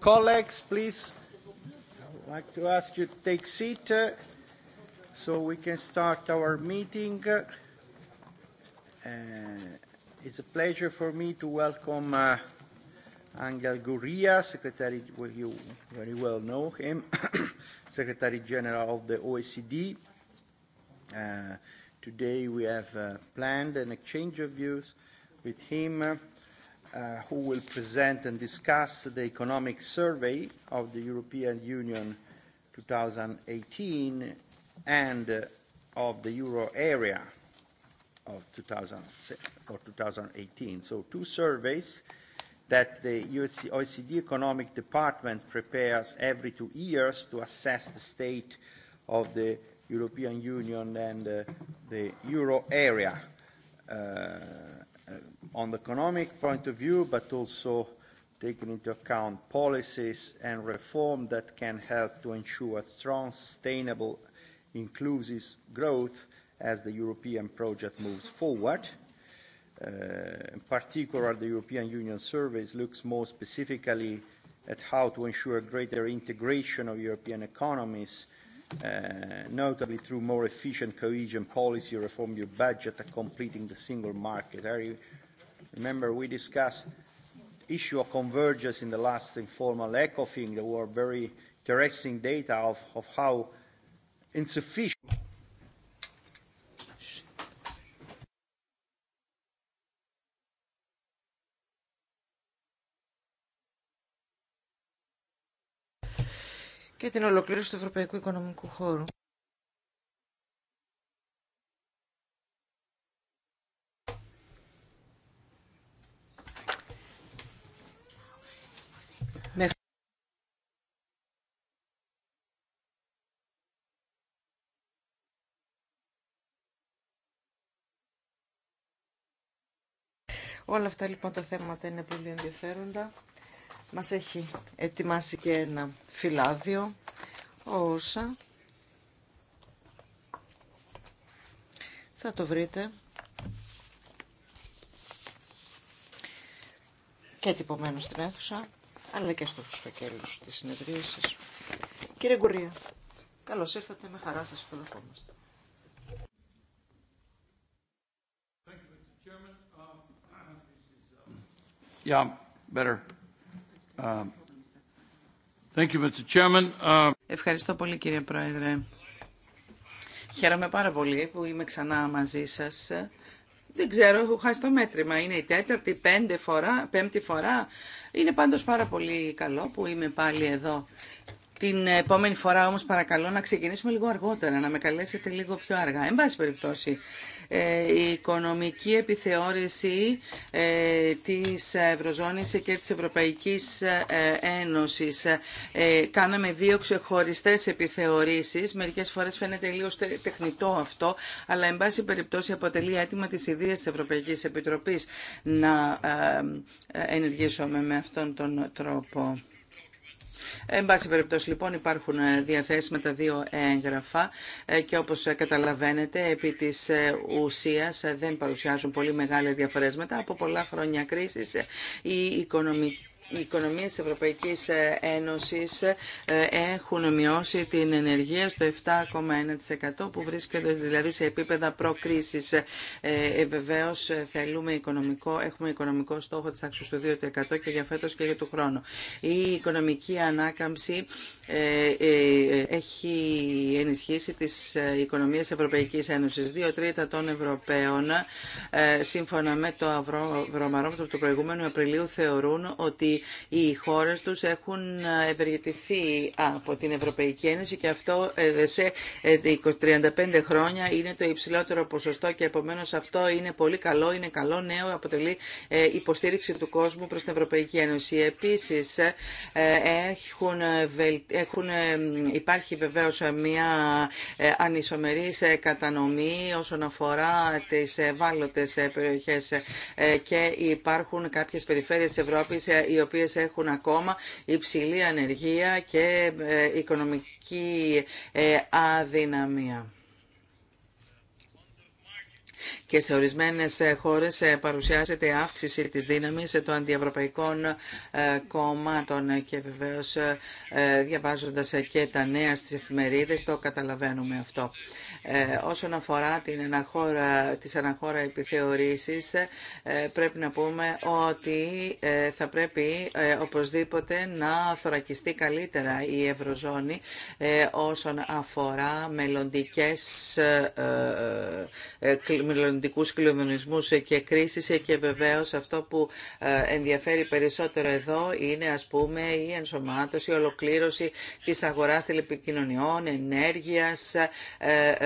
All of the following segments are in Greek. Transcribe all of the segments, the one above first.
Colleagues, please, I'd like to ask you to take seat so we can start our meeting. It's a pleasure for me to welcome Angel Gurria, Secretary, well, you very well know him, Secretary General of the OECD. Today we have planned an exchange of views with him who will present and discuss the economic survey of the European Union 2018 and of the euro area of 2018. So two surveys that the OECD Economic Department prepares every two years to assess the state of the European Union and the euro area on the economic point of view, but also taking into account policies and reform that can help to ensure strong, sustainable, inclusive growth as the European project moves forward. In particular, the European Union survey looks more specifically at how to ensure greater integration of European economies notably through more efficient cohesion policy reform your budget and completing the single market. I remember we discussed issue of convergence in the last informal thing. There were very interesting data of, of how insufficient και την ολοκλήρωση του Ευρωπαϊκού Οικονομικού Χώρου. Όλα αυτά λοιπόν τα θέματα είναι πολύ ενδιαφέροντα. Μας έχει ετοιμάσει και ένα φυλάδιο όσα θα το βρείτε και τυπωμένο στην αίθουσα αλλά και στους φακέλους της συνεδρίασης. Κύριε Γκουρία, καλώς ήρθατε, με χαρά σας υποδεχόμαστε. Uh, uh, yeah, better. Um, thank you, Mr. Chairman. Um, Ευχαριστώ πολύ κύριε Πρόεδρε. Χαίρομαι πάρα πολύ που είμαι ξανά μαζί σας. Δεν ξέρω, έχω χάσει το μέτρημα. Είναι η τέταρτη, πέντε φορά, πέμπτη φορά. Είναι πάντως πάρα πολύ καλό που είμαι πάλι εδώ. Την επόμενη φορά όμως παρακαλώ να ξεκινήσουμε λίγο αργότερα, να με καλέσετε λίγο πιο αργά. Εν πάση περιπτώσει, ε, η οικονομική επιθεώρηση ε, της Ευρωζώνης και της Ευρωπαϊκής ε, Ένωσης. Κάναμε δύο ξεχωριστές επιθεωρήσεις. Μερικές φορές φαίνεται λίγο τεχνητό αυτό, αλλά εν πάση περιπτώσει αποτελεί αίτημα της ιδίας της Ευρωπαϊκής Επιτροπής να ενεργήσουμε με αυτόν τον τρόπο. Εν πάση περιπτώσει λοιπόν υπάρχουν ε, διαθέσιμα τα δύο έγγραφα ε, και όπως ε, καταλαβαίνετε επί της ουσίας δεν παρουσιάζουν πολύ μεγάλες διαφορές μετά από πολλά χρόνια κρίσης η οικονομική οι οικονομίες της Ευρωπαϊκής ε, Ένωσης ε, έχουν μειώσει την ενεργεία στο 7,1% που βρίσκονται δηλαδή σε επίπεδα προκρίσης. Ε, ε βεβαίως θέλουμε οικονομικό, έχουμε οικονομικό στόχο της τάξης του 2% και για φέτος και για του χρόνου. Η οικονομική ανάκαμψη έχει ενισχύσει τις οικονομίες Ευρωπαϊκής Ένωσης. Δύο τρίτα των Ευρωπαίων, σύμφωνα με το Ευρωμαρόμετρο του προηγούμενου Απριλίου, θεωρούν ότι οι χώρες τους έχουν ευεργετηθεί από την Ευρωπαϊκή Ένωση και αυτό ε, σε 35 ε, χρόνια είναι το υψηλότερο ποσοστό και επομένως αυτό είναι πολύ καλό, είναι καλό νέο, αποτελεί ε, υποστήριξη του κόσμου προς την Ευρωπαϊκή Ένωση. Επίσης έχουν, έχουν, υπάρχει βεβαίως μια ανισομερή κατανομή όσον αφορά τις ευάλωτες περιοχές και υπάρχουν κάποιες περιφέρειες της Ευρώπης οι οποίες έχουν ακόμα υψηλή ανεργία και ε, οικονομική ε, αδυναμία και σε ορισμένες ε, χώρες παρουσιάζεται αύξηση της δύναμης των αντιευρωπαϊκών κομμάτων και βεβαίως διαβάζοντας και τα νέα στις εφημερίδες το καταλαβαίνουμε αυτό. Ε, όσον αφορά την αναχώρα, τις αναχώρα επιθεωρήσεις, ε, πρέπει να πούμε ότι ε, θα πρέπει οπωσδήποτε να θωρακιστεί καλύτερα η Ευρωζώνη όσον αφορά μελλοντικές, μελλοντικούς κλειδονισμούς και κρίσεις και βεβαίως αυτό που ενδιαφέρει περισσότερο εδώ είναι ας πούμε η ενσωμάτωση, η ολοκλήρωση της αγοράς τηλεπικοινωνιών, ενέργειας,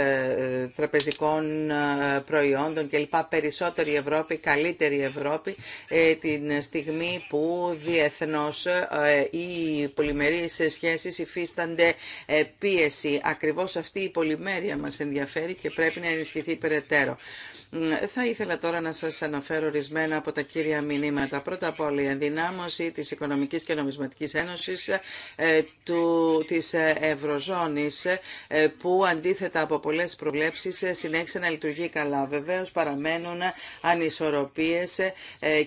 ε, τραπεζικών ε, προϊόντων κλπ. Περισσότερη Ευρώπη, καλύτερη Ευρώπη, ε, την στιγμή που διεθνώς οι πολυμερείς σχέσεις υφίστανται πίεση. Ακριβώς αυτή η πολυμέρεια μας ενδιαφέρει και πρέπει να ενισχυθεί περαιτέρω. Θα ήθελα τώρα να σας αναφέρω ορισμένα από τα κύρια μηνύματα. Πρώτα απ' όλα η ενδυνάμωση της Οικονομικής και Νομισματικής Ένωσης του, της Ευρωζώνης που αντίθετα από πολλέ προβλέψει. Ε, συνέχισε να λειτουργεί καλά. Βεβαίω παραμένουν ανισορροπίες ε,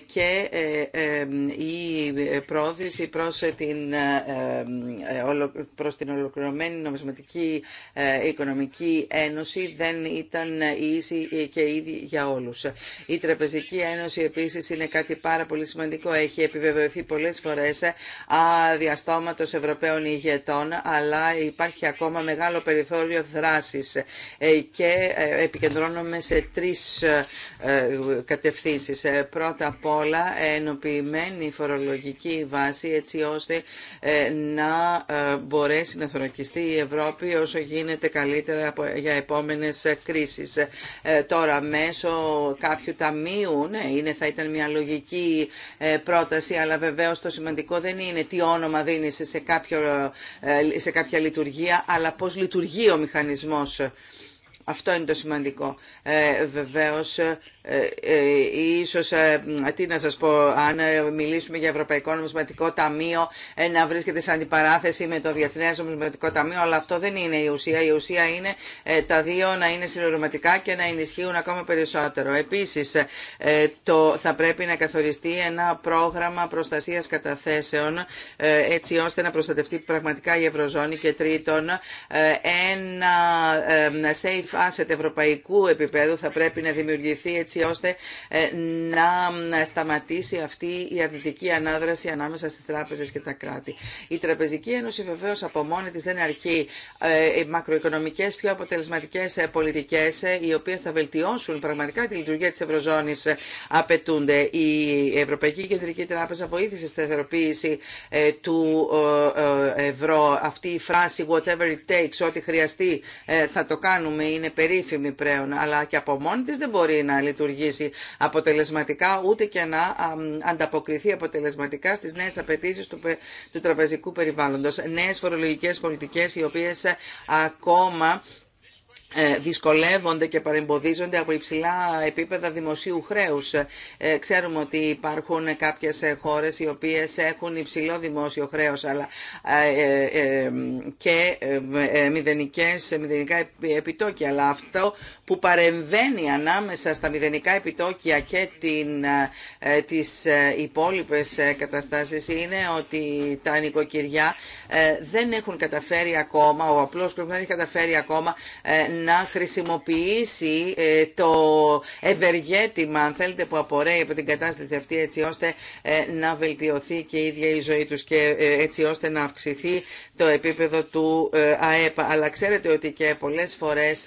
και ε, η πρόθεση προ την, προς την ολοκληρωμένη νομισματική οικονομική ένωση δεν ήταν ίση και ήδη για όλους. Η Τραπεζική Ένωση επίση είναι κάτι πάρα πολύ σημαντικό. Έχει επιβεβαιωθεί πολλέ φορέ αδιαστόματο Ευρωπαίων ηγετών, αλλά υπάρχει ακόμα μεγάλο περιθώριο δράση. Ε, και ε, επικεντρώνομαι σε τρεις ε, κατευθύνσεις. Πρώτα απ' όλα ενοποιημένη φορολογική βάση έτσι ώστε να μπορέσει να θωρακιστεί η Ευρώπη όσο γίνεται καλύτερα για επόμενες κρίσεις. Τώρα μέσω κάποιου ταμείου, ναι, είναι, θα ήταν μια λογική πρόταση, αλλά βεβαίως το σημαντικό δεν είναι τι όνομα δίνεις σε, σε κάποια λειτουργία, αλλά πώς λειτουργεί ο μηχανισμός αυτό είναι το σημαντικό. Ε, βεβαίως ε, ε, ίσως, ε, τι να σας πω, αν μιλήσουμε για Ευρωπαϊκό Νομισματικό Ταμείο, να βρίσκεται σε αντιπαράθεση με το Διεθνές Νομισματικό Ταμείο, αλλά αυτό δεν είναι η ουσία. Η ουσία είναι τα δύο να είναι συνορματικά και να ενισχύουν ακόμα περισσότερο. Επίσης, το, θα πρέπει να καθοριστεί ένα πρόγραμμα προστασίας καταθέσεων, έτσι ώστε να προστατευτεί πραγματικά η Ευρωζώνη και τρίτον, ένα safe asset ευρωπαϊκού επίπεδου θα πρέπει να δημιουργηθεί έτσι ώστε ε, να σταματήσει αυτή η αρνητική ανάδραση ανάμεσα στις τράπεζες και τα κράτη. Η Τραπεζική Ένωση βεβαίως από μόνη της δεν αρκεί ε, μακροοικονομικές πιο αποτελεσματικές ε, πολιτικές οι οποίες θα βελτιώσουν πραγματικά τη λειτουργία της Ευρωζώνης απαιτούνται. Η Ευρωπαϊκή Κεντρική Τράπεζα βοήθησε στη σταθεροποίηση του ευρώ. Αυτή η φράση whatever it takes, ό,τι χρειαστεί θα το κάνουμε, είναι περίφημη πλέον, αλλά και από μόνη της δεν μπορεί να λειτουργήσει αποτελεσματικά ούτε και να ανταποκριθεί αποτελεσματικά στι νέε απαιτήσει του, του τραπεζικού περιβάλλοντος. Νέες φορολογικέ πολιτικές οι οποίε ε, ακόμα ε, δυσκολεύονται και παρεμποδίζονται από υψηλά επίπεδα δημοσίου χρέους. Ε, ξέρουμε ότι υπάρχουν κάποιες χώρες οι οποίες έχουν υψηλό δημόσιο χρέος αλλά ε, και μηδενικές, μηδενικά επιτόκια. Αλλά αυτό που παρεμβαίνει ανάμεσα στα μηδενικά επιτόκια και την, τις υπόλοιπες καταστάσεις είναι ότι τα νοικοκυριά δεν έχουν καταφέρει ακόμα, ο απλός δεν έχει καταφέρει ακόμα να χρησιμοποιήσει ε, το ευεργέτημα, αν θέλετε, που απορρέει από την κατάσταση αυτή έτσι ώστε ε, να βελτιωθεί και η ίδια η ζωή τους και ε, έτσι ώστε να αυξηθεί το επίπεδο του ΑΕΠ. Αλλά ξέρετε ότι και πολλές φορές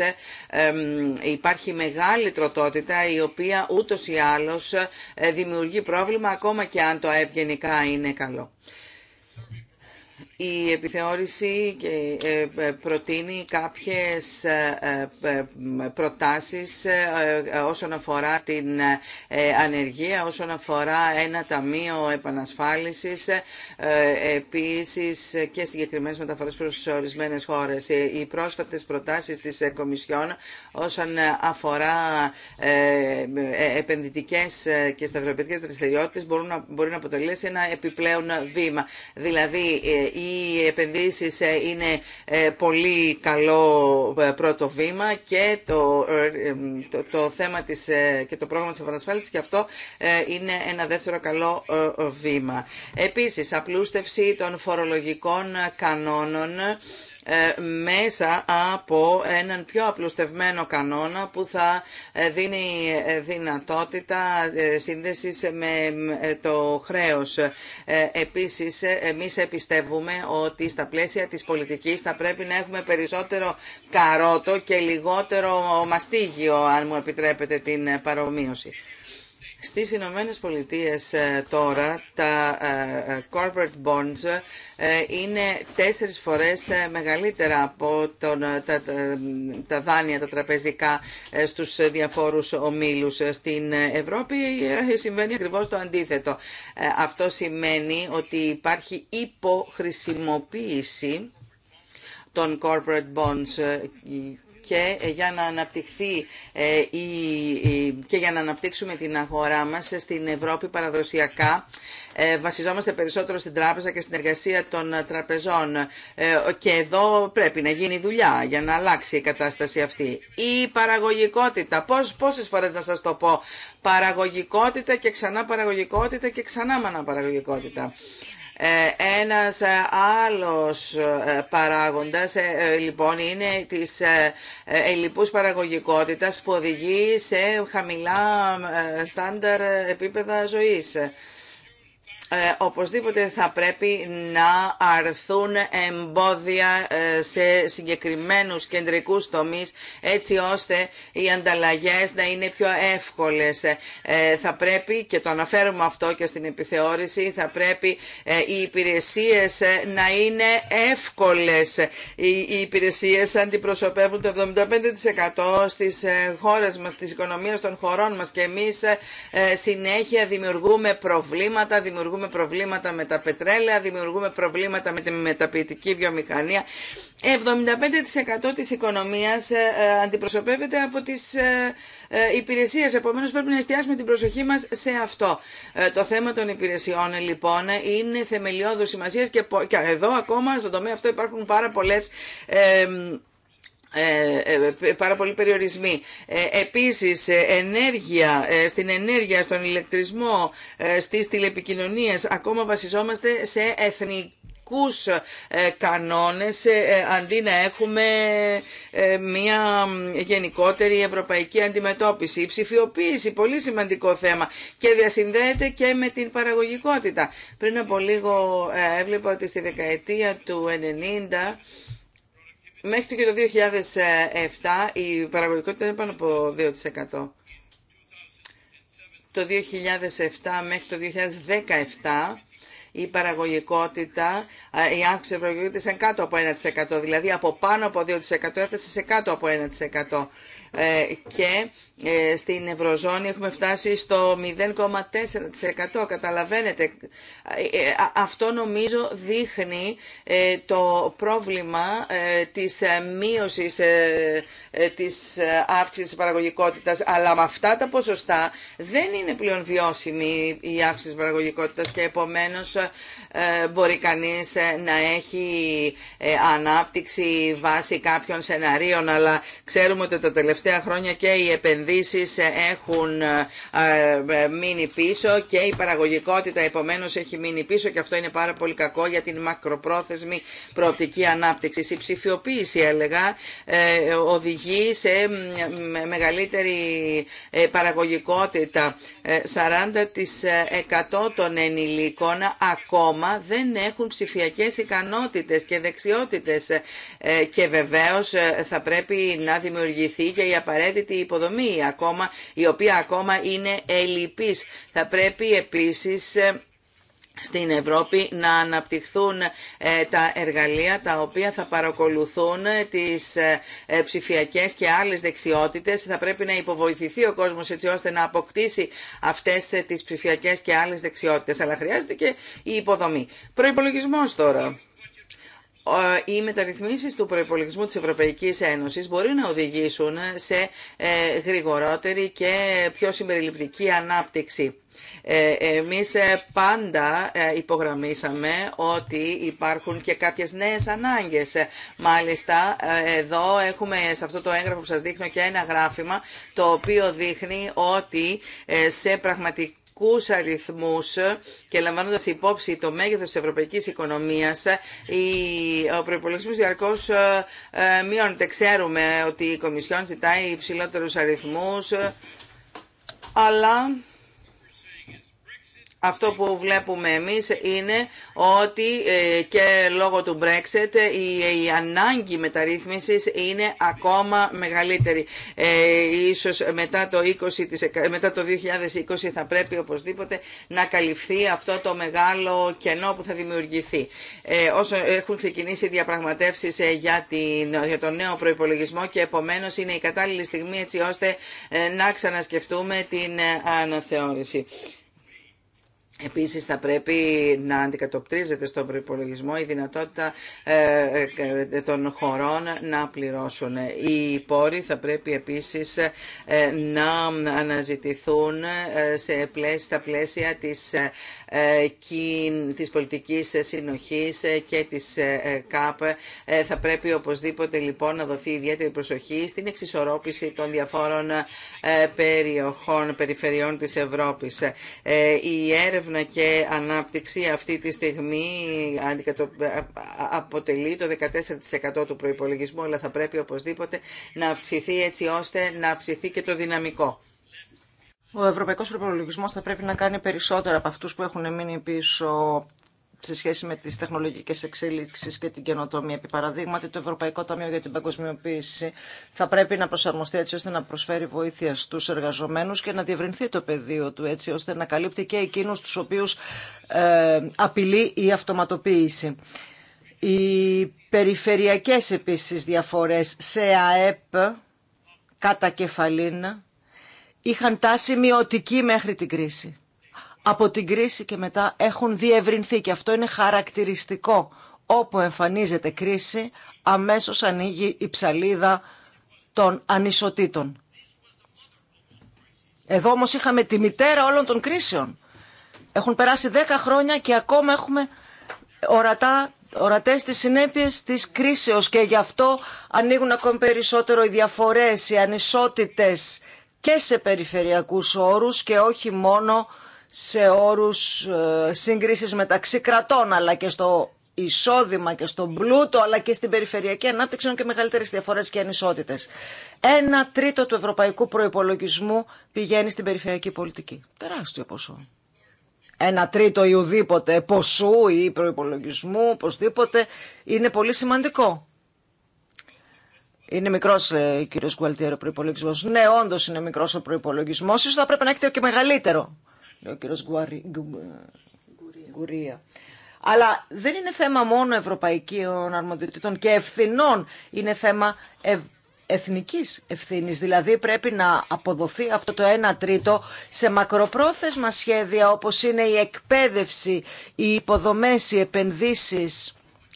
υπάρχει μεγάλη τροτότητα η οποία ούτως ή άλλως δημιουργεί πρόβλημα ακόμα και αν το ΑΕΠ γενικά είναι καλό η επιθεώρηση ε, ε, προτείνει κάποιες ε, προτάσεις όσον αφορά την ανεργία, όσον αφορά ένα ταμείο επανασφάλισης, επίσης και συγκεκριμένες μεταφορές προς ορισμένες χώρες. Οι πρόσφατες προτάσεις της Κομισιόν όσον αφορά επενδυτικές και σταθεροποιητικές δραστηριότητες να, μπορεί να αποτελέσει ένα επιπλέον βήμα. Δηλαδή, οι επενδύσεις ε, είναι ε, πολύ καλό ε, πρώτο βήμα και το, το, θέμα και το πρόγραμμα της επανασφάλισης και αυτό είναι ένα δεύτερο καλό βήμα. Επίσης, απλούστευση των φορολογικών κανόνων ε, μέσα από έναν πιο απλουστευμένο κανόνα που θα ε, δίνει ε, δυνατότητα σύνδεσης με το χρέος. Επίσης, εμείς πιστεύουμε ότι στα πλαίσια της πολιτικής θα πρέπει να έχουμε περισσότερο καρότο και λιγότερο μαστίγιο, αν μου επιτρέπετε την παρομοίωση. Στις Ηνωμένε Πολιτείε ε, τώρα τα ε, ε, corporate bonds είναι τέσσερις φορές μεγαλύτερα από τον, τα, τα δάνεια τα τραπεζικά στους διαφόρους ομίλους. Στην Ευρώπη συμβαίνει ακριβώς το αντίθετο. Αυτό σημαίνει ότι υπάρχει υποχρησιμοποίηση των corporate bonds και ε, για να αναπτυχθεί ε, και για να αναπτύξουμε την αγορά μας στην Ευρώπη παραδοσιακά ε, βασιζόμαστε περισσότερο στην τράπεζα και στην εργασία των τραπεζών και εδώ πρέπει να γίνει δουλειά για να αλλάξει η κατάσταση αυτή. Η παραγωγικότητα, πώς, πόσες φορές να σας το πω, παραγωγικότητα και ξανά παραγωγικότητα και ξανά μανα ε, ένας ε, άλλος ε, παράγοντας λοιπόν είναι της ελλειπούς παραγωγικότητας που οδηγεί σε χαμηλά στάνταρ επίπεδα ζωής. Ε, οπωσδήποτε θα πρέπει να αρθούν εμπόδια ε, σε συγκεκριμένους κεντρικούς τομείς έτσι ώστε οι ανταλλαγές να είναι πιο εύκολες. Ε, θα πρέπει, και το αναφέρουμε αυτό και στην επιθεώρηση, θα πρέπει οι υπηρεσίες να είναι εύκολες. Οι υπηρεσίες αντιπροσωπεύουν το 75% στις χώρες μας, της οικονομίας των χωρών μας και εμείς συνέχεια δημιουργούμε προβλήματα, δημιουργούμε δημιουργούμε προβλήματα με τα πετρέλαια, δημιουργούμε προβλήματα με τη μεταποιητική βιομηχανία. 75% της οικονομίας ε, ε, αντιπροσωπεύεται από τις ε, υπηρεσίες, επομένως πρέπει να εστιάσουμε την προσοχή μας σε αυτό. Το θέμα των υπηρεσιών λοιπόν είναι θεμελιώδου σημασίας και εδώ ακόμα στον τομέα αυτό υπάρχουν πάρα πολλές ε, ε, ε, πάρα πολλοί περιορισμοί. Επίσης, ενέργεια, στην ενέργεια, στον ηλεκτρισμό, στις τηλεπικοινωνίες, ακόμα βασιζόμαστε σε εθνικούς κανόνες αντί να έχουμε μια γενικότερη ευρωπαϊκή αντιμετώπιση. Η ψηφιοποίηση, πολύ σημαντικό θέμα και διασυνδέεται και με την παραγωγικότητα. Πριν από λίγο έβλεπα ότι στη δεκαετία του 90 Μέχρι και το 2007 η παραγωγικότητα ήταν πάνω από 2%. Το 2007 μέχρι το 2017 η παραγωγικότητα, ε, η αύξηση παραγωγικότητα ήταν κάτω από 1%, δηλαδή από πάνω από 2% έφτασε σε κάτω από 1%. Ε, και ε, στην Ευρωζώνη έχουμε φτάσει στο 0,4%. Καταλαβαίνετε, ε, ε, αυτό νομίζω δείχνει το πρόβλημα της μείωσης της αύξησης παραγωγικότητας, αλλά με αυτά τα ποσοστά δεν είναι πλέον βιώσιμη η αύξηση παραγωγικότητας και επομένως μπορεί κανείς να έχει ανάπτυξη βάσει κάποιων σεναρίων, αλλά ξέρουμε ότι τα τελευταία χρόνια και η επενδύσεις επενδύσεις έχουν ε, ε, μείνει πίσω και η παραγωγικότητα επομένως έχει μείνει πίσω και αυτό είναι πάρα πολύ κακό για την μακροπρόθεσμη προοπτική ανάπτυξη. Η ψηφιοποίηση έλεγα ε, οδηγεί σε μεγαλύτερη παραγωγικότητα. 40% των ενηλίκων ακόμα δεν έχουν ψηφιακές ικανότητες και δεξιότητες και βεβαίως θα πρέπει να δημιουργηθεί και η απαραίτητη υποδομή ακόμα, η οποία ακόμα είναι ελλειπής. Θα πρέπει επίσης ε, στην Ευρώπη να αναπτυχθούν ε, τα εργαλεία τα οποία θα παρακολουθούν ε, τις ψηφιακές και άλλες δεξιότητες. Θα πρέπει να υποβοηθηθεί ο κόσμος έτσι ώστε να αποκτήσει αυτές τις ψηφιακές και άλλες δεξιότητες. Αλλά χρειάζεται και η υποδομή. Προϋπολογισμός τώρα. Ε, οι μεταρρυθμίσεις του προϋπολογισμού της Ευρωπαϊκής Ένωσης μπορεί να οδηγήσουν σε ε, γρηγορότερη και πιο συμπεριληπτική ανάπτυξη. Ε, εμείς πάντα υπογραμμίσαμε ότι υπάρχουν και κάποιες νέες ανάγκες. Μάλιστα, εδώ έχουμε σε αυτό το έγγραφο που σας δείχνω και ένα γράφημα το οποίο δείχνει ότι σε πραγματικό αριθμούς και λαμβάνοντα υπόψη το μέγεθο τη Ευρωπαϊκή οικονομία, ο προπολογισμό διαρκώ ε, ε, μειώνεται. Ξέρουμε ότι η Κομισιόν ζητάει υψηλότερου αριθμού, αλλά αυτό που βλέπουμε εμείς είναι ότι ε, και λόγω του Brexit η ανάγκη μεταρρύθμισης είναι ακόμα μεγαλύτερη. Ε, ίσως μετά το, 20, μετά το 2020 θα πρέπει οπωσδήποτε να καλυφθεί αυτό το μεγάλο κενό που θα δημιουργηθεί. Ε, όσο έχουν ξεκινήσει οι διαπραγματεύσεις για, την, για τον νέο προϋπολογισμό και επομένως είναι η κατάλληλη στιγμή έτσι ώστε να ξανασκεφτούμε την αναθεώρηση. Επίσης θα πρέπει να αντικατοπτρίζεται στον προπολογισμό η δυνατότητα ε, ε, των χωρών να πληρώσουν. Οι πόροι θα πρέπει επίσης ε, να αναζητηθούν σε πλαίσια, στα πλαίσια της ε, της πολιτικής συνοχής ε, και της ε, ΚΑΠ θα πρέπει οπωσδήποτε λοιπόν να δοθεί ιδιαίτερη προσοχή στην εξισορρόπηση των διαφόρων περιοχών, περιφερειών της Ευρώπης. Η έρευνα και ανάπτυξη αυτή τη στιγμή αποτελεί το 14% του προϋπολογισμού αλλά θα πρέπει οπωσδήποτε να αυξηθεί έτσι ώστε να αυξηθεί και το δυναμικό. Ο ευρωπαϊκός προπολογισμός θα πρέπει να κάνει περισσότερα από αυτούς που έχουν μείνει πίσω σε σχέση με τις τεχνολογικές εξέλιξεις και την καινοτομία. Επί παραδείγματι, το Ευρωπαϊκό Ταμείο για την Παγκοσμιοποίηση θα πρέπει να προσαρμοστεί έτσι ώστε να προσφέρει βοήθεια στους εργαζομένους και να διευρυνθεί το πεδίο του έτσι ώστε να καλύπτει και εκείνους τους οποίους ε, απειλεί η αυτοματοποίηση. Οι περιφερειακές επίσης διαφορές σε ΑΕΠ κατά κεφαλήν είχαν τάση μειωτική μέχρι την κρίση. Από την κρίση και μετά έχουν διευρυνθεί και αυτό είναι χαρακτηριστικό. Όπου εμφανίζεται κρίση, αμέσως ανοίγει η ψαλίδα των ανισοτήτων. Εδώ όμως είχαμε τη μητέρα όλων των κρίσεων. Έχουν περάσει 10 χρόνια και ακόμα έχουμε ορατά, ορατές τις συνέπειες της κρίσεως και γι' αυτό ανοίγουν ακόμη περισσότερο οι διαφορές, οι ανισότητες και σε περιφερειακούς όρους και όχι μόνο σε όρους ε, σύγκρισης μεταξύ κρατών αλλά και στο εισόδημα και στον πλούτο αλλά και στην περιφερειακή ανάπτυξη και μεγαλύτερες διαφορές και ανισότητες. Ένα τρίτο του ευρωπαϊκού προϋπολογισμού πηγαίνει στην περιφερειακή πολιτική. Τεράστιο ποσό. Ένα τρίτο ή ουδήποτε ποσού ή προϋπολογισμού, οπωσδήποτε, είναι πολύ σημαντικό. Είναι μικρό, λέει ο κύριο Γκουαλτιέρο, ο προπολογισμό. Ναι, όντω είναι μικρό ο προπολογισμό. σω θα πρέπει να έχετε και μεγαλύτερο, λέει ο κύριο Γκουρία. Αλλά δεν είναι θέμα μόνο ευρωπαϊκών αρμοδιοτήτων και ευθυνών. Είναι θέμα ευ εθνικής Δηλαδή πρέπει να αποδοθεί αυτό το 1 τρίτο σε μακροπρόθεσμα σχέδια όπω είναι η εκπαίδευση, οι υποδομέ, οι επενδύσει.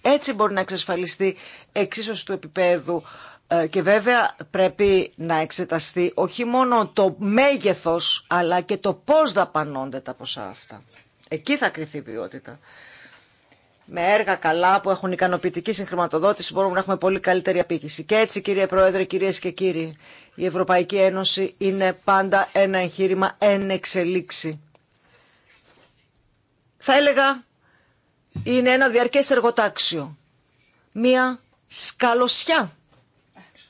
Έτσι μπορεί να εξασφαλιστεί εξίσωση του επίπεδου ε, και βέβαια πρέπει να εξεταστεί όχι μόνο το μέγεθος αλλά και το πώς δαπανώνται τα ποσά αυτά. Εκεί θα κρυθεί η ποιότητα. Με έργα καλά που έχουν ικανοποιητική συγχρηματοδότηση μπορούμε να έχουμε πολύ καλύτερη απίκηση. Και έτσι κύριε Πρόεδρε, κυρίες και κύριοι, η Ευρωπαϊκή Ένωση είναι πάντα ένα εγχείρημα εν εξελίξη. Θα έλεγα είναι ένα διαρκές εργοτάξιο. Μία σκαλωσιά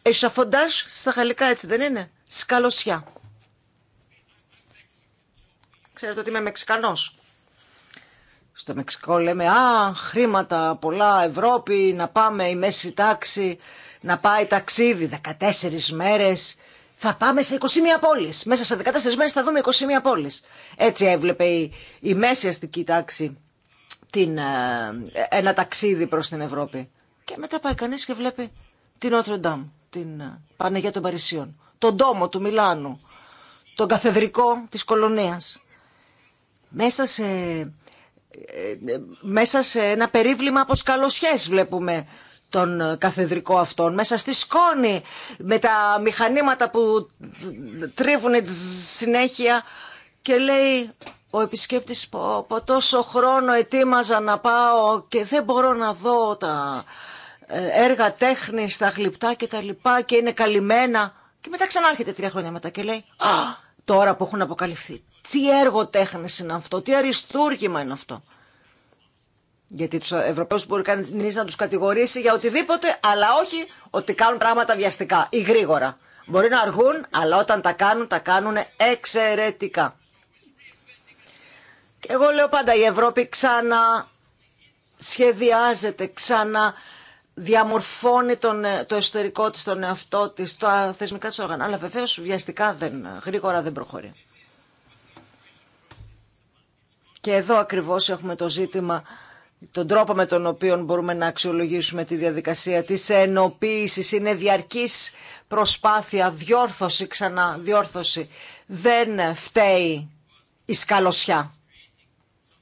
Εσαφοντάζ στα γαλλικά έτσι δεν είναι. Σκαλωσιά. Ξέρετε ότι είμαι Μεξικανός. Στο Μεξικό λέμε «Α, χρήματα πολλά, Ευρώπη, να πάμε η μέση τάξη, να πάει ταξίδι 14 μέρες». Θα πάμε σε 21 πόλεις. Μέσα σε 14 μέρες θα δούμε 21 πόλεις. Έτσι έβλεπε η, μέση αστική τάξη την, ε, ένα ταξίδι προς την Ευρώπη. Και μετά πάει κανείς και βλέπει την Ότροντάμ την Παναγία των Παρισίων, τον τόμο του Μιλάνου, τον καθεδρικό της κολονίας. Μέσα σε, ε, ε, μέσα σε ένα περίβλημα από σκαλοσιές βλέπουμε τον καθεδρικό αυτόν, μέσα στη σκόνη, με τα μηχανήματα που τρίβουν συνέχεια και λέει ο επισκέπτης από τόσο χρόνο ετοίμαζα να πάω και δεν μπορώ να δω τα, ε, έργα τέχνη τα γλυπτά και τα λοιπά και είναι καλυμμένα και μετά ξανάρχεται τρία χρόνια μετά και λέει «Α, τώρα που έχουν αποκαλυφθεί, τι έργο τέχνης είναι αυτό, τι αριστούργημα είναι αυτό». Γιατί τους Ευρωπαίου μπορεί κανεί να του κατηγορήσει για οτιδήποτε, αλλά όχι ότι κάνουν πράγματα βιαστικά ή γρήγορα. Μπορεί να αργούν, αλλά όταν τα κάνουν, τα κάνουν εξαιρετικά. Και εγώ λέω πάντα η Ευρώπη ξανά σχεδιάζεται, ξανά διαμορφώνει τον, ε, το εσωτερικό της, τον εαυτό της, τα θεσμικά της όργανα. Αλλά βεβαίως βιαστικά δεν, γρήγορα δεν προχωρεί. Και εδώ ακριβώς έχουμε το ζήτημα, τον τρόπο με τον οποίο μπορούμε να αξιολογήσουμε τη διαδικασία της ενοποίησης. Είναι διαρκής προσπάθεια, διόρθωση ξανά, διόρθωση. Δεν φταίει η σκαλωσιά.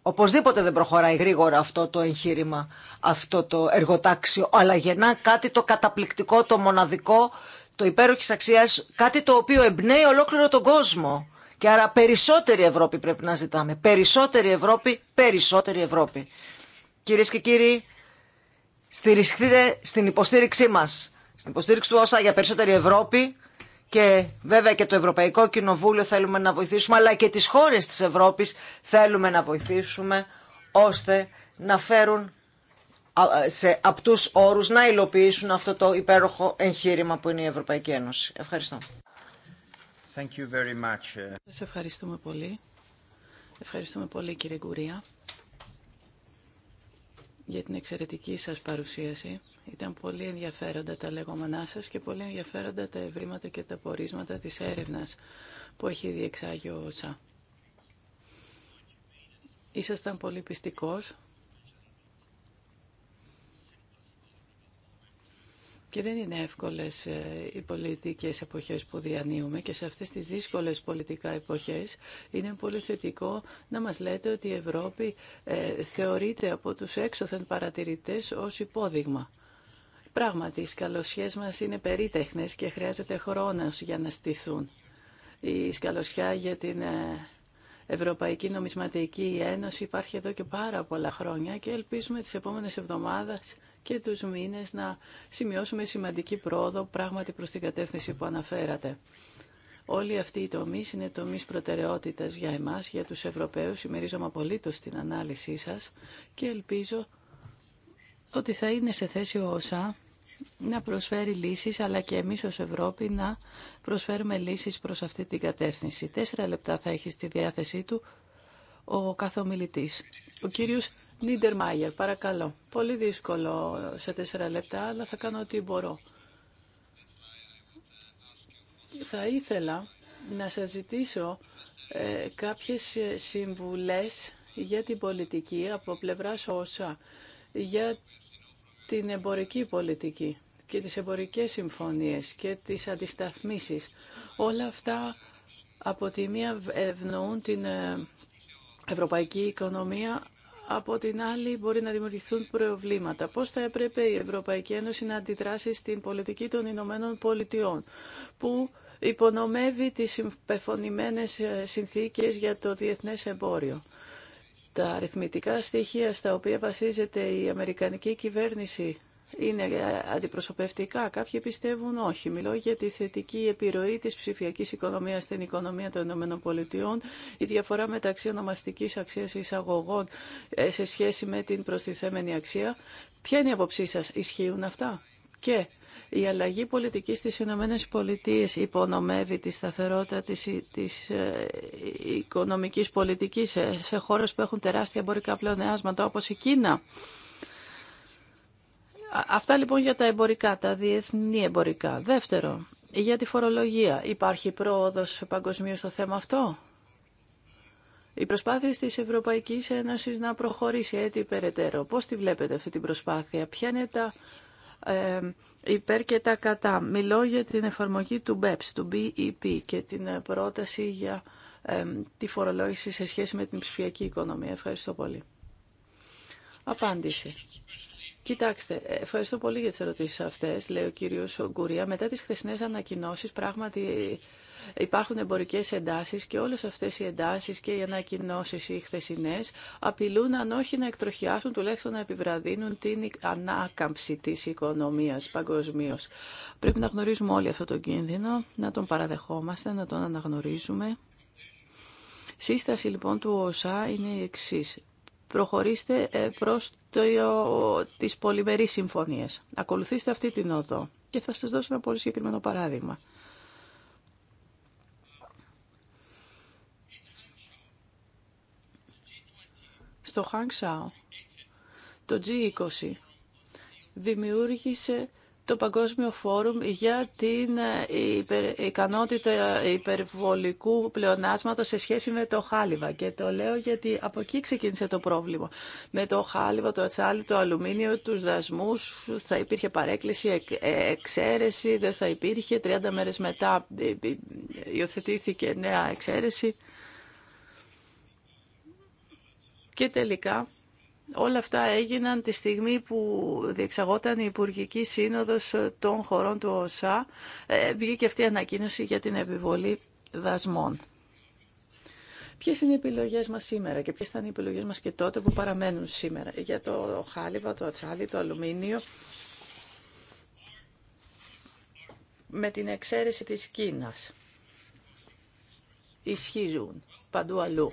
Οπωσδήποτε δεν προχωράει γρήγορα αυτό το εγχείρημα, αυτό το εργοτάξιο, αλλά γεννά κάτι το καταπληκτικό, το μοναδικό, το υπέροχης αξίας, κάτι το οποίο εμπνέει ολόκληρο τον κόσμο. Και άρα περισσότερη Ευρώπη πρέπει να ζητάμε. Περισσότερη Ευρώπη, περισσότερη Ευρώπη. Κυρίες και κύριοι, στηριχθείτε στην υποστήριξή μας. Στην υποστήριξη του ΩΣΑ για περισσότερη Ευρώπη, και βέβαια και το Ευρωπαϊκό Κοινοβούλιο θέλουμε να βοηθήσουμε, αλλά και τις χώρες της Ευρώπης θέλουμε να βοηθήσουμε, ώστε να φέρουν σε απτούς όρους να υλοποιήσουν αυτό το υπέροχο εγχείρημα που είναι η Ευρωπαϊκή Ένωση. Ευχαριστώ. Thank you very much. Σας ευχαριστούμε πολύ. Ευχαριστούμε πολύ κύριε Γκουρία για την εξαιρετική σας παρουσίαση. Ήταν πολύ ενδιαφέροντα τα λεγόμενά σας και πολύ ενδιαφέροντα τα ευρήματα και τα πορίσματα της έρευνας που έχει διεξάγει ο ΩΣΑ. Ήσασταν πολύ πιστικός Και δεν είναι εύκολες ε, οι πολιτικές εποχές που διανύουμε και σε αυτές τις δύσκολες πολιτικά εποχές είναι πολύ θετικό να μας λέτε ότι η Ευρώπη ε, θεωρείται από τους έξωθεν παρατηρητές ως υπόδειγμα. Πράγματι, οι σκαλωσιές μας είναι περίτεχνες και χρειάζεται χρόνος για να στηθούν. Η σκαλωσιά για την ε, Ευρωπαϊκή Νομισματική Ένωση υπάρχει εδώ και πάρα πολλά χρόνια και ελπίζουμε τις επόμενες εβδομάδες και τους μήνες να σημειώσουμε σημαντική πρόοδο πράγματι προς την κατεύθυνση που αναφέρατε. Όλοι αυτοί οι τομείς είναι τομείς προτεραιότητα για εμά, για τους Ευρωπαίους. Συμμερίζομαι απολύτω την ανάλυση σα και ελπίζω ότι θα είναι σε θέση ο ΩΣΑ να προσφέρει λύσεις, αλλά και εμείς ως Ευρώπη να προσφέρουμε λύσεις προς αυτή την κατεύθυνση. Τέσσερα λεπτά θα έχει στη διάθεσή του ο καθομιλητής. Ο κύριος Νίντερ Μάγερ, παρακαλώ. Πολύ δύσκολο σε τέσσερα λεπτά, αλλά θα κάνω ό,τι μπορώ. Θα ήθελα να σας ζητήσω ε, κάποιες συμβουλές για την πολιτική από πλευρά όσα για την εμπορική πολιτική και τις εμπορικές συμφωνίες και τις αντισταθμίσεις. Όλα αυτά από τη μία ευνοούν την ε, ευρωπαϊκή οικονομία, από την άλλη μπορεί να δημιουργηθούν προβλήματα. Πώς θα έπρεπε η Ευρωπαϊκή Ένωση να αντιδράσει στην πολιτική των Ηνωμένων Πολιτειών, που υπονομεύει τις υπεφωνημένες ε, συνθήκες για το διεθνές εμπόριο. Τα αριθμητικά στοιχεία στα οποία βασίζεται η Αμερικανική κυβέρνηση είναι αντιπροσωπευτικά. Κάποιοι πιστεύουν όχι. Μιλώ για τη θετική επιρροή της ψηφιακής οικονομίας στην οικονομία των ΗΠΑ, η διαφορά μεταξύ ονομαστικής αξίας εισαγωγών ε, σε σχέση με την προστιθέμενη αξία. Ποια είναι η αποψή σας, ισχύουν αυτά. Και η αλλαγή πολιτικής στις Ηνωμένες Πολιτείες υπονομεύει τη σταθερότητα της, της ε, οικονομικής πολιτικής ε, σε χώρες που έχουν τεράστια εμπορικά πλεονεάσματα όπως η Κίνα. Αυτά λοιπόν για τα εμπορικά, τα διεθνή εμπορικά. Δεύτερο, για τη φορολογία. Υπάρχει πρόοδος παγκοσμίως στο θέμα αυτό. Οι προσπάθειε τη Ευρωπαϊκή Ένωση να προχωρήσει έτσι περαιτέρω. Πώ τη βλέπετε αυτή την προσπάθεια, ποια είναι τα υπέρ και τα κατά. Μιλώ για την εφαρμογή του BEPS, του BEP και την ε, πρόταση για τη φορολόγηση σε σχέση με την ψηφιακή οικονομία. Ευχαριστώ πολύ. Απάντηση. Κοιτάξτε, ε, ευχαριστώ πολύ για τις ερωτήσεις αυτές, λέει ο κύριος Γκουρία. Μετά τις χθεσινές ανακοινώσεις, πράγματι υπάρχουν εμπορικέ εντάσει και όλε αυτέ οι εντάσει και οι ανακοινώσει οι χθεσινέ απειλούν αν όχι να εκτροχιάσουν τουλάχιστον να επιβραδύνουν την ανάκαμψη τη οικονομία παγκοσμίω. Πρέπει να γνωρίζουμε όλοι αυτό τον κίνδυνο, να τον παραδεχόμαστε, να τον αναγνωρίζουμε. Σύσταση λοιπόν του ΟΣΑ είναι η εξή. Προχωρήστε ε, προς το, τις πολυμερείς συμφωνίες. Ακολουθήστε αυτή την οδό. Και θα σας δώσω ένα πολύ συγκεκριμένο παράδειγμα. Το Χάνξαο, το G20, δημιούργησε το Παγκόσμιο Φόρουμ για την ε, ικανότητα υπερβολικού πλεονάσματος σε σχέση με το χάλιβα. Και το λέω γιατί από εκεί ξεκίνησε το πρόβλημα. Με το χάλιβα, το ατσάλι, το αλουμίνιο, τους δασμούς, θα υπήρχε παρέκκληση, ε, εξαίρεση, δεν θα υπήρχε. 30 μέρες μετά ε, υιοθετήθηκε νέα εξαίρεση. Και τελικά όλα αυτά έγιναν τη στιγμή που διεξαγόταν η Υπουργική Σύνοδος των χωρών του ΟΣΑ. Ε, βγήκε αυτή η ανακοίνωση για την επιβολή δασμών. Ποιε είναι οι επιλογέ μα σήμερα και ποιε ήταν οι επιλογέ μα και τότε που παραμένουν σήμερα για το χάλιβα, το ατσάλι, το αλουμίνιο. Με την εξαίρεση της Κίνας ισχύουν παντού αλλού.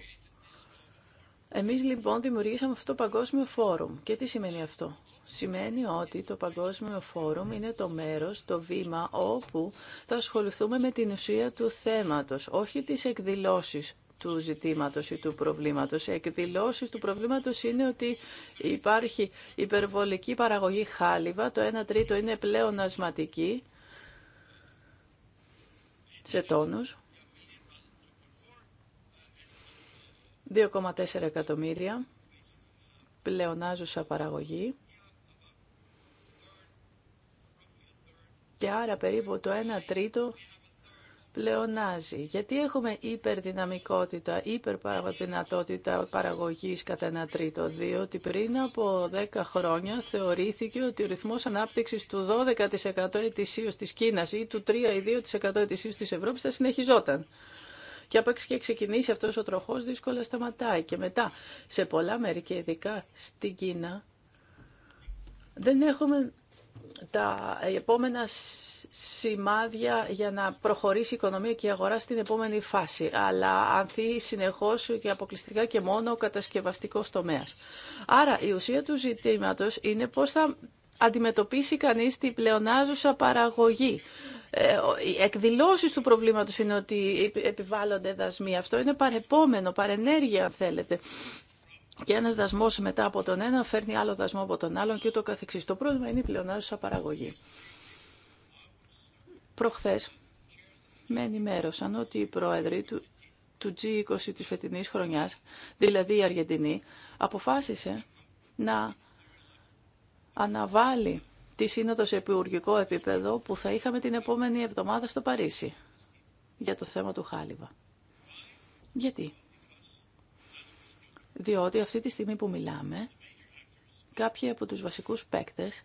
Εμείς λοιπόν δημιουργήσαμε αυτό το Παγκόσμιο Φόρουμ. Και τι σημαίνει αυτό. Σημαίνει ότι το Παγκόσμιο Φόρουμ είναι το μέρος, το βήμα όπου θα ασχοληθούμε με την ουσία του θέματος, όχι τις εκδηλώσεις του ζητήματος ή του προβλήματος. Οι εκδηλώσεις του προβλήματος είναι ότι υπάρχει υπερβολική παραγωγή χάλιβα, το 1 τρίτο είναι πλέον ασματική σε τόνους 2,4 εκατομμύρια πλεονάζουσα παραγωγή και άρα περίπου το 1 τρίτο πλεονάζει. Γιατί έχουμε υπερδυναμικότητα, υπερπαραδυνατότητα παραγωγής κατά 1 τρίτο, διότι πριν από 10 χρόνια θεωρήθηκε ότι ο ρυθμός ανάπτυξης του 12% ετησίως της Κίνας ή του 3 ή 2% ετησίως της Ευρώπης θα συνεχιζόταν. Και άπαξ και ξεκινήσει αυτός ο τροχός δύσκολα σταματάει. Και μετά σε πολλά μέρη και ειδικά στην Κίνα δεν έχουμε τα επόμενα σημάδια για να προχωρήσει η οικονομία και η αγορά στην επόμενη φάση, αλλά ανθεί συνεχώς και αποκλειστικά και μόνο ο κατασκευαστικός τομέας. Άρα η ουσία του ζητήματος είναι πώς θα αντιμετωπίσει κανείς την πλεονάζουσα παραγωγή. Ε, οι εκδηλώσεις του προβλήματος είναι ότι επιβάλλονται δασμοί. Αυτό είναι παρεπόμενο, παρενέργεια αν θέλετε. Και ένας δασμός μετά από τον ένα φέρνει άλλο δασμό από τον άλλον και ούτω καθεξής. Το πρόβλημα είναι η πλεονάζουσα παραγωγή. Προχθές με ενημέρωσαν ότι οι πρόεδροι του, του G20 της φετινής χρονιάς, δηλαδή η Αργεντινή, αποφάσισε να αναβάλει τη σύνοδο σε επίπεδο που θα είχαμε την επόμενη εβδομάδα στο Παρίσι για το θέμα του Χάλιβα. Γιατί? Διότι αυτή τη στιγμή που μιλάμε, κάποιοι από τους βασικούς παίκτες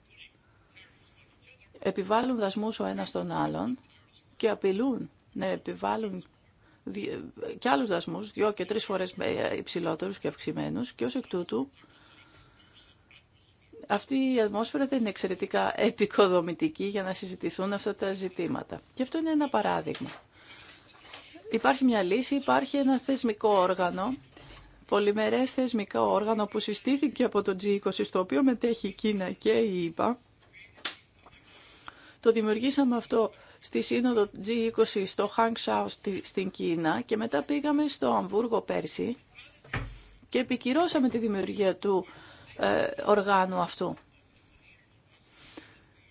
επιβάλλουν δασμούς ο ένας τον άλλον και απειλούν να επιβάλλουν και άλλους δασμούς, δυο και τρεις φορές υψηλότερους και αυξημένους και ως εκ τούτου αυτή η ατμόσφαιρα δεν είναι εξαιρετικά επικοδομητική για να συζητηθούν αυτά τα ζητήματα. Και αυτό είναι ένα παράδειγμα. Υπάρχει μια λύση, υπάρχει ένα θεσμικό όργανο, πολυμερές θεσμικό όργανο που συστήθηκε από το G20, στο οποίο μετέχει η Κίνα και η ΙΠΑ. Το δημιουργήσαμε αυτό στη σύνοδο G20 στο Hangzhou στην Κίνα και μετά πήγαμε στο Αμβούργο πέρσι και επικυρώσαμε τη δημιουργία του ε, οργάνου αυτού.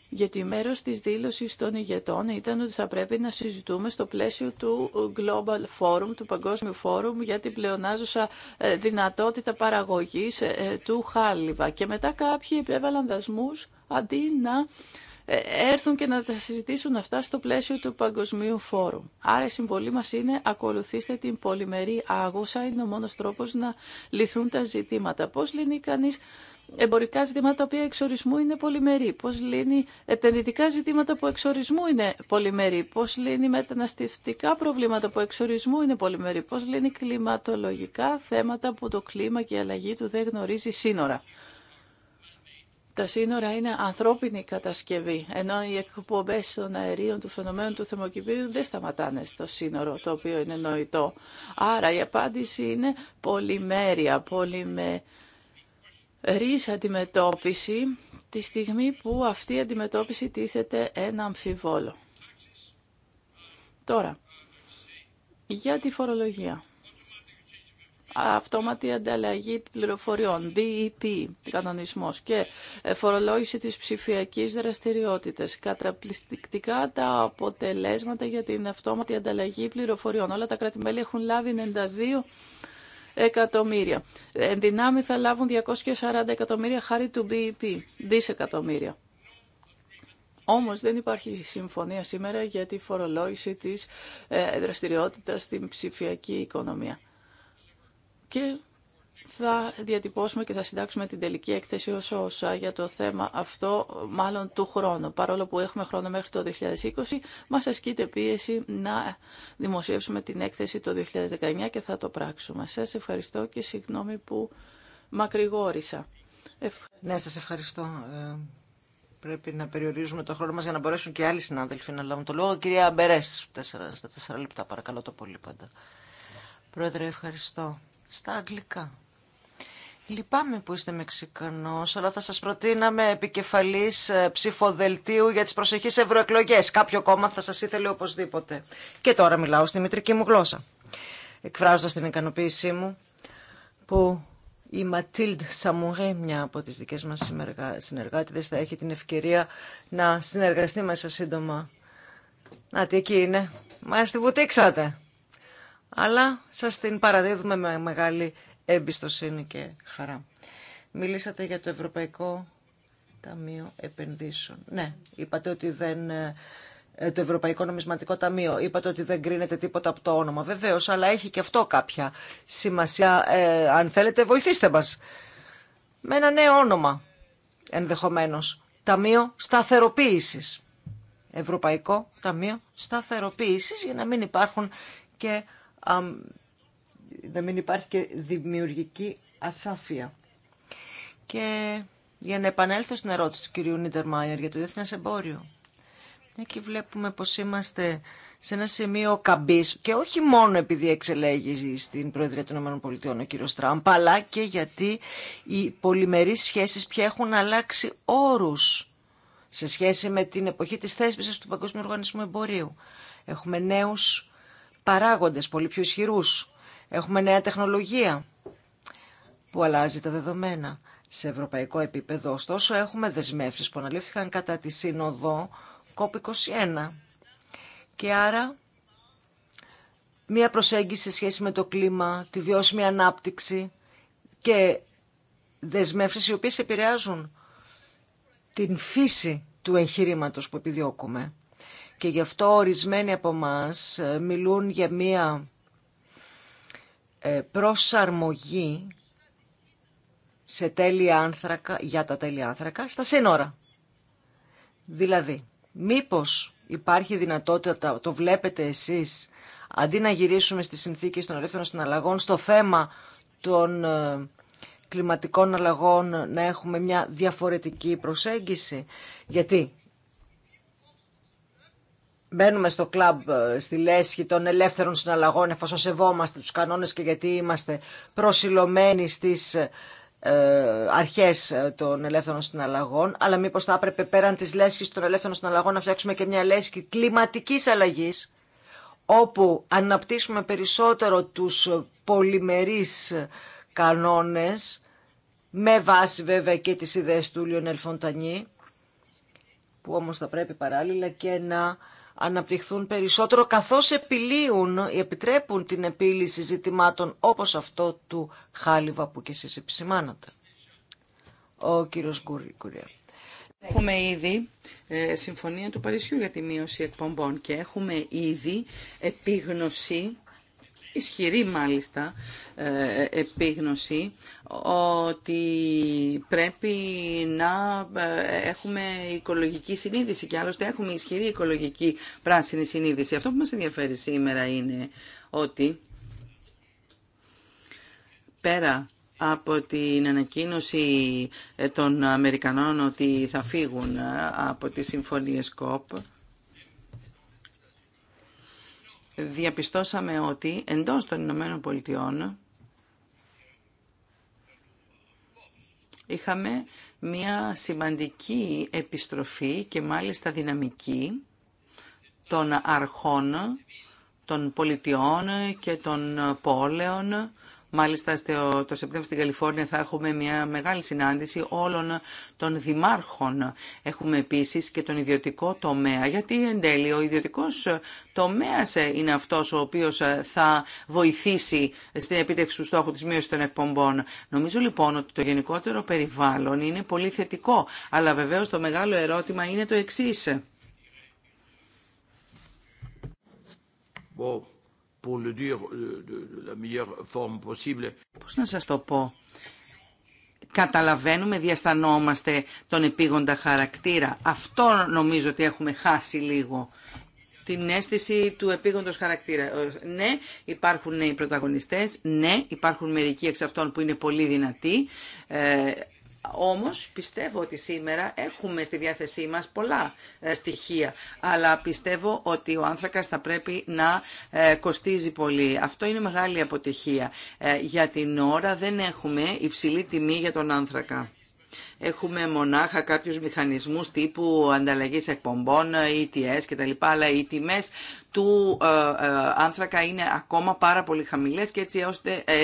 Γιατί μέρος της δήλωσης των ηγετών ήταν ότι θα πρέπει να συζητούμε στο πλαίσιο του Global Forum, του Παγκόσμιου Φόρουμ για την πλεονάζουσα ε, δυνατότητα παραγωγής ε, του χάλιβα. Και μετά κάποιοι επέβαλαν δασμούς αντί να έρθουν και να τα συζητήσουν αυτά στο πλαίσιο του Παγκοσμίου Φόρουμ. Άρα η συμβολή μας είναι ακολουθήστε την πολυμερή άγουσα, είναι ο μόνος τρόπος να λυθούν τα ζητήματα. Πώς λύνει κανείς εμπορικά ζητήματα τα οποία εξορισμού είναι πολυμερή, πώς λύνει επενδυτικά ζητήματα που εξορισμού είναι πολυμερή, πώς λύνει μεταναστευτικά προβλήματα που εξορισμού είναι πολυμερή, πώς λύνει κλιματολογικά θέματα που το κλίμα και η αλλαγή του δεν γνωρίζει σύνορα. Τα σύνορα είναι ανθρώπινη κατασκευή, ενώ οι εκπομπέ των αερίων του φαινομένου του θερμοκηπίου δεν σταματάνε στο σύνορο, το οποίο είναι νοητό. Άρα η απάντηση είναι πολυμέρεια, πολυμερής αντιμετώπιση, τη στιγμή που αυτή η αντιμετώπιση τίθεται ένα αμφιβόλο. Τώρα, για τη φορολογία αυτόματη ανταλλαγή πληροφοριών, BEP, κανονισμός και ε, φορολόγηση της ψηφιακής δραστηριότητας. Καταπληκτικά τα αποτελέσματα για την αυτόματη ανταλλαγή πληροφοριών. Όλα τα κράτη-μέλη έχουν λάβει 92 εκατομμύρια. Εν θα λάβουν 240 εκατομμύρια χάρη του BEP, δισεκατομμύρια. Όμως δεν υπάρχει συμφωνία σήμερα για τη φορολόγηση της ε, δραστηριότητας στην ψηφιακή οικονομία και θα διατυπώσουμε και θα συντάξουμε την τελική έκθεση ως όσα για το θέμα αυτό μάλλον του χρόνου. Παρόλο που έχουμε χρόνο μέχρι το 2020, μας ασκείται πίεση να δημοσιεύσουμε την έκθεση το 2019 και θα το πράξουμε. Σας ευχαριστώ και συγγνώμη που μακρηγόρησα. Ναι, σας ευχαριστώ. Ε, πρέπει να περιορίζουμε το χρόνο μας για να μπορέσουν και άλλοι συνάδελφοι να λάβουν το λόγο. Κυρία Μπερές, στα τέσσερα λεπτά παρακαλώ το πολύ πάντα. Πρόεδρε, ευχαριστώ στα αγγλικά. Λυπάμαι που είστε Μεξικανός, αλλά θα σας προτείναμε επικεφαλής ε, ψηφοδελτίου για τις προσεχείς ευρωεκλογέ. Κάποιο κόμμα θα σας ήθελε οπωσδήποτε. Και τώρα μιλάω στη μητρική μου γλώσσα, εκφράζοντας την ικανοποίησή μου που η Ματίλντ Σαμουρέ, μια από τις δικές μας συνεργάτηδες, θα έχει την ευκαιρία να συνεργαστεί μέσα σύντομα. Να τι εκεί είναι. Μα τη βουτήξατε αλλά σας την παραδίδουμε με μεγάλη εμπιστοσύνη και χαρά. Μιλήσατε για το Ευρωπαϊκό Ταμείο Επενδύσεων. Ναι, είπατε ότι δεν ε, ε, το Ευρωπαϊκό Νομισματικό Ταμείο. Είπατε ότι δεν κρίνεται τίποτα από το όνομα. Βεβαίω, αλλά έχει και αυτό κάποια σημασία. Ε, αν θέλετε, βοηθήστε μα. Με ένα νέο όνομα, ενδεχομένω. Ταμείο Σταθεροποίηση. Ευρωπαϊκό Ταμείο Σταθεροποίηση, για να μην υπάρχουν και να μην υπάρχει και δημιουργική ασάφεια. Και για να επανέλθω στην ερώτηση του κυρίου Νίτερ Μάιερ για το διεθνέ εμπόριο. Εκεί βλέπουμε πως είμαστε σε ένα σημείο καμπής και όχι μόνο επειδή εξελέγει στην Προεδρία των ΗΠΑ ο κύριος Τραμπ, αλλά και γιατί οι πολυμερείς σχέσεις πια έχουν αλλάξει όρους σε σχέση με την εποχή της θέσπισης του Παγκόσμιου Οργανισμού Εμπορίου. Έχουμε νέους παράγοντες πολύ πιο ισχυρούς. Έχουμε νέα τεχνολογία που αλλάζει τα δεδομένα σε ευρωπαϊκό επίπεδο. Ωστόσο, έχουμε δεσμεύσεις που αναλήφθηκαν κατά τη Σύνοδο COP21. Και άρα, μία προσέγγιση σε σχέση με το κλίμα, τη βιώσιμη ανάπτυξη και δεσμεύσεις οι οποίες επηρεάζουν την φύση του εγχειρήματο που επιδιώκουμε. Και γι' αυτό ορισμένοι από εμά μιλούν για μία ε, προσαρμογή σε τέλη άνθρακα, για τα τέλη άνθρακα στα σύνορα. Δηλαδή, μήπως υπάρχει δυνατότητα, το βλέπετε εσείς, αντί να γυρίσουμε στις συνθήκες των ελεύθερων συναλλαγών, στο θέμα των ε, κλιματικών αλλαγών να έχουμε μια διαφορετική προσέγγιση. Γιατί μπαίνουμε στο κλαμπ, ε, στη λέσχη των ελεύθερων συναλλαγών εφόσον σεβόμαστε τους κανόνες και γιατί είμαστε προσιλωμένοι στις ε, αρχές ε, των ελεύθερων συναλλαγών αλλά μήπως θα έπρεπε πέραν της λέσχης των ελεύθερων συναλλαγών να φτιάξουμε και μια λέσχη κλιματικής αλλαγής όπου αναπτύσσουμε περισσότερο τους πολυμερείς κανόνες με βάση βέβαια και τις ιδέες του Λιονέλ Φοντανή που όμως θα πρέπει παράλληλα και να αναπτυχθούν περισσότερο καθώς επιλύουν ή επιτρέπουν την επίλυση ζητημάτων όπως αυτό του χάλιβα που και εσείς επισημάνατε. Ο κύριος Γκουρία. Έχουμε ήδη ε, συμφωνία του Παρισιού για τη μείωση εκπομπών και έχουμε ήδη επίγνωση ισχυρή μάλιστα ε, επίγνωση ότι πρέπει να ε, έχουμε οικολογική συνείδηση και άλλωστε έχουμε ισχυρή οικολογική πράσινη συνείδηση. Αυτό που μας ενδιαφέρει σήμερα είναι ότι πέρα από την ανακοίνωση ε, των Αμερικανών ότι θα φύγουν από τις συμφωνίες COP, διαπιστώσαμε ότι εντός των Ηνωμένων Πολιτειών είχαμε μια σημαντική επιστροφή και μάλιστα δυναμική των αρχών των πολιτιών και των πόλεων Μάλιστα στο, το Σεπτέμβριο στην Καλιφόρνια θα έχουμε μια μεγάλη συνάντηση όλων των δημάρχων. Έχουμε επίση και τον ιδιωτικό τομέα, γιατί εν τέλει ο ιδιωτικό τομέα είναι αυτό, ο οποίο θα βοηθήσει στην επίτευξη του στόχου τη μείωσης των εκπομπών. Νομίζω λοιπόν ότι το γενικότερο περιβάλλον είναι πολύ θετικό, αλλά βεβαίω το μεγάλο ερώτημα είναι το εξή pour euh, Πώς να σας το πω. Καταλαβαίνουμε, διαστανόμαστε τον επίγοντα χαρακτήρα. Αυτό νομίζω ότι έχουμε χάσει λίγο την αίσθηση του επίγοντος χαρακτήρα. Ε, ναι, υπάρχουν νέοι πρωταγωνιστές, ναι, υπάρχουν μερικοί εξ αυτών που είναι πολύ δυνατοί, ε, όμως πιστεύω ότι σήμερα έχουμε στη διάθεσή μας πολλά ε, στοιχεία, αλλά πιστεύω ότι ο άνθρακας θα πρέπει να ε, κοστίζει πολύ. Αυτό είναι μεγάλη αποτυχία. Ε, για την ώρα δεν έχουμε υψηλή τιμή για τον άνθρακα. Έχουμε μονάχα κάποιους μηχανισμούς τύπου ανταλλαγής εκπομπών, ETS ε κτλ. Αλλά οι τιμές του ε, ε, άνθρακα είναι ακόμα πάρα πολύ χαμηλές και έτσι,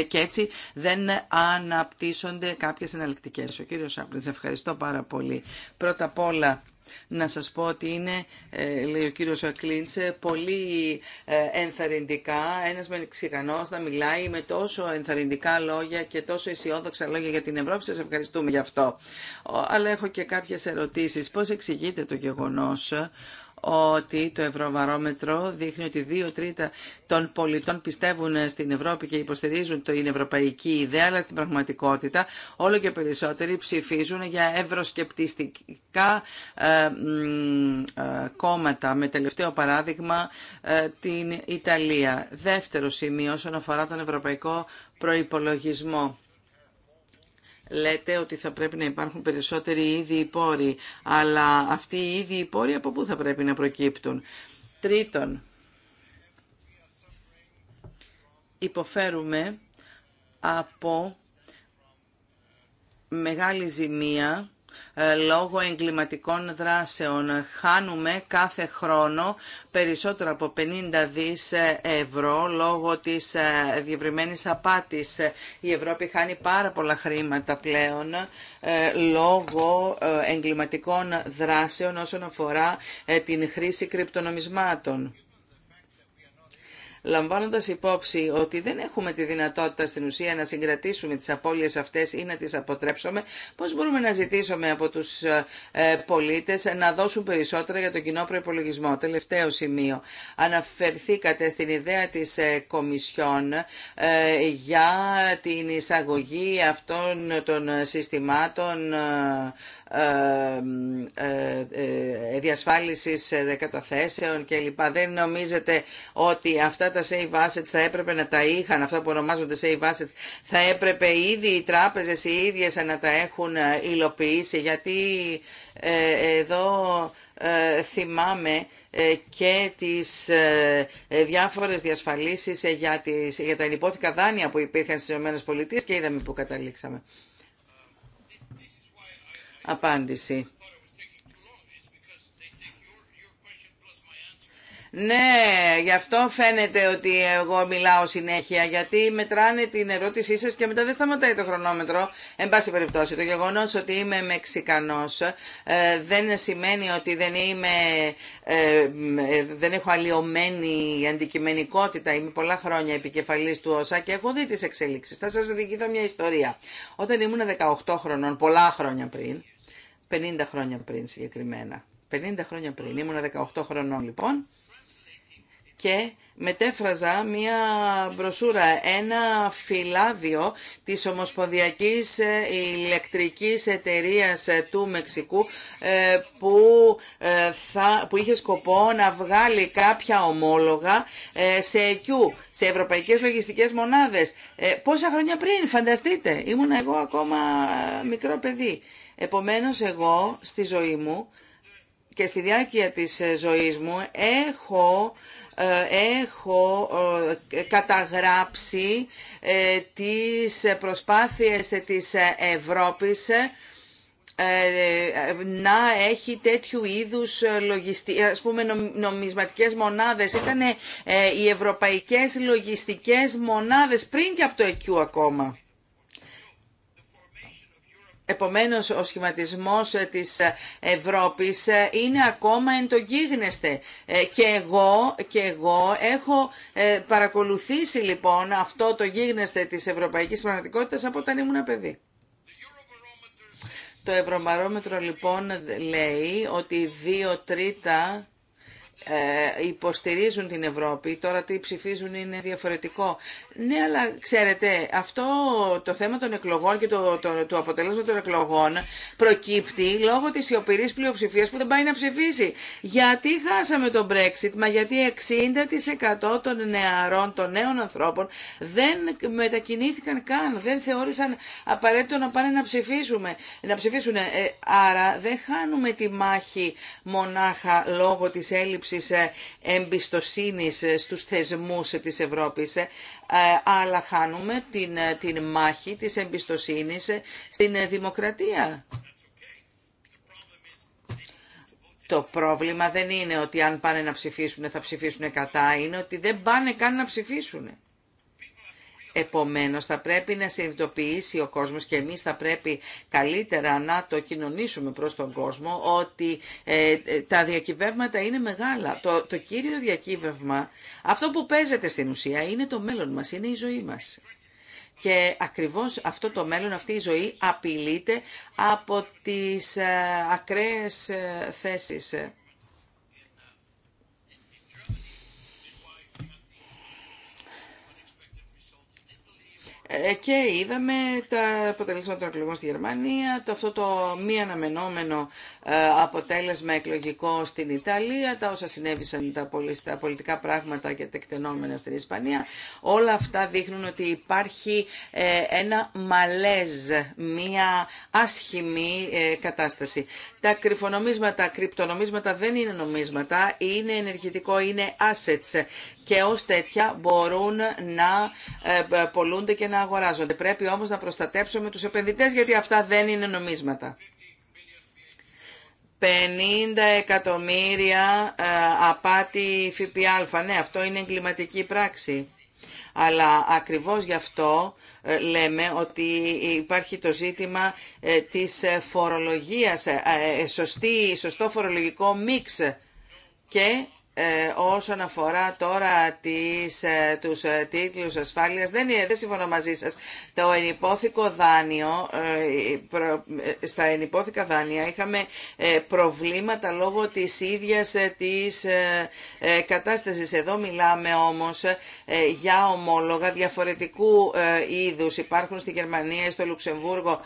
και έτσι δεν αναπτύσσονται κάποιες εναλλακτικές. Ο κύριος Σάπλης, ευχαριστώ πάρα πολύ. Πρώτα απ' όλα να σας πω ότι είναι, ε, λέει ο κύριος Κλίντσε, πολύ ε, ενθαρρυντικά ένας Μεξικανός να μιλάει με τόσο ενθαρρυντικά λόγια και τόσο αισιόδοξα λόγια για την Ευρώπη. Σας ευχαριστούμε γι' αυτό. Αλλά έχω και κάποιες ερωτήσεις. Πώς εξηγείτε το γεγονός ότι το Ευρωβαρόμετρο δείχνει ότι δύο τρίτα των πολιτών πιστεύουν στην Ευρώπη και υποστηρίζουν την ευρωπαϊκή ιδέα, αλλά στην πραγματικότητα όλο και περισσότεροι ψηφίζουν για ευρωσκεπτιστικά ε, ε, κόμματα, με τελευταίο παράδειγμα ε, την Ιταλία. Δεύτερο σημείο όσον αφορά τον ευρωπαϊκό προϋπολογισμό λέτε ότι θα πρέπει να υπάρχουν περισσότεροι ήδη πόροι, αλλά αυτοί οι ήδη πόροι από πού θα πρέπει να προκύπτουν. Τρίτον, υποφέρουμε από μεγάλη ζημία ε, λόγω εγκληματικών δράσεων. Χάνουμε κάθε χρόνο περισσότερο από 50 δις ε, ευρώ λόγω της ε, διευρυμένης απάτης. Η Ευρώπη χάνει πάρα πολλά χρήματα πλέον λόγω εγκληματικών δράσεων όσον αφορά την χρήση κρυπτονομισμάτων λαμβάνοντας υπόψη ότι δεν έχουμε τη δυνατότητα στην ουσία να συγκρατήσουμε τις απώλειες αυτές ή να τις αποτρέψουμε, πώς μπορούμε να ζητήσουμε από τους ε, ε, πολίτες να δώσουν περισσότερα για τον κοινό προπολογισμό. Τελευταίο σημείο. Αναφερθήκατε στην ιδέα της ε, Κομισιόν για την εισαγωγή αυτών των συστημάτων ε, ε, ε, διασφάλισης καταθέσεων κλπ. Δεν νομίζετε ότι αυτά τα save assets θα έπρεπε να τα είχαν, αυτά που ονομάζονται save assets, θα έπρεπε ήδη οι τράπεζες οι ίδιες να τα έχουν υλοποιήσει, γιατί εδώ θυμάμαι και τις διάφορες διασφαλίσεις για, για τα ενυπόθηκα δάνεια που υπήρχαν στις ΗΠΑ και είδαμε που καταλήξαμε απάντηση. Ναι, γι' αυτό φαίνεται ότι εγώ μιλάω συνέχεια, γιατί μετράνε την ερώτησή σας και μετά δεν σταματάει το χρονόμετρο. Εν πάση περιπτώσει, το γεγονός ότι είμαι Μεξικανός ε, δεν σημαίνει ότι δεν είμαι, ε, δεν έχω αλλοιωμένη αντικειμενικότητα. Είμαι πολλά χρόνια επικεφαλής του ΩΣΑ και έχω δει τις εξελίξεις. Θα σας διηγηθώ μια ιστορία. Όταν ήμουν 18 χρονών, πολλά χρόνια πριν, 50 χρόνια πριν συγκεκριμένα. 50 χρόνια πριν. Ήμουνα 18 χρονών λοιπόν και μετέφραζα μία μπροσούρα, ένα φυλάδιο της Ομοσπονδιακής ε, Ηλεκτρικής Εταιρείας ε, του Μεξικού ε, που, θα, είχε σκοπό να βγάλει κάποια ομόλογα σε ΕΚΙΟΥ, σε Ευρωπαϊκές Λογιστικές Μονάδες. Πόσα χρόνια πριν, φανταστείτε, ήμουν εγώ ακόμα μικρό παιδί. Επομένως εγώ στη ζωή μου και στη διάρκεια της ε, ζωής μου έχω ε, έχω ε, καταγράψει τις προσπάθειες της Ευρώπης να έχει τέτοιου είδους λογιστικές, ας νομισματικές μονάδες. Ήταν οι ευρωπαϊκές λογιστικές μονάδες πριν και από το ΕΚΙΟ ακόμα. Επομένως, ο σχηματισμός ε, της ε, Ευρώπης ε, είναι ακόμα εν Και εγώ, και εγώ έχω παρακολουθήσει λοιπόν αυτό το γίγνεσθε της ευρωπαϊκής πραγματικότητας από όταν ήμουν παιδί. Το Ευρωμαρόμετρο λοιπόν λέει ότι δύο τρίτα υποστηρίζουν την Ευρώπη. Τώρα τι ψηφίζουν είναι διαφορετικό. Ναι, αλλά ξέρετε, αυτό το θέμα των εκλογών και το, το, του αποτέλεσμα των εκλογών προκύπτει λόγω της ιοπηρή πλειοψηφίας που δεν πάει να ψηφίσει. Γιατί χάσαμε τον Brexit, μα γιατί 60% των νεαρών, των νέων ανθρώπων δεν μετακινήθηκαν καν, δεν θεώρησαν απαραίτητο να πάνε να, ψηφίσουμε, να ψηφίσουν. Ε, άρα δεν χάνουμε τη μάχη μονάχα λόγω της έλλειψης ε, εμπιστοσύνης ε, στους θεσμούς της Ευρώπης, ε, αλλά χάνουμε την, ε, την μάχη της εμπιστοσύνης ε, στην δημοκρατία. Το πρόβλημα δεν είναι ότι αν πάνε να ψηφίσουν θα ψηφίσουν κατά, είναι ότι δεν πάνε καν να ψηφίσουν. Επομένως θα πρέπει να συνειδητοποιήσει ο κόσμος και εμείς θα πρέπει καλύτερα να το κοινωνήσουμε προς τον κόσμο ότι ε, ε, τα διακυβεύματα είναι μεγάλα. Το, το κύριο διακύβευμα, αυτό που παίζεται στην ουσία είναι το μέλλον μας, είναι η ζωή μας. Και ακριβώς αυτό το μέλλον, αυτή η ζωή απειλείται από τις ε, ακραίες θέσεις Ε, και είδαμε τα αποτελέσματα των εκλογών στη Γερμανία, το, αυτό το μη αναμενόμενο ε, αποτέλεσμα εκλογικό στην Ιταλία, τα όσα συνέβησαν τα, πολιτικά πράγματα και τα εκτενόμενα στην Ισπανία. Όλα αυτά δείχνουν ότι υπάρχει ε, ένα μαλέζ, μία άσχημη κατάσταση. Τα κρυφονομίσματα, κρυπτονομίσματα δεν είναι νομίσματα, είναι ενεργητικό, είναι assets και ως τέτοια μπορούν να ε, πολλούνται και να αγοράζονται. Πρέπει όμως να προστατέψουμε τους επενδυτές γιατί αυτά δεν είναι νομίσματα. 50 εκατομμύρια ε, απάτη ΦΠΑ. Ναι, αυτό είναι εγκληματική πράξη. Αλλά ακριβώς γι' αυτό ε, λέμε ότι υπάρχει το ζήτημα ε, της ε, φορολογίας, σωστή, σωστό φορολογικό μίξ και ε, όσον αφορά τώρα τις, ε, τους ε, τίτλους ασφάλειας, δεν, είναι, δεν συμφωνώ μαζί σας. Το ενυπόθηκο δάνειο, ε, στα ενυπόθηκα δάνεια είχαμε προβλήματα λόγω της ίδιας της κατάστασης. Εδώ μιλάμε όμως για ομόλογα διαφορετικού είδους. Υπάρχουν στη Γερμανία, στο Λουξεμβούργο,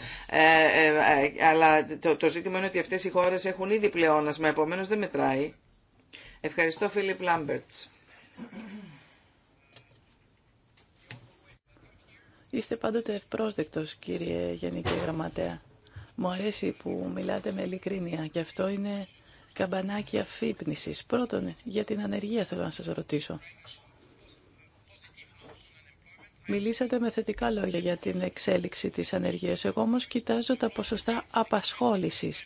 αλλά το, το ζήτημα είναι ότι αυτές οι χώρες έχουν ήδη πλεόνασμα, επομένως δεν μετράει. Ευχαριστώ Φίλιπ Λάμπερτς. Είστε πάντοτε ευπρόσδεκτος κύριε Γενική Γραμματέα. Μου αρέσει που μιλάτε με ειλικρίνεια και αυτό είναι καμπανάκι αφύπνισης. Πρώτον, για την ανεργία θέλω να σας ρωτήσω. Μιλήσατε με θετικά λόγια για την εξέλιξη της ανεργίας. Εγώ όμως κοιτάζω τα ποσοστά απασχόλησης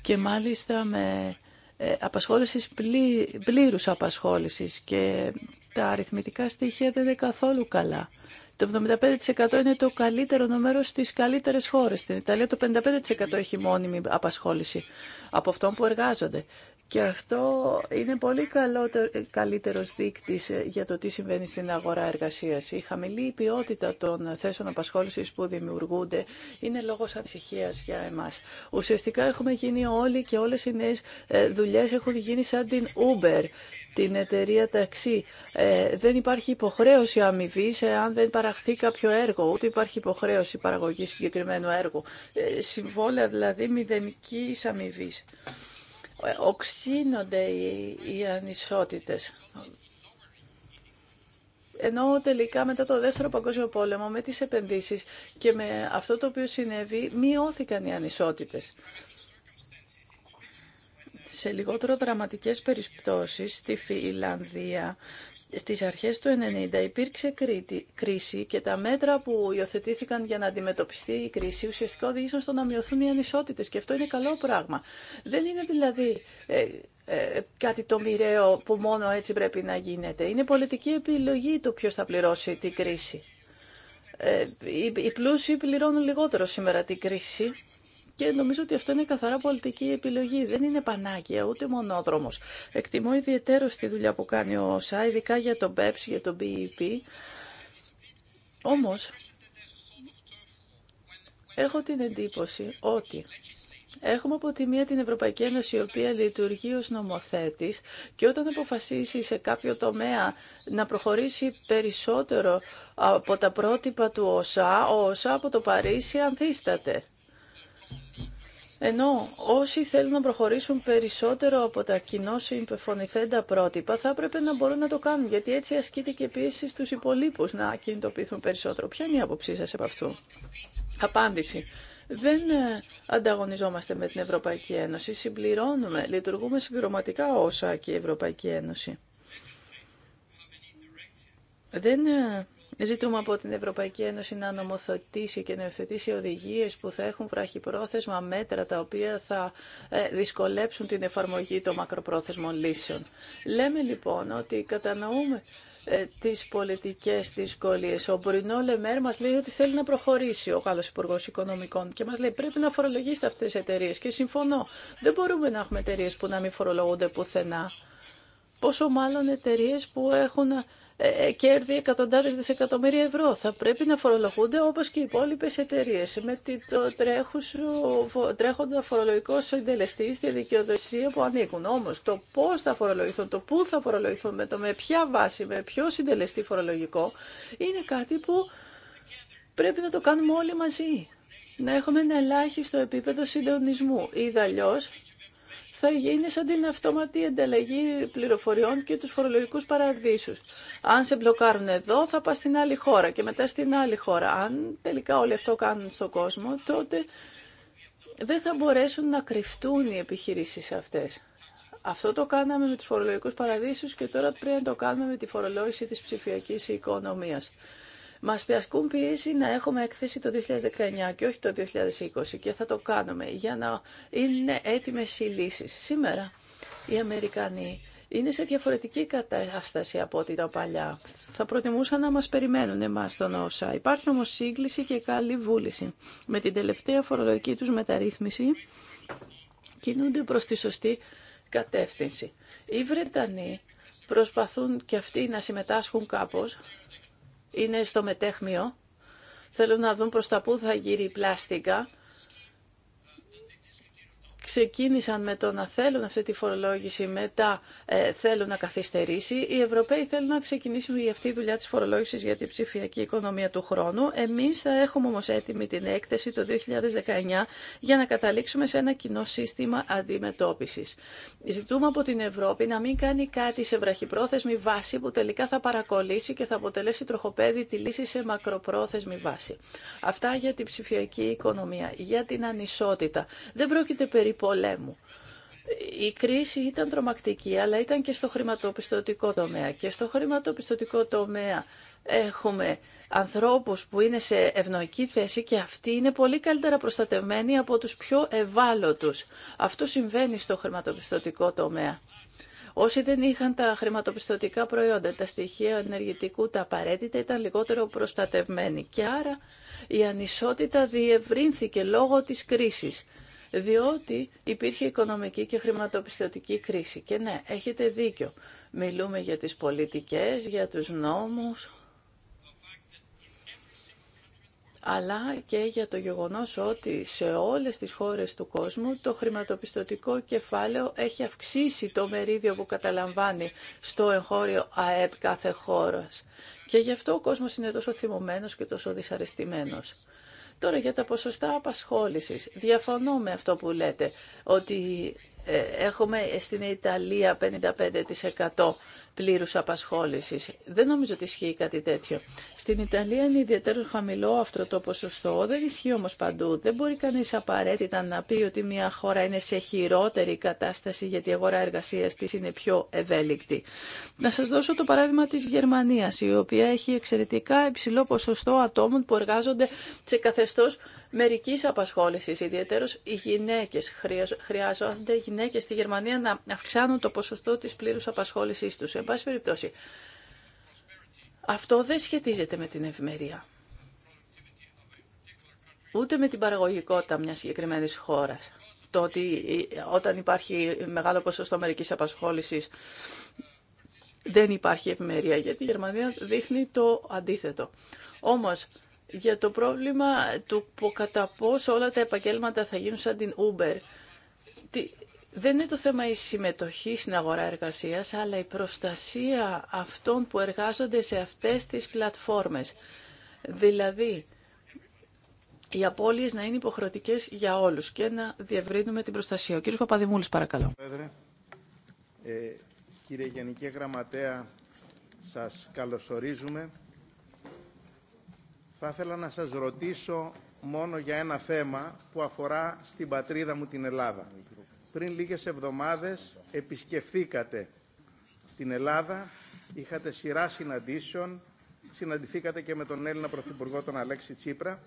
και μάλιστα με ε, απασχόλησης πλή, πλήρους απασχόλησης και τα αριθμητικά στοιχεία δεν είναι καθόλου καλά. Το 75% είναι το καλύτερο νούμερο στις καλύτερες χώρες. Στην Ιταλία το 55% έχει μόνιμη απασχόληση από αυτών που εργάζονται. Και αυτό είναι πολύ καλύτερο καλύτερος ε, για το τι συμβαίνει στην αγορά εργασίας. Η χαμηλή ποιότητα των θέσεων απασχόλησης που δημιουργούνται είναι λόγος ανησυχία για εμάς. Ουσιαστικά έχουμε γίνει όλοι και όλες οι νέε ε, δουλειές έχουν γίνει σαν την Uber την εταιρεία ταξί. Ε, δεν υπάρχει υποχρέωση αμοιβή αν δεν παραχθεί κάποιο έργο, ούτε υπάρχει υποχρέωση παραγωγή συγκεκριμένου έργου. συμβόλαια δηλαδή μηδενική αμοιβή οξύνονται οι ανισότητες. Ενώ τελικά μετά το Δεύτερο Παγκόσμιο Πόλεμο με τις επενδύσεις και με αυτό το οποίο συνέβη μειώθηκαν οι ανισότητες. Σε λιγότερο δραματικές περιπτώσεις στη Φιλανδία στις αρχές του 1990 υπήρξε κρίση και τα μέτρα που υιοθετήθηκαν για να αντιμετωπιστεί η κρίση ουσιαστικά οδήγησαν στο να μειωθούν οι ανισότητες και αυτό είναι καλό πράγμα. Δεν είναι δηλαδή ε, ε, κάτι το μοιραίο που μόνο έτσι πρέπει να γίνεται. Είναι πολιτική επιλογή το ποιος θα πληρώσει την κρίση. Ε, οι πλούσιοι πληρώνουν λιγότερο σήμερα την κρίση και νομίζω ότι αυτό είναι καθαρά πολιτική επιλογή. Δεν είναι πανάκια, ούτε μονόδρομος. Εκτιμώ ιδιαίτερο τη δουλειά που κάνει ο ΩΣΑ, ειδικά για τον ΠΕΠΣ, για τον BEP. Ε Όμως, έχω την εντύπωση ότι Έχουμε από τη μία την Ευρωπαϊκή Ένωση, η οποία λειτουργεί ως νομοθέτης και όταν αποφασίσει σε κάποιο τομέα να προχωρήσει περισσότερο από τα πρότυπα του ΟΣΑ, ο ΟΣΑ από το Παρίσι ανθίσταται. Ενώ όσοι θέλουν να προχωρήσουν περισσότερο από τα κοινώ συμπεφωνηθέντα πρότυπα θα έπρεπε να μπορούν να το κάνουν, γιατί έτσι ασκείται και πίεση στους υπολείπου να κινητοποιηθούν περισσότερο. Ποια είναι η άποψή σας από αυτού. Απάντηση. Δεν ε, ανταγωνιζόμαστε με την Ευρωπαϊκή Ένωση, συμπληρώνουμε, λειτουργούμε συμπληρωματικά όσα και η Ευρωπαϊκή Ένωση. Δεν ε, Ζητούμε από την Ευρωπαϊκή Ένωση να νομοθετήσει και να ευθετήσει οδηγίες που θα έχουν βραχυπρόθεσμα μέτρα τα οποία θα ε, δυσκολέψουν την εφαρμογή των μακροπρόθεσμων λύσεων. Λέμε λοιπόν ότι κατανοούμε ε, τι πολιτικέ δυσκολίε Ο Μπρινό Λεμέρ μα λέει ότι θέλει να προχωρήσει ο καλός υπουργό Οικονομικών και μα λέει πρέπει να φορολογήσετε αυτέ τι εταιρείε και συμφωνώ. Δεν μπορούμε να έχουμε εταιρείε που να μην φορολογούνται πουθενά. Πόσο μάλλον εταιρείε που έχουν ε, κέρδη εκατοντάδες δισεκατομμύρια ευρώ. Θα πρέπει να φορολογούνται όπως και οι υπόλοιπες εταιρείε. με το τρέχοντα φορολογικό συντελεστή στη δικαιοδοσία που ανήκουν. Όμως το πώς θα φορολογηθούν, το πού θα φορολογηθούν, με, το, με ποια βάση, με ποιο συντελεστή φορολογικό, είναι κάτι που πρέπει να το κάνουμε όλοι μαζί. Να έχουμε ένα ελάχιστο επίπεδο συντονισμού. Ή αλλιώ θα γίνει σαν την αυτόματη ενταλλαγή πληροφοριών και τους φορολογικούς παραδείσους. Αν σε μπλοκάρουν εδώ, θα πας στην άλλη χώρα και μετά στην άλλη χώρα. Αν τελικά όλοι αυτό κάνουν στον κόσμο, τότε δεν θα μπορέσουν να κρυφτούν οι επιχειρήσεις αυτές. Αυτό το κάναμε με τους φορολογικούς παραδείσους και τώρα πρέπει να το κάνουμε με τη φορολόγηση της ψηφιακής οικονομίας. Μας πιασκούν πίεση να έχουμε έκθεση το 2019 και όχι το 2020 και θα το κάνουμε για να είναι έτοιμε οι λύσεις. Σήμερα οι Αμερικανοί είναι σε διαφορετική κατάσταση από ό,τι τα παλιά. Θα προτιμούσαν να μας περιμένουν εμά τον ΩΣΑ. Υπάρχει όμω σύγκληση και καλή βούληση. Με την τελευταία φορολογική του μεταρρύθμιση κινούνται προ τη σωστή κατεύθυνση. Οι Βρετανοί προσπαθούν και αυτοί να συμμετάσχουν κάπως είναι στο μετέχμιο. Θέλουν να δουν προς τα πού θα γύρει η πλάστικα ξεκίνησαν με το να θέλουν αυτή τη φορολόγηση, μετά ε, θέλουν να καθυστερήσει. Οι Ευρωπαίοι θέλουν να ξεκινήσουν για αυτή η δουλειά τη φορολόγηση για την ψηφιακή οικονομία του χρόνου. Εμεί θα έχουμε όμω έτοιμη την έκθεση το 2019 για να καταλήξουμε σε ένα κοινό σύστημα αντιμετώπιση. Ζητούμε από την Ευρώπη να μην κάνει κάτι σε βραχυπρόθεσμη βάση που τελικά θα παρακολύσει και θα αποτελέσει τροχοπέδι τη λύση σε μακροπρόθεσμη βάση. Αυτά για την ψηφιακή οικονομία, για την ανισότητα. Δεν πρόκειται περί πολέμου. Η κρίση ήταν τρομακτική, αλλά ήταν και στο χρηματοπιστωτικό τομέα. Και στο χρηματοπιστωτικό τομέα έχουμε ανθρώπους που είναι σε ευνοϊκή θέση και αυτοί είναι πολύ καλύτερα προστατευμένοι από τους πιο ευάλωτους. Αυτό συμβαίνει στο χρηματοπιστωτικό τομέα. Όσοι δεν είχαν τα χρηματοπιστωτικά προϊόντα, τα στοιχεία ενεργητικού, τα απαραίτητα ήταν λιγότερο προστατευμένοι. Και άρα η ανισότητα διευρύνθηκε λόγω της κρίσης διότι υπήρχε οικονομική και χρηματοπιστωτική κρίση. Και ναι, έχετε δίκιο. Μιλούμε για τις πολιτικές, για τους νόμους, αλλά και για το γεγονός ότι σε όλες τις χώρες του κόσμου το χρηματοπιστωτικό κεφάλαιο έχει αυξήσει το μερίδιο που καταλαμβάνει στο εγχώριο ΑΕΠ κάθε χώρας. Και γι' αυτό ο κόσμος είναι τόσο θυμωμένος και τόσο δυσαρεστημένος. Τώρα για τα ποσοστά απασχόλησης. Διαφωνώ με αυτό που λέτε, ότι ε, έχουμε στην Ιταλία 55% πλήρους απασχόλησης. Δεν νομίζω ότι ισχύει κάτι τέτοιο. Στην Ιταλία είναι ιδιαίτερο χαμηλό αυτό το ποσοστό. Δεν ισχύει όμως παντού. Δεν μπορεί κανείς απαραίτητα να πει ότι μια χώρα είναι σε χειρότερη κατάσταση γιατί η αγορά εργασίας της είναι πιο ευέλικτη. Να σας δώσω το παράδειγμα της Γερμανίας, η οποία έχει εξαιρετικά υψηλό ποσοστό ατόμων που εργάζονται σε καθεστώς μερική απασχόληση. ιδιαίτερω οι γυναίκε Χρειάζονται οι γυναίκε στη Γερμανία να αυξάνουν το ποσοστό τη πλήρου απασχόλησή του. Ε, πάση περιπτώσει, αυτό δεν σχετίζεται με την ευημερία. Ούτε με την παραγωγικότητα μιας συγκεκριμένη χώρας. Το ότι όταν υπάρχει μεγάλο ποσοστό μερική απασχόλησης δεν υπάρχει ευημερία, γιατί η Γερμανία δείχνει το αντίθετο. Όμως, για το πρόβλημα του κατά πόσο όλα τα επαγγέλματα θα γίνουν σαν την Uber, δεν είναι το θέμα η συμμετοχή στην αγορά εργασίας, αλλά η προστασία αυτών που εργάζονται σε αυτές τις πλατφόρμες. Δηλαδή, οι απώλειες να είναι υποχρεωτικές για όλους και να διευρύνουμε την προστασία. Ο κύριος Παπαδημούλης, παρακαλώ. ε, κύριε Γενική Γραμματέα, σας καλωσορίζουμε. Θα ήθελα να σας ρωτήσω μόνο για ένα θέμα που αφορά στην πατρίδα μου την Ελλάδα πριν λίγες εβδομάδες επισκεφθήκατε την Ελλάδα, είχατε σειρά συναντήσεων, συναντηθήκατε και με τον Έλληνα Πρωθυπουργό τον Αλέξη Τσίπρα.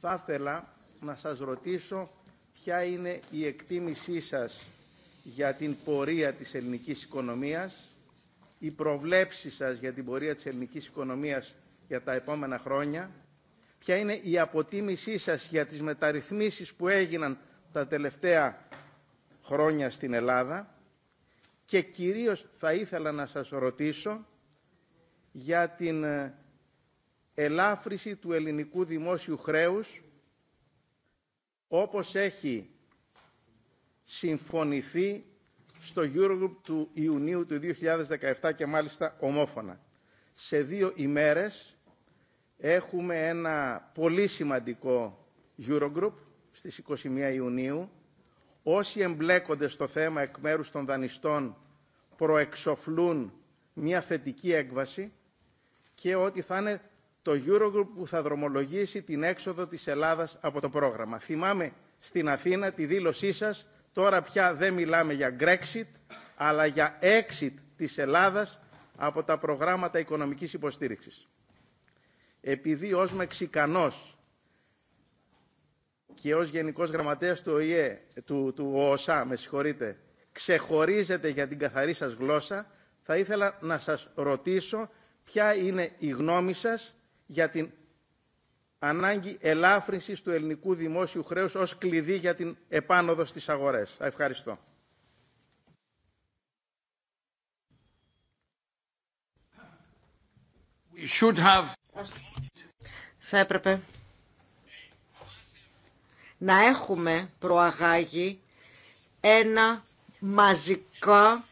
Θα ήθελα να σας ρωτήσω ποια είναι η εκτίμησή σας για την πορεία της ελληνικής οικονομίας, οι προβλέψεις σας για την πορεία της ελληνικής οικονομίας για τα επόμενα χρόνια, ποια είναι η αποτίμησή σας για τις μεταρρυθμίσεις που έγιναν τα τελευταία χρόνια στην Ελλάδα και κυρίως θα ήθελα να σας ρωτήσω για την ε, ελάφρυση του ελληνικού δημόσιου χρέους όπως έχει συμφωνηθεί στο Eurogroup του Ιουνίου του 2017 και μάλιστα ομόφωνα. Σε δύο ημέρες έχουμε ένα πολύ σημαντικό Eurogroup στις 21 Ιουνίου όσοι εμπλέκονται στο θέμα εκ μέρου των δανειστών προεξοφλούν μια θετική έκβαση και ότι θα είναι το Eurogroup που θα δρομολογήσει την έξοδο της Ελλάδας από το πρόγραμμα. Θυμάμαι στην Αθήνα τη δήλωσή σας, τώρα πια δεν μιλάμε για Grexit αλλά για exit της Ελλάδας από τα προγράμματα οικονομικής υποστήριξης. Επειδή ως Μεξικανός και ως Γενικός Γραμματέας του, ΟΗΕ, του, του ΟΟΣΑ, με συγχωρείτε, ξεχωρίζετε για την καθαρή σας γλώσσα, θα ήθελα να σας ρωτήσω ποια είναι η γνώμη σας για την ανάγκη ελάφρυνσης του ελληνικού δημόσιου χρέους ως κλειδί για την επάνωδο στις αγορές. Ευχαριστώ. Θα έπρεπε να έχουμε προαγάγει ένα μαζικό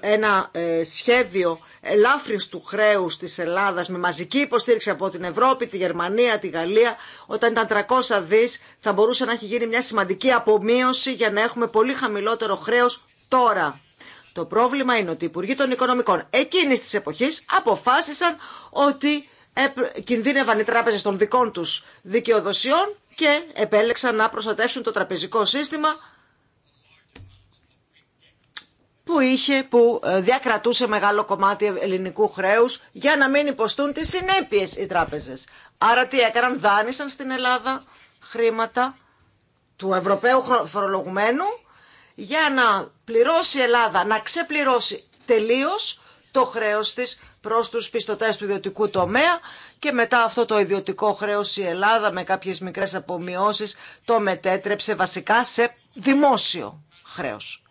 ένα ε, σχέδιο ελάφρυνση του χρέους της Ελλάδας με μαζική υποστήριξη από την Ευρώπη, τη Γερμανία, τη Γαλλία όταν ήταν 300 δις θα μπορούσε να έχει γίνει μια σημαντική απομείωση για να έχουμε πολύ χαμηλότερο χρέος τώρα. Το πρόβλημα είναι ότι οι Υπουργοί των Οικονομικών εκείνης της εποχής αποφάσισαν ότι κινδύνευαν οι τράπεζες των δικών τους δικαιοδοσιών και επέλεξαν να προστατεύσουν το τραπεζικό σύστημα που, είχε, που ε, διακρατούσε μεγάλο κομμάτι ελληνικού χρέους για να μην υποστούν τις συνέπειες οι τράπεζες. Άρα τι έκαναν, δάνεισαν στην Ελλάδα χρήματα του Ευρωπαίου φορολογουμένου για να πληρώσει η Ελλάδα, να ξεπληρώσει τελείως το χρέος της προς τους πιστωτές του ιδιωτικού τομέα και μετά αυτό το ιδιωτικό χρέος η Ελλάδα με κάποιες μικρές απομειώσεις το μετέτρεψε βασικά σε δημόσιο χρέος.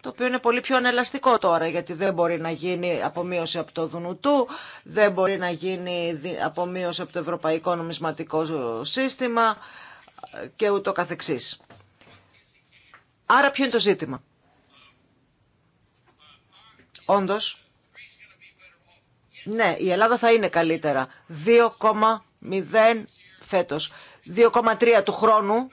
Το οποίο είναι πολύ πιο ανελαστικό τώρα γιατί δεν μπορεί να γίνει απομείωση από το Δουνουτού, δεν μπορεί να γίνει απομείωση από το Ευρωπαϊκό Νομισματικό Σύστημα και ούτω καθεξής. Άρα ποιο είναι το ζήτημα. Όντως, ναι, η Ελλάδα θα είναι καλύτερα. 2,0 φέτος. 2,3 του χρόνου.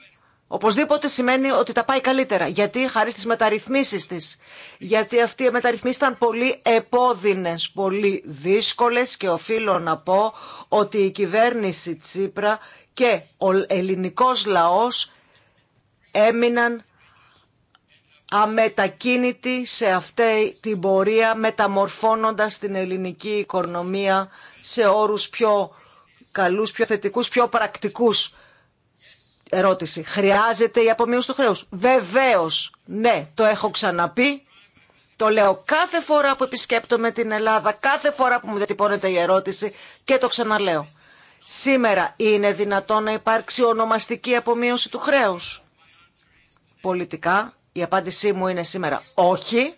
Οπωσδήποτε σημαίνει ότι τα πάει καλύτερα. Γιατί χάρη στις μεταρρυθμίσεις της. Γιατί αυτοί οι μεταρρυθμίσεις ήταν πολύ επώδυνες, πολύ δύσκολες και οφείλω να πω ότι η κυβέρνηση Τσίπρα και ο ελληνικός λαός έμειναν αμετακίνητη σε αυτή την πορεία μεταμορφώνοντας την ελληνική οικονομία σε όρους πιο καλούς, πιο θετικούς, πιο πρακτικούς. Ερώτηση. Χρειάζεται η απομείωση του χρέους. Βεβαίως, ναι, το έχω ξαναπεί. Το λέω κάθε φορά που επισκέπτομαι την Ελλάδα, κάθε φορά που μου διατυπώνεται η ερώτηση και το ξαναλέω. Σήμερα είναι δυνατόν να υπάρξει ονομαστική απομείωση του χρέους. Πολιτικά η απάντησή μου είναι σήμερα όχι.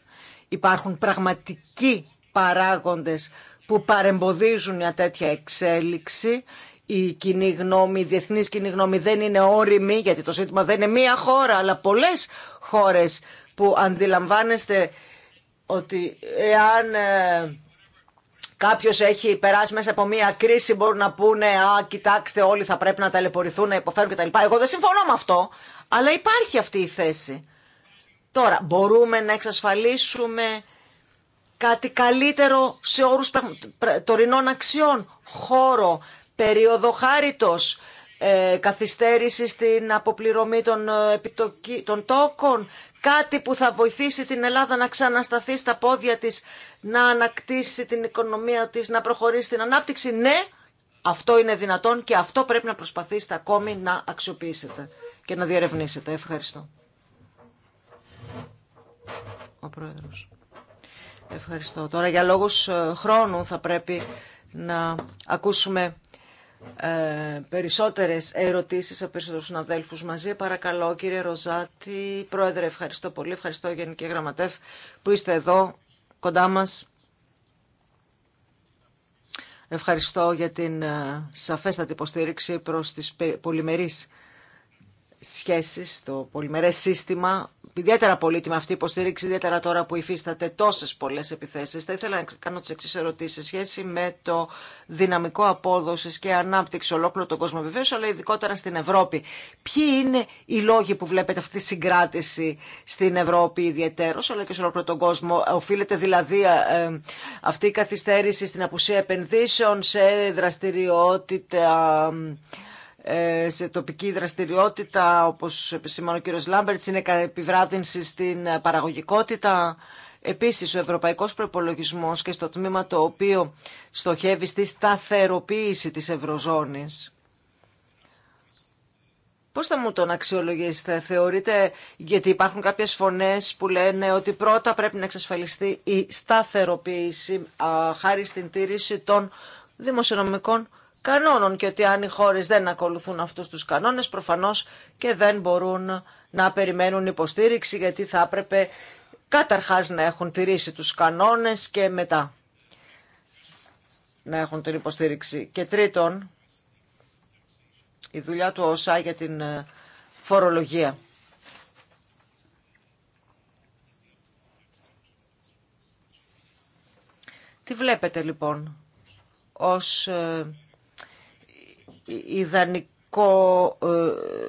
Υπάρχουν πραγματικοί παράγοντες που παρεμποδίζουν μια τέτοια εξέλιξη. Η κοινή γνώμη, διεθνής κοινή γνώμη δεν είναι όριμη, γιατί το ζήτημα δεν είναι μία χώρα, αλλά πολλές χώρες που αντιλαμβάνεστε ότι εάν ε, κάποιο έχει περάσει μέσα από μία κρίση, μπορούν να πούνε Α, κοιτάξτε, όλοι θα πρέπει να ταλαιπωρηθούν, να υποφέρουν κτλ. Εγώ δεν συμφωνώ με αυτό, αλλά υπάρχει αυτή η θέση. Τώρα, μπορούμε να εξασφαλίσουμε κάτι καλύτερο σε όρους τωρινών αξιών, χώρο, περίοδο χάριτος, ε, καθυστέρηση στην αποπληρωμή των, ε, των τόκων, κάτι που θα βοηθήσει την Ελλάδα να ξανασταθεί στα πόδια της, να ανακτήσει την οικονομία της, να προχωρήσει την ανάπτυξη. Ναι, αυτό είναι δυνατόν και αυτό πρέπει να προσπαθήσετε ακόμη να αξιοποιήσετε και να διερευνήσετε. Ευχαριστώ. Πρόεδρος. Ευχαριστώ. Τώρα για λόγους ε, χρόνου θα πρέπει να ακούσουμε ε, περισσότερες ερωτήσεις από περισσότερους συναδέλφους μαζί. Παρακαλώ κύριε Ροζάτη, Πρόεδρε ευχαριστώ πολύ, ευχαριστώ Γενική Γραμματεύ που είστε εδώ κοντά μας. Ευχαριστώ για την ε, σαφέστατη υποστήριξη προς τις πολυμερείς σχέσεις στο πολυμερές σύστημα. Ιδιαίτερα πολύτιμη αυτή η υποστήριξη, ιδιαίτερα τώρα που υφίσταται τόσες πολλές επιθέσεις. Θα ήθελα να κάνω τις εξής ερωτήσεις σε σχέση με το δυναμικό απόδοσης και ανάπτυξη ολόκληρο τον κόσμο βεβαίως, αλλά ειδικότερα στην Ευρώπη. Ποιοι είναι οι λόγοι που βλέπετε αυτή τη συγκράτηση στην Ευρώπη ιδιαίτερος, αλλά και σε ολόκληρο τον κόσμο. Οφείλεται δηλαδή ε, αυτή η καθυστέρηση στην απουσία επενδύσεων σε δραστηριότητα ε, σε τοπική δραστηριότητα, όπως επισημάνει ο κύριος Λάμπερτς, είναι επιβράδυνση στην ε, παραγωγικότητα. Επίσης, ο ευρωπαϊκός προϋπολογισμός και στο τμήμα το οποίο στοχεύει στη σταθεροποίηση της Ευρωζώνης. Πώς θα μου τον αξιολογήσετε, θεωρείτε, γιατί υπάρχουν κάποιες φωνές που λένε ότι πρώτα πρέπει να εξασφαλιστεί η σταθεροποίηση χάρη στην τήρηση των δημοσιονομικών κανόνων και ότι αν οι χώρες δεν ακολουθούν αυτούς τους κανόνες προφανώς και δεν μπορούν να περιμένουν υποστήριξη γιατί θα έπρεπε καταρχάς να έχουν τηρήσει τους κανόνες και μετά να έχουν την υποστήριξη. Και τρίτον, η δουλειά του ΩΣΑ για την ε, φορολογία. Τι βλέπετε λοιπόν ως ε, ιδανικό ε,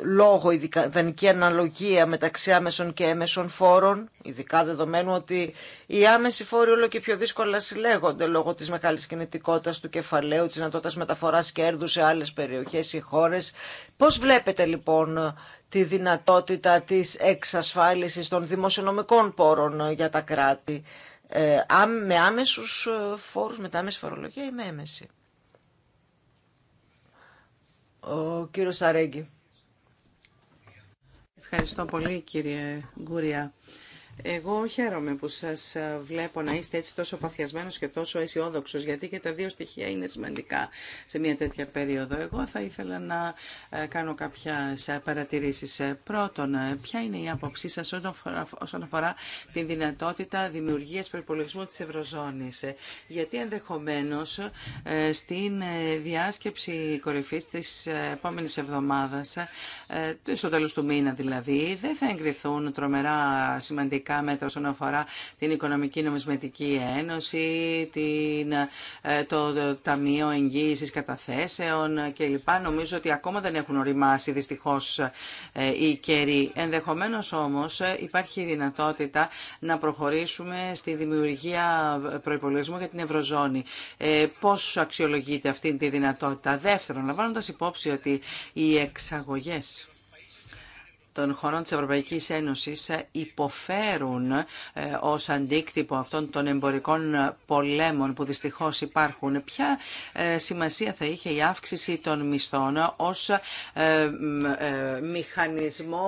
λόγο, ιδανική αναλογία μεταξύ άμεσων και έμεσων φόρων, ειδικά δεδομένου ότι οι άμεσοι φόροι όλο και πιο δύσκολα συλλέγονται λόγω της μεγάλης κινητικότητας του κεφαλαίου, της δυνατότητας μεταφοράς κέρδου σε άλλες περιοχές ή χώρες. Πώς βλέπετε λοιπόν τη δυνατότητα της εξασφάλισης των δημοσιονομικών πόρων για τα κράτη, ε, με άμεσους ε, φόρους, με τα άμεση φορολογία ή με έμεση ο κύριος Αρέγγι. Ευχαριστώ πολύ κύριε Γκουρία. Εγώ χαίρομαι που σας ε, βλέπω να είστε έτσι τόσο παθιασμένος και τόσο αισιόδοξο, γιατί και τα δύο στοιχεία είναι σημαντικά σε μια τέτοια περίοδο. Εγώ θα ήθελα να ε, κάνω κάποιες ε, παρατηρήσεις. Πρώτον, ποια είναι η άποψή σας όσον αφορά την δυνατότητα δημιουργίας προπολογισμού της Ευρωζώνης. Γιατί ενδεχομένως στην διάσκεψη κορυφής της επόμενης εβδομάδας, στο τέλος του μήνα δηλαδή, δεν θα εγκριθούν τρομερά σημαντικά σημαντικά μέτρα αφορά την Οικονομική Νομισματική Ένωση, την, ε, το, Ταμείο Εγγύηση Καταθέσεων κλπ. Νομίζω ότι ακόμα δεν έχουν οριμάσει δυστυχώς ε, οι καιροί. Ενδεχομένως όμως ε, υπάρχει η δυνατότητα να προχωρήσουμε στη δημιουργία προπολογισμού για την Ευρωζώνη. Πώς αξιολογείται αυτή τη δυνατότητα. Δεύτερον, λαμβάνοντα υπόψη ότι οι εξαγωγέ των χωρών της Ευρωπαϊκής Ένωσης ε, υποφέρουν ε, ως αντίκτυπο αυτών των εμπορικών πολέμων που δυστυχώς υπάρχουν. Ποια ε, σημασία θα είχε η αύξηση των μισθών ως μηχανισμό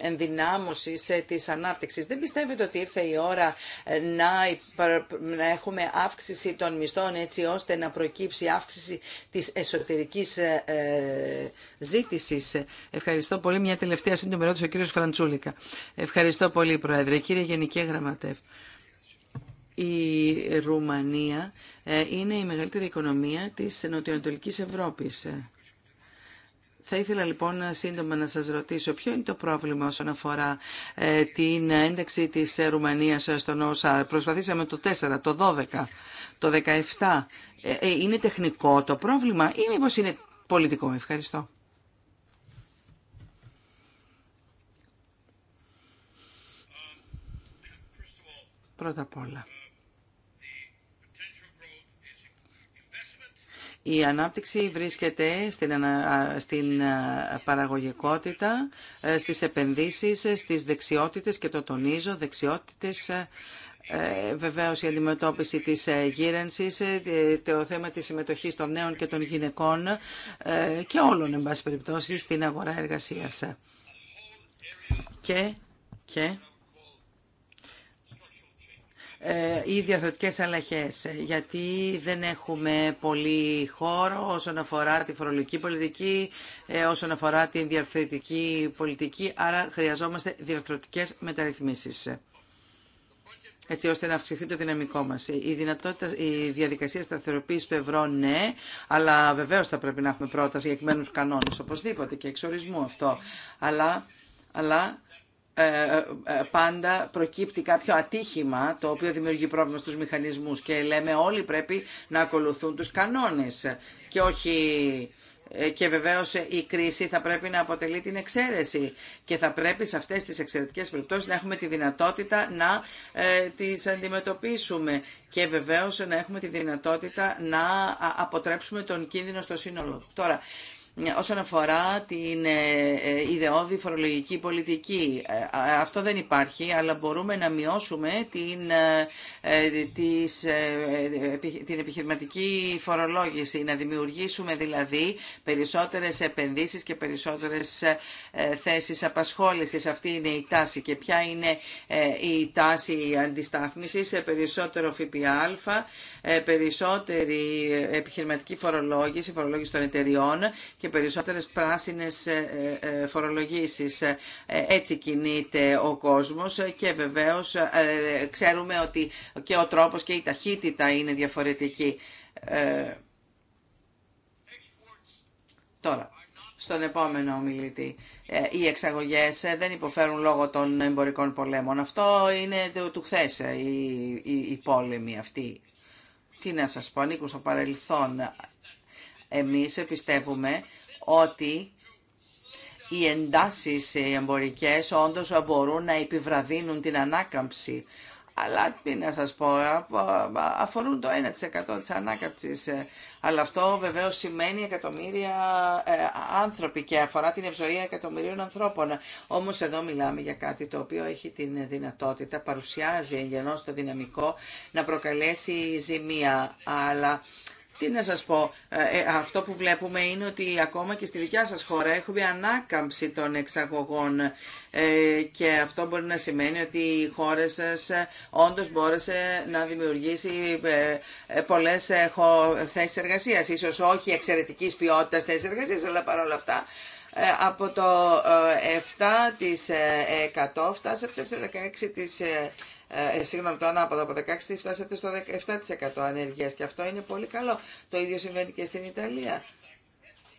ενδυνάμωσης της ανάπτυξης. Δεν πιστεύετε ότι ήρθε η ώρα να έχουμε αύξηση των μισθών έτσι ώστε να προκύψει αύξηση της εσωτερικής ζήτησης. Ευχαριστώ πολύ. Μια τελευταία σύντομη ερώτηση ο κύριο Φραντσούλικα. Ευχαριστώ πολύ, Πρόεδρε. Κύριε Γενική Γραμματεύ, η Ρουμανία ε, είναι η μεγαλύτερη οικονομία της νοτιοανατολικής Ευρώπης. Ε, θα ήθελα λοιπόν σύντομα να σας ρωτήσω ποιο είναι το πρόβλημα όσον αφορά ε, την ένταξη της Ρουμανίας στον ΩΣΑ. Προσπαθήσαμε το 4, το 12, το 17. Είναι τεχνικό το πρόβλημα ή μήπως είναι πολιτικό. Ευχαριστώ. Πρώτα απ' όλα. Η ανάπτυξη βρίσκεται στην, στην παραγωγικότητα, ε, στις επενδύσεις, ε, στις δεξιότητες και το τονίζω, δεξιότητες ε, βεβαίως η αντιμετώπιση της γύρενσης, το θέμα της συμμετοχής των νέων και των γυναικών και όλων, εν πάση περιπτώσει, στην αγορά εργασίας. Και, και ε, ή διαθετικές αλλαγές, ε, γιατί δεν έχουμε πολύ χώρο όσον αφορά τη φορολογική πολιτική, ε, όσον αφορά την διαρθρωτική πολιτική, άρα χρειαζόμαστε διαρθρωτικές μεταρρυθμίσεις έτσι ώστε να αυξηθεί το δυναμικό μας. Η, δυνατότητα, η διαδικασία σταθεροποίηση του ευρώ ναι, αλλά βεβαίως θα πρέπει να έχουμε πρόταση για κειμένους κανόνες, οπωσδήποτε και εξορισμού αυτό. Αλλά, αλλά ε, ε, πάντα προκύπτει κάποιο ατύχημα το οποίο δημιουργεί πρόβλημα στους μηχανισμούς και λέμε όλοι πρέπει να ακολουθούν τους κανόνες και όχι ε, και βεβαίως η κρίση θα πρέπει να αποτελεί την εξαίρεση και θα πρέπει σε αυτές τις εξαιρετικές περιπτώσεις να έχουμε τη δυνατότητα να ε, τις αντιμετωπίσουμε και βεβαίως να έχουμε τη δυνατότητα να αποτρέψουμε τον κίνδυνο στο σύνολο. Τώρα, όσον αφορά την ε, ε, ιδεώδη φορολογική πολιτική. Ε, αυτό δεν υπάρχει, αλλά μπορούμε να μειώσουμε την, της, την επιχειρηματική φορολόγηση, να δημιουργήσουμε δηλαδή περισσότερες επενδύσεις και περισσότερες θέσεις απασχόλησης. Αυτή είναι η τάση και ποια είναι η τάση αντιστάθμισης σε περισσότερο ΦΠΑ, περισσότερη επιχειρηματική φορολόγηση, φορολόγηση των εταιριών και και περισσότερες πράσινες ε, ε, ε, φορολογήσεις. Έτσι κινείται ο κόσμος και βεβαίως ξέρουμε ότι και ο τρόπος και η ταχύτητα είναι διαφορετική. Τώρα, στον επόμενο ομιλητή. Οι εξαγωγές δεν υποφέρουν λόγω των εμπορικών πολέμων. Αυτό είναι του χθες η πόλεμη αυτή. Τι να σας πω, ανήκουν στο παρελθόν. Εμείς πιστεύουμε ότι οι εντάσεις εμπορικές όντως μπορούν να επιβραδύνουν την ανάκαμψη. Αλλά τι να σας πω, αφορούν το 1% της ανάκαμψης. Ε, αλλά αυτό βεβαίως σημαίνει εκατομμύρια ε, άνθρωποι και αφορά την ευζοία εκατομμυρίων ανθρώπων. Όμως εδώ μιλάμε για κάτι το οποίο έχει την δυνατότητα, παρουσιάζει εγγενώς το δυναμικό να προκαλέσει ζημία. Αλλά τι να σας πω, ε, ε, αυτό που βλέπουμε είναι ότι ακόμα και στη δικιά σας χώρα έχουμε ανάκαμψη των εξαγωγών ε, και αυτό μπορεί να σημαίνει ότι η χώρα σας όντως μπόρεσε να δημιουργήσει πολλές θέσεις εργασίας. Ίσως όχι εξαιρετικής ποιότητας θέσεις εργασίας, αλλά παρόλα αυτά από το 7% φτάσατε σε 16 ε, ε, συγγνώμη, το ανάποδο από 16% φτάσατε στο 17% ανεργίας και αυτό είναι πολύ καλό. Το ίδιο συμβαίνει και στην Ιταλία.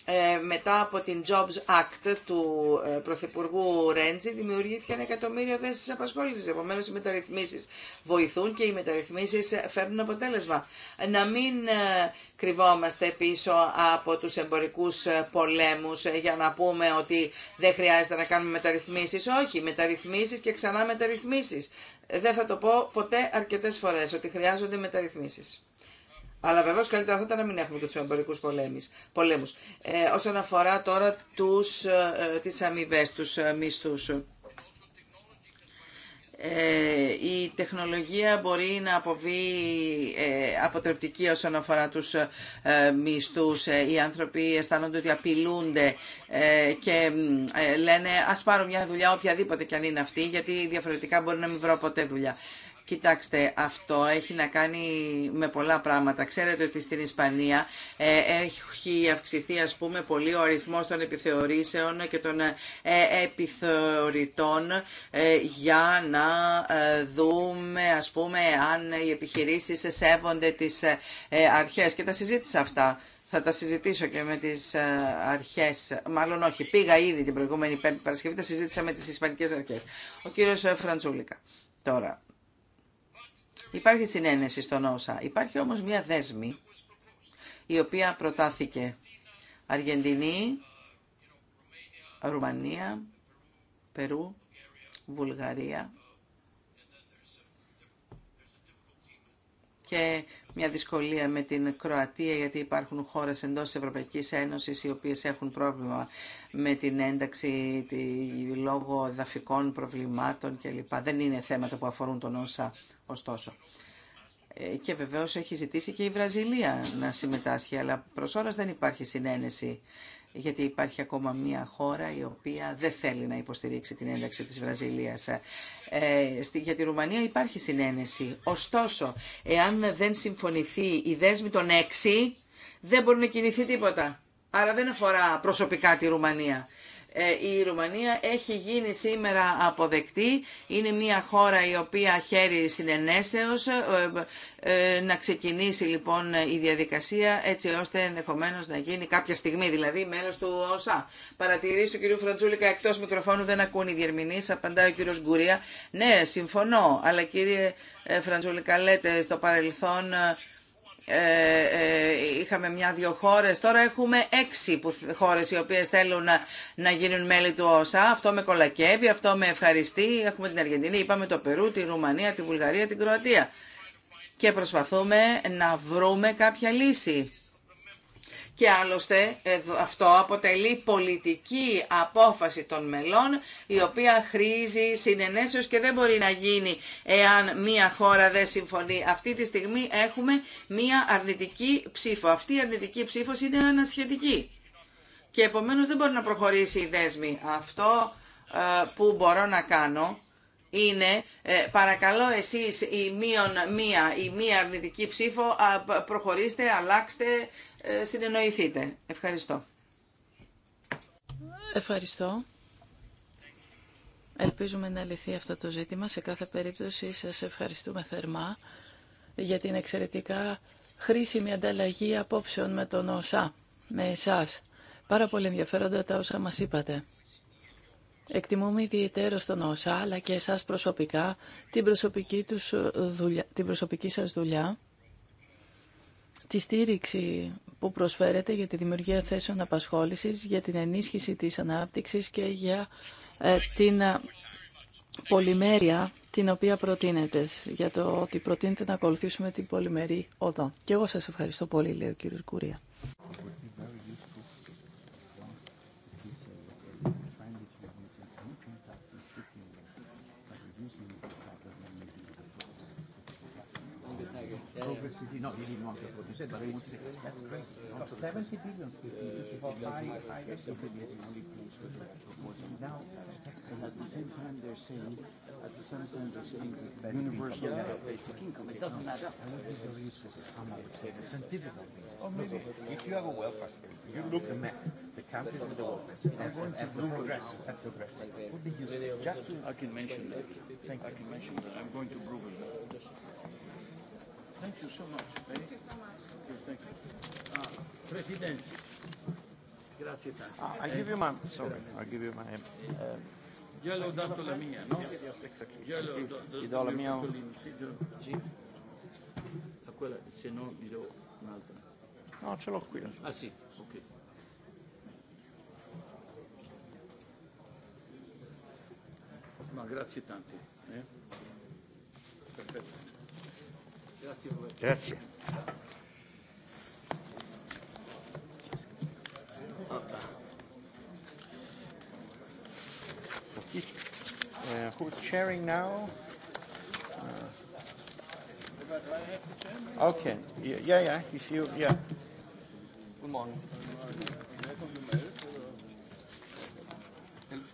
Ε, μετά από την Jobs Act του ε, Πρωθυπουργού Ρέντζη δημιουργήθηκαν εκατομμύρια θέσει απασχόληση. Επομένω, οι μεταρρυθμίσει βοηθούν και οι μεταρρυθμίσει φέρνουν αποτέλεσμα. Να μην ε, κρυβόμαστε πίσω από του εμπορικού ε, πολέμου ε, για να πούμε ότι δεν χρειάζεται να κάνουμε μεταρρυθμίσει. Όχι, μεταρρυθμίσει και ξανά μεταρρυθμίσει δεν θα το πω ποτέ αρκετές φορές ότι χρειάζονται μεταρρυθμίσεις. Αλλά βεβαίω καλύτερα θα ήταν να μην έχουμε και του εμπορικού πολέμου. Ε, όσον αφορά τώρα τους, ε, ε, τις αμοιβέ, τους ε, ε, η τεχνολογία μπορεί να αποβεί ε, αποτρεπτική όσον αφορά τους ε, μισθούς. Οι άνθρωποι αισθάνονται ότι απειλούνται και λένε ας πάρω μια δουλειά οποιαδήποτε κι αν είναι αυτή γιατί διαφορετικά μπορεί να μην βρω ποτέ δουλειά. Κοιτάξτε, αυτό έχει να κάνει με πολλά πράγματα. Ξέρετε ότι στην Ισπανία ε, έχει αυξηθεί ας πούμε πολύ ο αριθμός των επιθεωρήσεων και των ε, επιθεωρητών ε, για να δούμε ας πούμε αν οι επιχειρήσεις σέβονται τις αρχές και τα συζήτησα αυτά. Θα τα συζητήσω και με τι αρχέ. Μάλλον όχι. Πήγα ήδη την προηγούμενη Πέμπτη Παρασκευή, τα συζήτησα με τι Ισπανικέ Αρχέ. Ο κύριο Φραντσούλικα. Τώρα, Υπάρχει συνένεση στον όσα. Υπάρχει όμως μια δέσμη η οποία προτάθηκε Αργεντινή, Ρουμανία, Περού, Βουλγαρία και μια δυσκολία με την Κροατία γιατί υπάρχουν χώρες εντός της Ευρωπαϊκής Ένωσης οι οποίες έχουν πρόβλημα με την ένταξη τη, λόγω δαφικών προβλημάτων κλπ. Δεν είναι θέματα που αφορούν τον ΩΣΑ ωστόσο. Ε, και βεβαίως έχει ζητήσει και η Βραζιλία να συμμετάσχει, αλλά προς ώρας δεν υπάρχει συνένεση γιατί υπάρχει ακόμα μία χώρα η οποία δεν θέλει να υποστηρίξει την ένταξη της Βραζιλίας. Ε, για τη Ρουμανία υπάρχει συνένεση. Ωστόσο, εάν δεν συμφωνηθεί η δέσμη των έξι, δεν μπορεί να κινηθεί τίποτα. Άρα δεν αφορά προσωπικά τη Ρουμανία. Ε, η Ρουμανία έχει γίνει σήμερα αποδεκτή. Είναι μια χώρα η οποία χαίρει συνενέσεως. Ε, ε, να ξεκινήσει λοιπόν η διαδικασία έτσι ώστε ενδεχομένως να γίνει κάποια στιγμή, δηλαδή μέλος του ΟΣΑ. Παρατηρήσει του κ. Φραντζούλικα εκτός μικροφώνου δεν ακούν οι διερμηνείς. Απαντάει ο κ. Γκουρία. Ναι, συμφωνώ, αλλά κύριε Φραντζούλικα λέτε στο παρελθόν ε, ε, είχαμε μια-δυο χώρες, τώρα έχουμε έξι χώρες οι οποίες θέλουν να γίνουν μέλη του ΩΣΑ. Αυτό με κολακεύει, αυτό με ευχαριστεί. Έχουμε την Αργεντινή, είπαμε το Περού, τη Ρουμανία, τη Βουλγαρία, την Κροατία. Και προσπαθούμε να βρούμε κάποια λύση και άλλωστε αυτό αποτελεί πολιτική απόφαση των μελών η οποία χρήζει συνενέσεως και δεν μπορεί να γίνει εάν μία χώρα δεν συμφωνεί. Αυτή τη στιγμή έχουμε μία αρνητική ψήφο. Αυτή η αρνητική ψήφος είναι ανασχετική και επομένως δεν μπορεί να προχωρήσει η δέσμη. Αυτό ε, που μπορώ να κάνω είναι ε, παρακαλώ εσείς η μία, η μία αρνητική ψήφο προχωρήστε, αλλάξτε ε, συνεννοηθείτε. Ευχαριστώ. Ευχαριστώ. Ελπίζουμε να λυθεί αυτό το ζήτημα. Σε κάθε περίπτωση σας ευχαριστούμε θερμά για την εξαιρετικά χρήσιμη ανταλλαγή απόψεων με τον ΩΣΑ, με εσάς. Πάρα πολύ ενδιαφέροντα τα όσα μας είπατε. Εκτιμούμε ιδιαίτερο τον ΩΣΑ, αλλά και εσάς προσωπικά, την προσωπική, τους την προσωπική σας δουλειά, τη στήριξη που προσφέρεται για τη δημιουργία θέσεων απασχόλησης, για την ενίσχυση της ανάπτυξης και για ε, την ε, πολυμέρεια την οποία προτείνεται, για το ότι προτείνεται να ακολουθήσουμε την πολυμερή οδό. Και εγώ σας ευχαριστώ πολύ, λέει ο κύριος Κουρία. electricity, no, you need not 40%, but I to say that's great. 70 billion is about five, five years, of could only place for the proposal. Now, and at the same time, they're saying, at the same time, they're saying that universal basic income. It doesn't matter. I would be very useful think the resources the scientific Or maybe if you have a welfare state, you look at the map, the countries of the world, welfare state, and progress, and progress, would be useful. Just to, I can mention that. Thank you. I can mention that. I'm going to Brooklyn. Thank you so much. Thank you so much. thank you. Uh, President. Grazie tanto. I give you my, sorry, I give you my... Uh, Io le dato la mia, no? Yes, Io le do la mia... Sì. A quella, se no, gli do un'altra. No, ce l'ho qui. Ah sì, ok. Ma grazie tanti. Eh? Perfetto. Grazie. Uh, who's chairing now? Uh, okay. Yeah, yeah. If you, yeah. Good morning. Help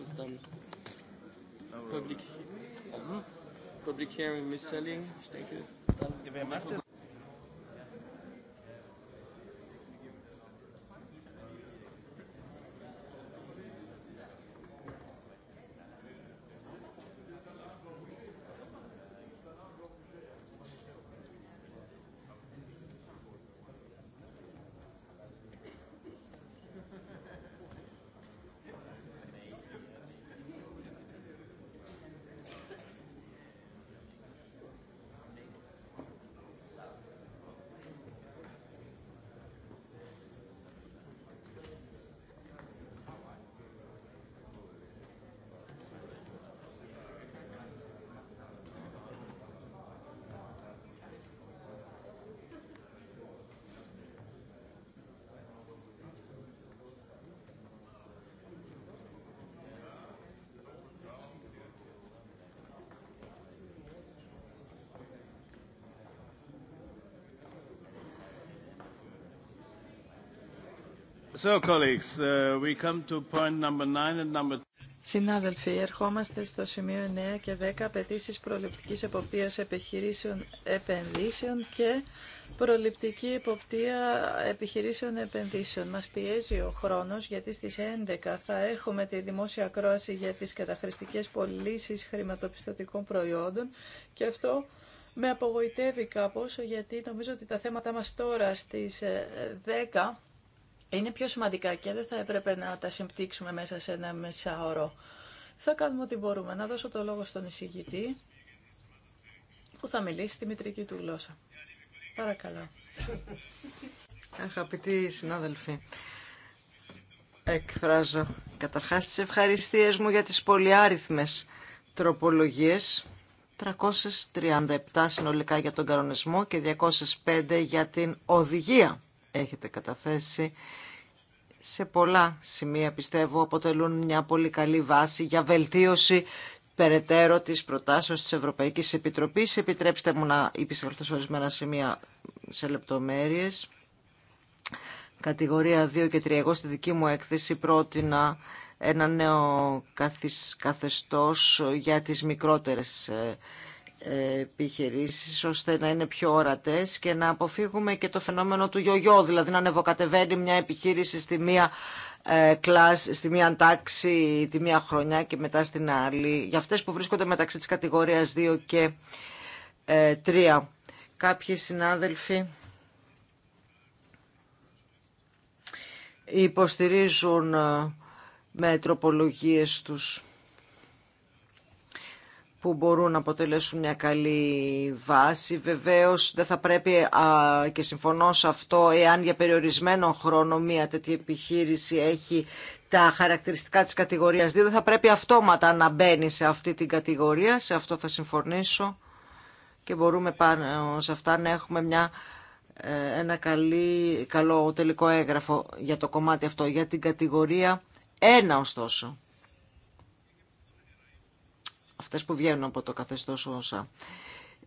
us dann Public, Public Hearing, Mis-Selling, ich denke wer So, Συνάδελφοι, ερχόμαστε στο σημείο 9 και 10 απαιτήσει προληπτικής εποπτείας επιχειρήσεων επενδύσεων και προληπτική εποπτεία επιχειρήσεων επενδύσεων. Μα πιέζει ο χρόνο, γιατί στι 11 θα έχουμε τη δημόσια ακρόαση για τι καταχρηστικές πωλήσει χρηματοπιστωτικών προϊόντων και αυτό με απογοητεύει κάπως γιατί νομίζω ότι τα θέματα μας τώρα στις 10 ε, είναι πιο σημαντικά και δεν θα έπρεπε να τα συμπτύξουμε μέσα σε ένα μεσάωρο. Θα κάνουμε ό,τι μπορούμε. Να δώσω το λόγο στον εισηγητή που θα μιλήσει στη μητρική του γλώσσα. Παρακαλώ. Αγαπητοί συνάδελφοι, εκφράζω καταρχάς τις ευχαριστίες μου για τις πολυάριθμες τροπολογίες 337 συνολικά για τον κανονισμό και 205 για την οδηγία έχετε καταθέσει σε πολλά σημεία πιστεύω αποτελούν μια πολύ καλή βάση για βελτίωση περαιτέρω της προτάσεως της Ευρωπαϊκής Επιτροπής. Επιτρέψτε μου να επιστρέψω σε ορισμένα σημεία σε λεπτομέρειες. Κατηγορία 2 και 3. Εγώ στη δική μου έκθεση πρότεινα ένα νέο καθεστώς για τις μικρότερες ε, επιχειρήσεις ώστε να είναι πιο ορατές και να αποφύγουμε και το φαινόμενο του γιογιό, δηλαδή να ανεβοκατεβαίνει μια επιχείρηση στη μία ε, στη μία τάξη, τη μία χρονιά και μετά στην άλλη. Για αυτές που βρίσκονται μεταξύ της κατηγορίας 2 και 3. Ε, Κάποιοι συνάδελφοι υποστηρίζουν ε, με τροπολογίες τους που μπορούν να αποτελέσουν μια καλή βάση. Βεβαίως δεν θα πρέπει α, και συμφωνώ σε αυτό εάν για περιορισμένο χρόνο μια τέτοια επιχείρηση έχει τα χαρακτηριστικά της κατηγορίας 2 δεν θα πρέπει αυτόματα να μπαίνει σε αυτή την κατηγορία, σε αυτό θα συμφωνήσω και μπορούμε πάνω σε αυτά να έχουμε μια, ε, ένα καλή, καλό τελικό έγγραφο για το κομμάτι αυτό, για την κατηγορία 1 ωστόσο αυτές που βγαίνουν από το καθεστώς όσα.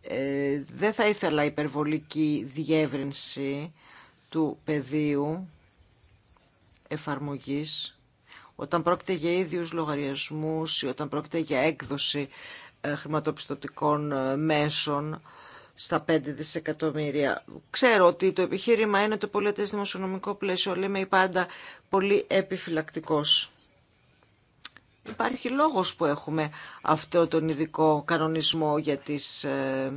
Ε, δεν θα ήθελα υπερβολική διεύρυνση του πεδίου εφαρμογής όταν πρόκειται για ίδιους λογαριασμούς ή όταν πρόκειται για έκδοση ε, χρηματοπιστωτικών ε, μέσων στα 5 δισεκατομμύρια. Ξέρω ότι το επιχείρημα είναι το πολιτές δημοσιονομικό πλαίσιο, αλλά είμαι πάντα πολύ επιφυλακτικός υπάρχει λόγος που έχουμε αυτό τον ειδικό κανονισμό για τις ε,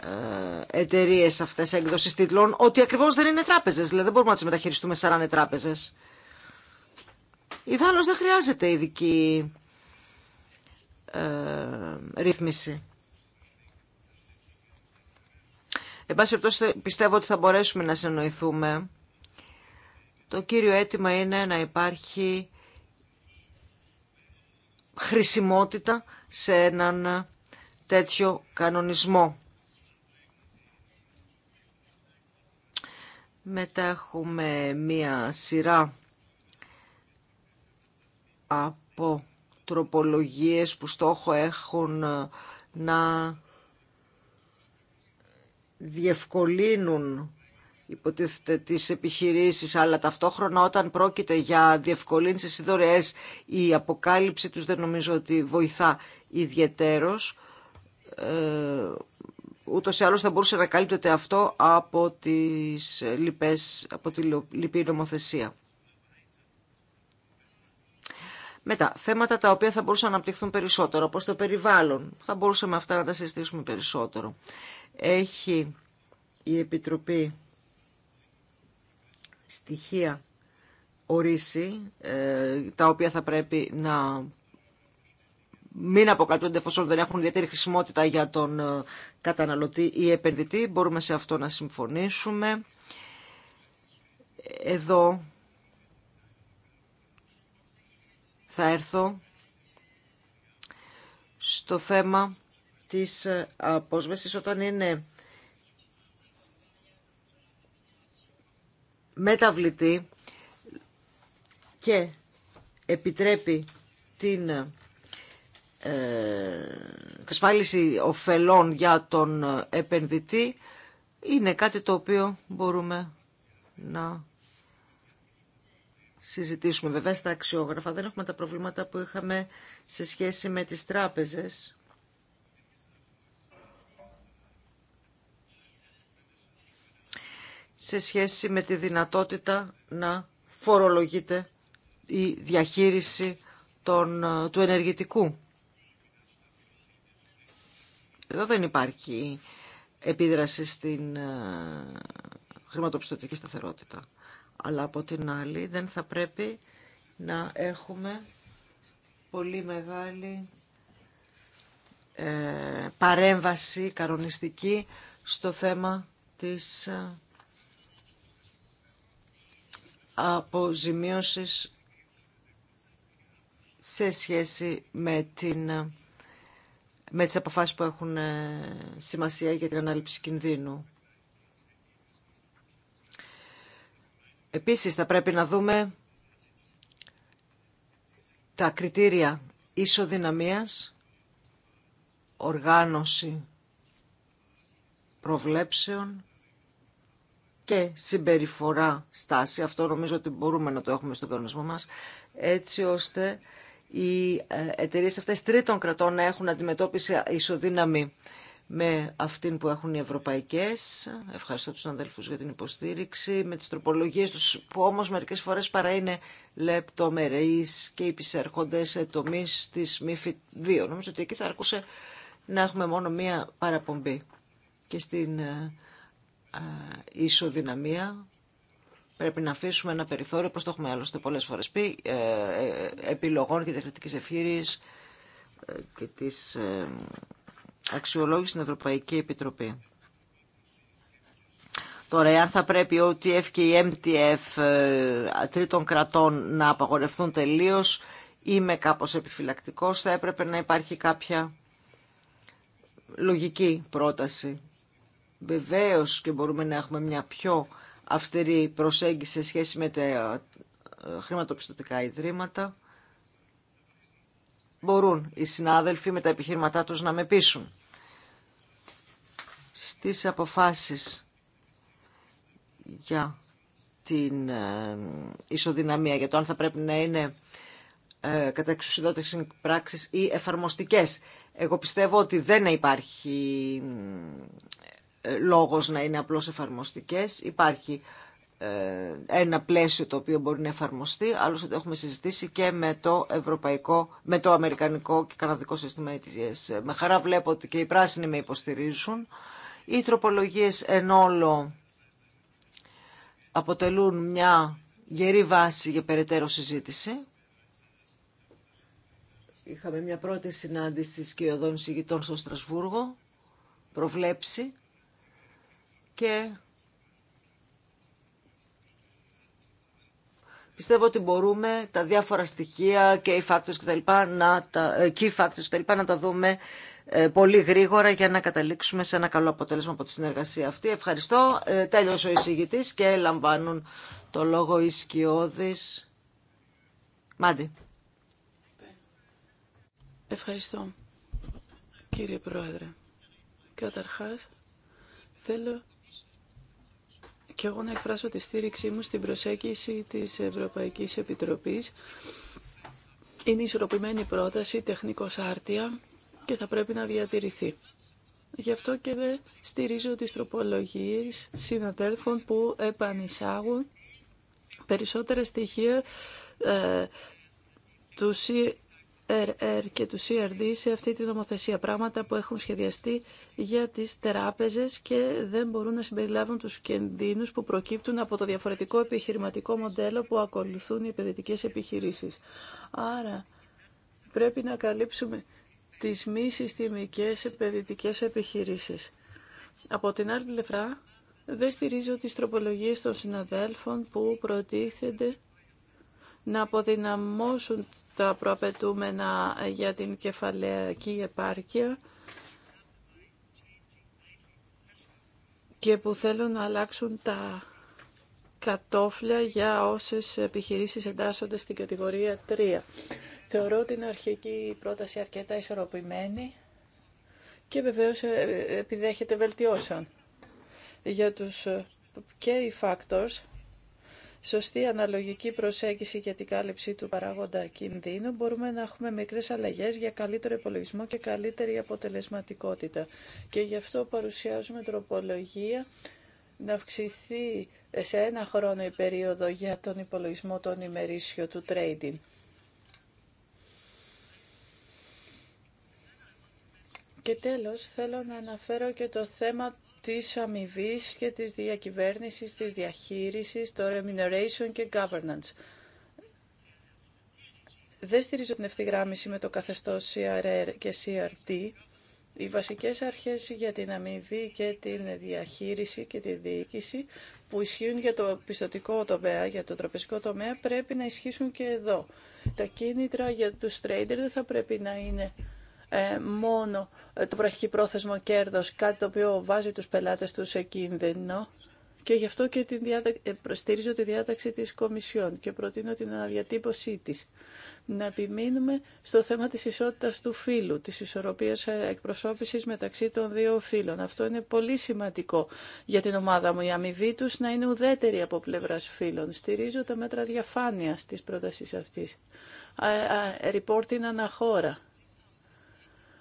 ε, εταιρείε αυτές έκδοσης τίτλων ότι ακριβώς δεν είναι τράπεζες. Δηλαδή δεν μπορούμε να τι μεταχειριστούμε σαν να είναι τράπεζες. Ιδάλω δεν χρειάζεται ειδική ε, ρύθμιση. Εν πάση πιστεύω ότι θα μπορέσουμε να συνοηθούμε. Το κύριο αίτημα είναι να υπάρχει χρησιμότητα σε έναν τέτοιο κανονισμό. Μετά έχουμε μία σειρά από τροπολογίες που στόχο έχουν να διευκολύνουν υποτίθεται τις επιχειρήσεις, αλλά ταυτόχρονα όταν πρόκειται για διευκολύνσεις ή δωρεές, η αποκάλυψη τους δεν νομίζω ότι βοηθά ιδιαιτέρως. Ε, ούτως ή άλλως θα μπορούσε να καλύπτεται αυτό από, τις λιπές από τη λυπή νομοθεσία. Μετά, θέματα τα οποία θα μπορούσαν να αναπτυχθούν περισσότερο, όπως το περιβάλλον. Θα μπορούσαμε αυτά να τα συζητήσουμε περισσότερο. Έχει η Επιτροπή στοιχεία ορίσει, ε, τα οποία θα πρέπει να μην αποκαλύπτονται εφόσον δεν έχουν ιδιαίτερη χρησιμότητα για τον ε, καταναλωτή ή επενδυτή. Μπορούμε σε αυτό να συμφωνήσουμε. Εδώ θα έρθω στο θέμα της ε, απόσβεσης όταν είναι μεταβλητή και επιτρέπει την ε, ασφάλιση ωφελών για τον επενδυτή είναι κάτι το οποίο μπορούμε να συζητήσουμε. Βέβαια στα αξιόγραφα δεν έχουμε τα προβλήματα που είχαμε σε σχέση με τις τράπεζες σε σχέση με τη δυνατότητα να φορολογείται η διαχείριση των, ε, του ενεργητικού. Εδώ δεν υπάρχει επίδραση στην ε, χρηματοπιστωτική σταθερότητα. Αλλά από την άλλη δεν θα πρέπει να έχουμε πολύ μεγάλη ε, παρέμβαση καρονιστική στο θέμα της αποζημίωσης σε σχέση με, την, με τις αποφάσεις που έχουν ε, σημασία για την ανάληψη κινδύνου. Επίσης θα πρέπει να δούμε τα κριτήρια ισοδυναμίας, οργάνωση προβλέψεων, και συμπεριφορά στάση, αυτό νομίζω ότι μπορούμε να το έχουμε στον κανονισμό μας, έτσι ώστε οι ε, εταιρείε αυτές τρίτων κρατών να έχουν αντιμετώπιση ισοδύναμη με αυτήν που έχουν οι ευρωπαϊκές. Ευχαριστώ τους αδέλφους για την υποστήριξη, με τις τροπολογίες τους που όμως μερικές φορές παρά είναι λεπτομερείς και υπησέρχονται σε τομείς της ΜΥΦΙΤ 2. Νομίζω ότι εκεί θα αρκούσε να έχουμε μόνο μία παραπομπή. Και στην ε, ισοδυναμία πρέπει να αφήσουμε ένα περιθώριο, όπως το έχουμε άλλωστε πολλές φορές πει, ε, ε, επιλογών και διακριτικής ευχήρης ε, και της αξιολόγησης στην Ευρωπαϊκή Επιτροπή. Τώρα, εάν θα πρέπει η OTF και η MTF τρίτων κρατών να απαγορευτούν τελείως, είμαι κάπως επιφυλακτικός, θα έπρεπε να υπάρχει κάποια λογική πρόταση Βεβαίω και μπορούμε να έχουμε μια πιο αυστηρή προσέγγιση σε σχέση με τα ε, χρηματοπιστωτικά ιδρύματα. Μπορούν οι συνάδελφοι με τα επιχείρηματά τους να με πείσουν. Στις αποφάσεις για την ε, ισοδυναμία, για το αν θα πρέπει να είναι ε, κατά εξουσιοδότηση πράξεις ή εφαρμοστικές. Εγώ πιστεύω ότι δεν υπάρχει ε, λόγος να είναι απλώς εφαρμοστικές. Υπάρχει ε, ένα πλαίσιο το οποίο μπορεί να εφαρμοστεί, άλλωστε το έχουμε συζητήσει και με το ευρωπαϊκό, με το αμερικανικό και καναδικό σύστημα Με χαρά βλέπω ότι και οι πράσινοι με υποστηρίζουν. Οι τροπολογίες εν όλο αποτελούν μια γερή βάση για περαιτέρω συζήτηση. Είχαμε μια πρώτη συνάντηση σκιωδών συγητών στο Στρασβούργο, προβλέψει και πιστεύω ότι μπορούμε τα διάφορα στοιχεία και οι factors κτλ. να τα, key ε, κτλ. να τα δούμε ε, πολύ γρήγορα για να καταλήξουμε σε ένα καλό αποτέλεσμα από τη συνεργασία αυτή. Ευχαριστώ. Ε, τέλειωσε ο εισηγητής και λαμβάνουν το λόγο οι σκιώδεις. Μάντι. Ευχαριστώ, κύριε Πρόεδρε. Καταρχάς, θέλω και εγώ να εκφράσω τη στήριξή μου στην προσέγγιση της Ευρωπαϊκής Επιτροπής. Είναι ισορροπημένη πρόταση, τεχνικός άρτια και θα πρέπει να διατηρηθεί. Γι' αυτό και δεν στηρίζω τις τροπολογίες συναδέλφων που επανεισάγουν περισσότερα στοιχεία ε, του RR και του CRD σε αυτή τη νομοθεσία. Πράγματα που έχουν σχεδιαστεί για τις τράπεζε και δεν μπορούν να συμπεριλάβουν τους κινδύνους που προκύπτουν από το διαφορετικό επιχειρηματικό μοντέλο που ακολουθούν οι επενδυτικέ επιχειρήσεις. Άρα πρέπει να καλύψουμε τις μη συστημικέ επενδυτικέ επιχειρήσεις. Από την άλλη πλευρά, δεν στηρίζω τις τροπολογίες των συναδέλφων που προτίθενται να αποδυναμώσουν τα προαπαιτούμενα για την κεφαλαιακή επάρκεια και που θέλουν να αλλάξουν τα κατόφλια για όσες επιχειρήσεις εντάσσονται στην κατηγορία 3. Θεωρώ την αρχική πρόταση αρκετά ισορροπημένη και βεβαίως ε, επιδέχεται βελτιώσεων. Για τους ε, και factors σωστή αναλογική προσέγγιση για την κάλυψη του παράγοντα κινδύνου, μπορούμε να έχουμε μικρές αλλαγές για καλύτερο υπολογισμό και καλύτερη αποτελεσματικότητα. Και γι' αυτό παρουσιάζουμε τροπολογία να αυξηθεί σε ένα χρόνο η περίοδο για τον υπολογισμό των ημερήσιο του trading. Και τέλος θέλω να αναφέρω και το θέμα της αμοιβή και της διακυβέρνησης, της διαχείρισης, το remuneration και governance. Δεν στηρίζω την ευθυγράμμιση με το καθεστώς CRR και CRT. Οι βασικές αρχές για την αμοιβή και την διαχείριση και τη διοίκηση που ισχύουν για το πιστοτικό τομέα, για το τραπεζικό τομέα, πρέπει να ισχύσουν και εδώ. Τα κίνητρα για τους trader δεν θα πρέπει να είναι ε, μόνο ε, το πρόθεσμο κέρδος, κάτι το οποίο βάζει τους πελάτες τους σε κίνδυνο και γι' αυτό και την διάτα... Ε, τη διάταξη της Κομισιόν και προτείνω την αναδιατύπωσή της. Να επιμείνουμε στο θέμα της ισότητας του φύλου, της ισορροπίας εκπροσώπησης μεταξύ των δύο φύλων. Αυτό είναι πολύ σημαντικό για την ομάδα μου. Η αμοιβή τους να είναι ουδέτερη από πλευράς φύλων. Στηρίζω τα μέτρα διαφάνειας της πρότασης αυτής. Reporting αναχώρα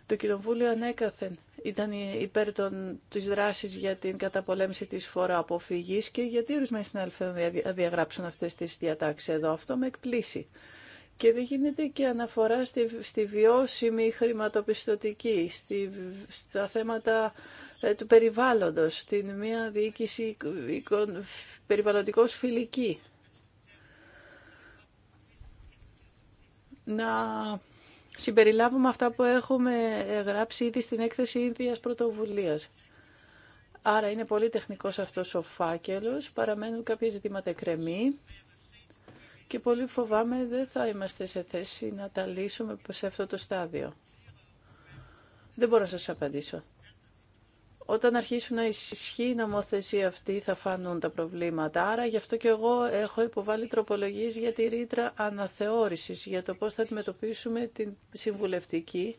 το Κοινοβούλιο ανέκαθεν ήταν υπέρ των, της δράσης για την καταπολέμηση της φοροαποφυγής και γιατί ορισμένοι συνάδελφοι να διαγράψουν αυτές τις διατάξεις εδώ. Αυτό με εκπλήσει. Και δεν γίνεται και αναφορά στη, στη βιώσιμη χρηματοπιστωτική, στη, στα θέματα ε, του περιβάλλοντος, στην μια διοίκηση εικον, περιβαλλοντικός φιλική. Να συμπεριλάβουμε αυτά που έχουμε ε, γράψει ήδη στην έκθεση ίδιας πρωτοβουλίας. Άρα είναι πολύ τεχνικός αυτός ο φάκελος, παραμένουν κάποια ζητήματα εκκρεμή και πολύ φοβάμαι δεν θα είμαστε σε θέση να τα λύσουμε σε αυτό το στάδιο. Δεν μπορώ να σας απαντήσω. Όταν αρχίσουν να ισχύει η νομοθεσία αυτή θα φανούν τα προβλήματα. Άρα γι' αυτό και εγώ έχω υποβάλει τροπολογίες για τη ρήτρα αναθεώρησης, για το πώς θα αντιμετωπίσουμε την συμβουλευτική.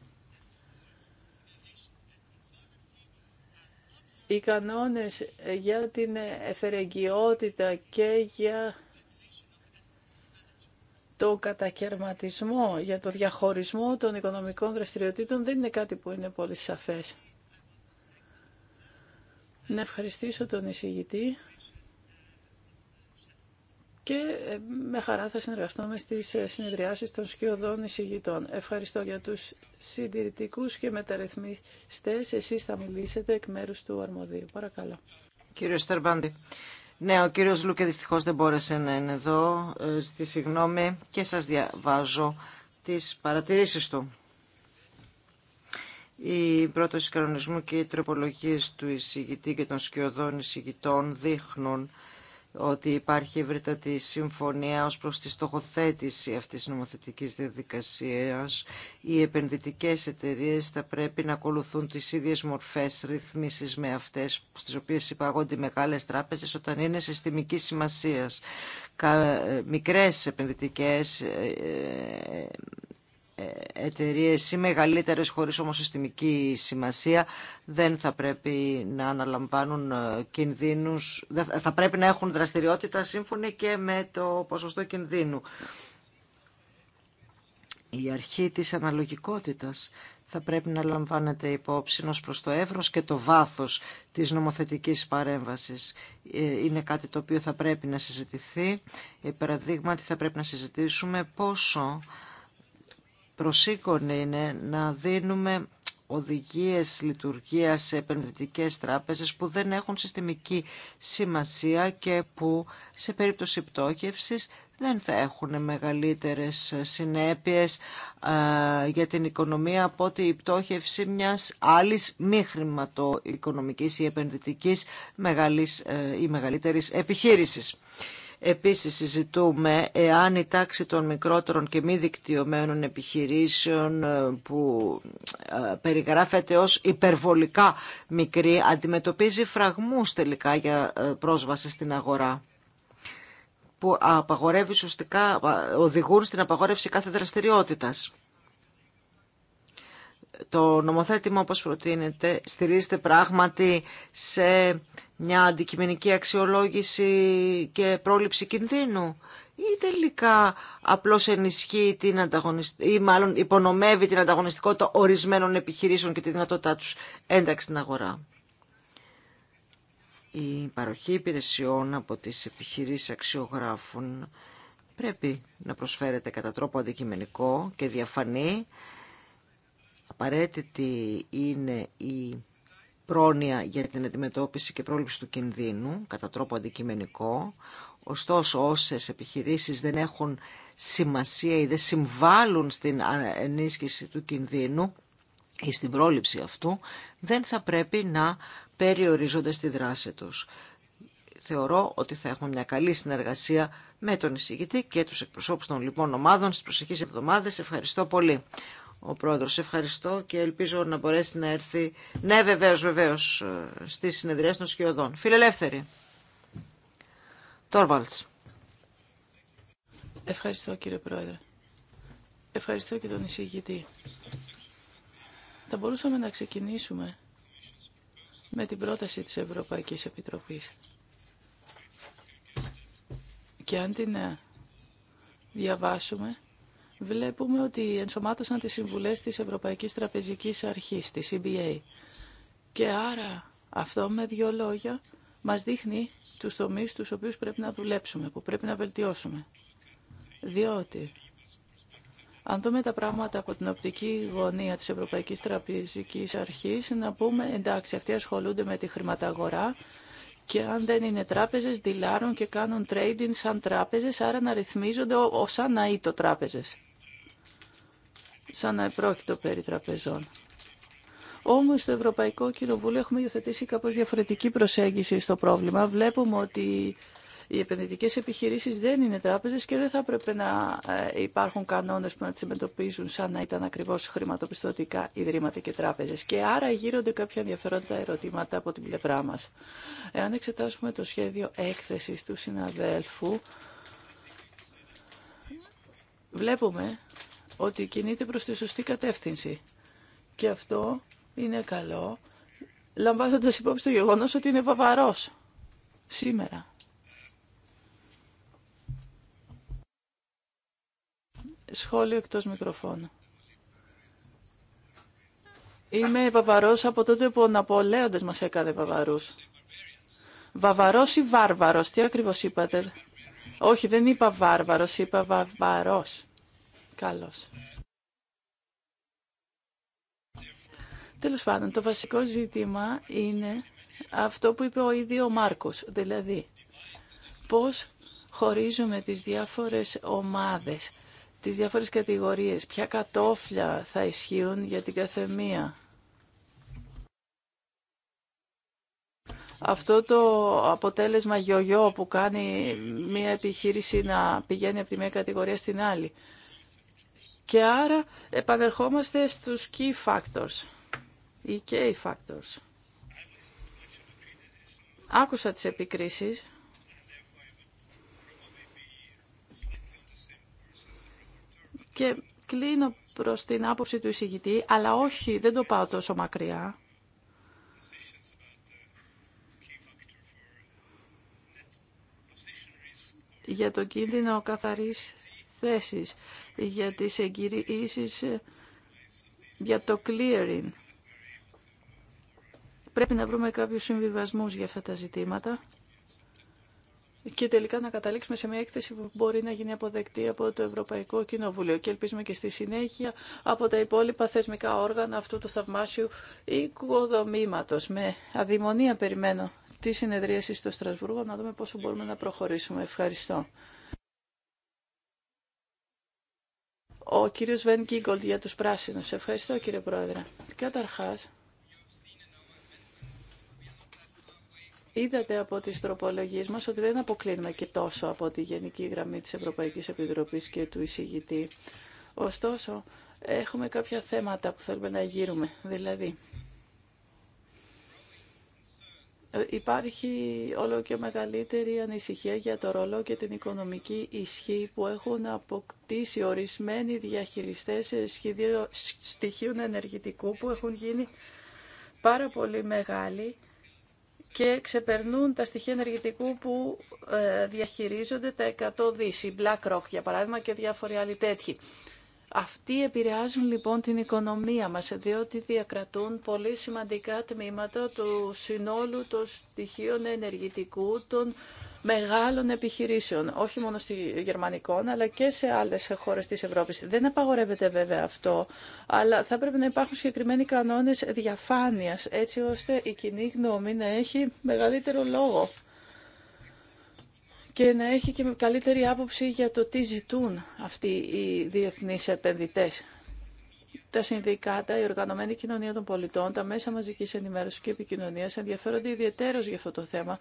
Οι κανόνες για την εφερεγγιότητα και για το κατακαιρματισμό, για το διαχωρισμό των οικονομικών δραστηριοτήτων δεν είναι κάτι που είναι πολύ σαφές να ευχαριστήσω τον εισηγητή και ε, με χαρά θα συνεργαστούμε στις ε, συνεδριάσεις των σκιωδών εισηγητών. Ευχαριστώ για τους συντηρητικούς και μεταρρυθμιστές. Εσείς θα μιλήσετε εκ μέρους του Αρμοδίου. Παρακαλώ. Κύριε Στερμπάντη. Ναι, ο κύριος Λούκε δυστυχώς δεν μπόρεσε να είναι εδώ. Ε, στη συγγνώμη και σας διαβάζω τις παρατηρήσεις του. Η πρόταση κανονισμού και οι τροπολογίες του εισηγητή και των σκιωδών εισηγητών δείχνουν ότι υπάρχει ευρύτατη συμφωνία ως προς τη στοχοθέτηση αυτής της νομοθετικής διαδικασίας. Οι επενδυτικές εταιρείες θα πρέπει να ακολουθούν τις ίδιες μορφές ρυθμίσεις με αυτές στις οποίες υπαγόνται οι μεγάλες τράπεζες όταν είναι συστημικής σημασίας. Μικρές επενδυτικές ε, ε, εταιρείε ή μεγαλύτερες χωρίς όμως συστημική σημασία δεν θα πρέπει να αναλαμβάνουν ε, κινδύνους θα πρέπει να έχουν δραστηριότητα σύμφωνα και με το ποσοστό κινδύνου. Η αρχή της αναλογικότητας θα πρέπει να λαμβάνεται υπόψη ως προς το εύρος και το βάθος της νομοθετικής παρέμβασης. Ε, είναι κάτι το οποίο θα πρέπει να συζητηθεί. Ε, παραδείγματι θα πρέπει να συζητήσουμε πόσο προσήκον είναι να δίνουμε οδηγίες λειτουργίας σε επενδυτικές τράπεζες που δεν έχουν συστημική σημασία και που σε περίπτωση πτώχευσης δεν θα έχουν μεγαλύτερες συνέπειες για την οικονομία από ότι η πτώχευση μιας άλλης μη χρηματοοικονομικής ή επενδυτικής μεγάλης, ε, ή μεγαλύτερης επιχείρησης. Επίσης συζητούμε εάν η τάξη των μικρότερων και μη δικτυωμένων επιχειρήσεων ε, που ε, περιγράφεται ως υπερβολικά μικρή αντιμετωπίζει φραγμούς τελικά για ε, πρόσβαση στην αγορά που απαγορεύει οδηγούν στην απαγόρευση κάθε δραστηριότητας το νομοθέτημα όπως προτείνεται στηρίζεται πράγματι σε μια αντικειμενική αξιολόγηση και πρόληψη κινδύνου ή τελικά απλώς ενισχύει την ανταγωνιστική ή μάλλον υπονομεύει την ανταγωνιστικότητα ορισμένων επιχειρήσεων και τη δυνατότητά τους ένταξη στην αγορά. Η παροχή υπηρεσιών από τις επιχειρήσεις αξιογράφων πρέπει να προσφέρεται κατά τρόπο αντικειμενικό και διαφανή Απαραίτητη είναι η πρόνοια για την αντιμετώπιση και πρόληψη του κινδύνου κατά τρόπο αντικειμενικό. Ωστόσο, όσες επιχειρήσεις δεν έχουν σημασία ή δεν συμβάλλουν στην ενίσχυση του κινδύνου ή στην πρόληψη αυτού, δεν θα πρέπει να περιορίζονται στη δράση τους. Θεωρώ ότι θα έχουμε μια καλή συνεργασία με τον εισηγητή και τους εκπροσώπους των λοιπόν ομάδων στις προσεχείς εβδομάδες. Ευχαριστώ πολύ ο πρόεδρος. Ευχαριστώ και ελπίζω να μπορέσει να έρθει. Ναι, βεβαίω βεβαίω ε, στις συνεδριές των σκιωδών. Φιλελεύθερη. Τόρβαλτς. Ευχαριστώ κύριε Πρόεδρε. Ευχαριστώ και τον εισηγητή. Θα μπορούσαμε να ξεκινήσουμε με την πρόταση της Ευρωπαϊκής Επιτροπής. Και αν την ε, διαβάσουμε, βλέπουμε ότι ενσωμάτωσαν τις συμβουλές της Ευρωπαϊκής Τραπεζικής Αρχής, της EBA. Και άρα αυτό με δύο λόγια μας δείχνει τους τομείς τους οποίους πρέπει να δουλέψουμε, που πρέπει να βελτιώσουμε. Διότι αν δούμε τα πράγματα από την οπτική γωνία της Ευρωπαϊκής Τραπεζικής Αρχής, να πούμε εντάξει, αυτοί ασχολούνται με τη χρηματαγορά και αν δεν είναι τράπεζες, δηλάρουν και κάνουν trading σαν τράπεζες, άρα να ρυθμίζονται ως σαν να τράπεζες σαν να επρόκειτο περί τραπεζών. Όμω στο Ευρωπαϊκό Κοινοβούλιο έχουμε υιοθετήσει κάπω διαφορετική προσέγγιση στο πρόβλημα. Βλέπουμε ότι οι επενδυτικέ επιχειρήσει δεν είναι τράπεζε και δεν θα έπρεπε να ε, υπάρχουν κανόνε που να τι αντιμετωπίζουν σαν να ήταν ακριβώ χρηματοπιστωτικά ιδρύματα και τράπεζες. Και άρα γύρονται κάποια ενδιαφέροντα ερωτήματα από την πλευρά μα. Εάν εξετάσουμε το σχέδιο έκθεση του συναδέλφου, βλέπουμε ότι κινείται προς τη σωστή κατεύθυνση. Και αυτό είναι καλό, λαμβάνοντας υπόψη το γεγονός ότι είναι βαβαρός σήμερα. Σχόλιο εκτός μικροφώνου. Είμαι βαβαρός από τότε που ο Ναπολέοντας μας έκανε βαβαρούς. Βαβαρός ή βάρβαρος, τι ακριβώς είπατε. Όχι, δεν είπα βάρβαρος, είπα βαβαρός. Καλώς. Τέλος πάντων, το βασικό ζήτημα είναι αυτό που είπε ο ίδιο ο Μάρκος, δηλαδή πώς χωρίζουμε τις διάφορες ομάδες, τις διάφορες κατηγορίες, ποια κατόφλια θα ισχύουν για την καθεμία. Αυτό το αποτέλεσμα γιογιό που κάνει μια επιχείρηση να πηγαίνει από τη μία κατηγορία στην άλλη. Και άρα επανερχόμαστε στους key factors, οι k factors. Άκουσα τις επικρίσεις. Και κλείνω προς την άποψη του εισηγητή, αλλά όχι, δεν το πάω τόσο μακριά. Για τον κίνδυνο καθαρής θέσεις, για τις εγκυρίσεις, για το clearing. Πρέπει να βρούμε κάποιους συμβιβασμούς για αυτά τα ζητήματα και τελικά να καταλήξουμε σε μια έκθεση που μπορεί να γίνει αποδεκτή από το Ευρωπαϊκό Κοινοβούλιο και ελπίζουμε και στη συνέχεια από τα υπόλοιπα θεσμικά όργανα αυτού του θαυμάσιου οικοδομήματος. Με αδειμονία περιμένω τη συνεδρίαση στο Στρασβούργο να δούμε πόσο μπορούμε να προχωρήσουμε. Ευχαριστώ. Ο κύριος Βεν Κίγκολτ για τους πράσινους. Ευχαριστώ κύριε Πρόεδρε. Καταρχάς, είδατε από τις τροπολογίες μας ότι δεν αποκλίνουμε και τόσο από τη γενική γραμμή της Ευρωπαϊκής Επιτροπής και του εισηγητή. Ωστόσο, έχουμε κάποια θέματα που θέλουμε να γύρουμε. Δηλαδή, ε, υπάρχει όλο και μεγαλύτερη ανησυχία για το ρόλο και την οικονομική ισχύ που έχουν αποκτήσει ορισμένοι διαχειριστές στοιχείων ενεργητικού που έχουν γίνει πάρα πολύ μεγάλοι και ξεπερνούν τα στοιχεία ενεργητικού που ε, διαχειρίζονται τα 100 δις, η BlackRock για παράδειγμα και διάφοροι άλλοι τέτοιοι. Αυτοί επηρεάζουν λοιπόν την οικονομία μας, διότι διακρατούν πολύ σημαντικά τμήματα του συνόλου των στοιχείων ενεργητικού των μεγάλων επιχειρήσεων, όχι μόνο στη γερμανικών, αλλά και σε άλλες χώρες της Ευρώπης. Δεν απαγορεύεται βέβαια αυτό, αλλά θα πρέπει να υπάρχουν συγκεκριμένοι κανόνες διαφάνειας, έτσι ώστε η κοινή γνώμη να έχει μεγαλύτερο λόγο και να έχει και καλύτερη άποψη για το τι ζητούν αυτοί οι διεθνείς επενδυτές. Τα συνδικάτα, η οργανωμένη κοινωνία των πολιτών, τα μέσα μαζικής ενημέρωσης και επικοινωνίας ενδιαφέρονται ιδιαίτερως για αυτό το θέμα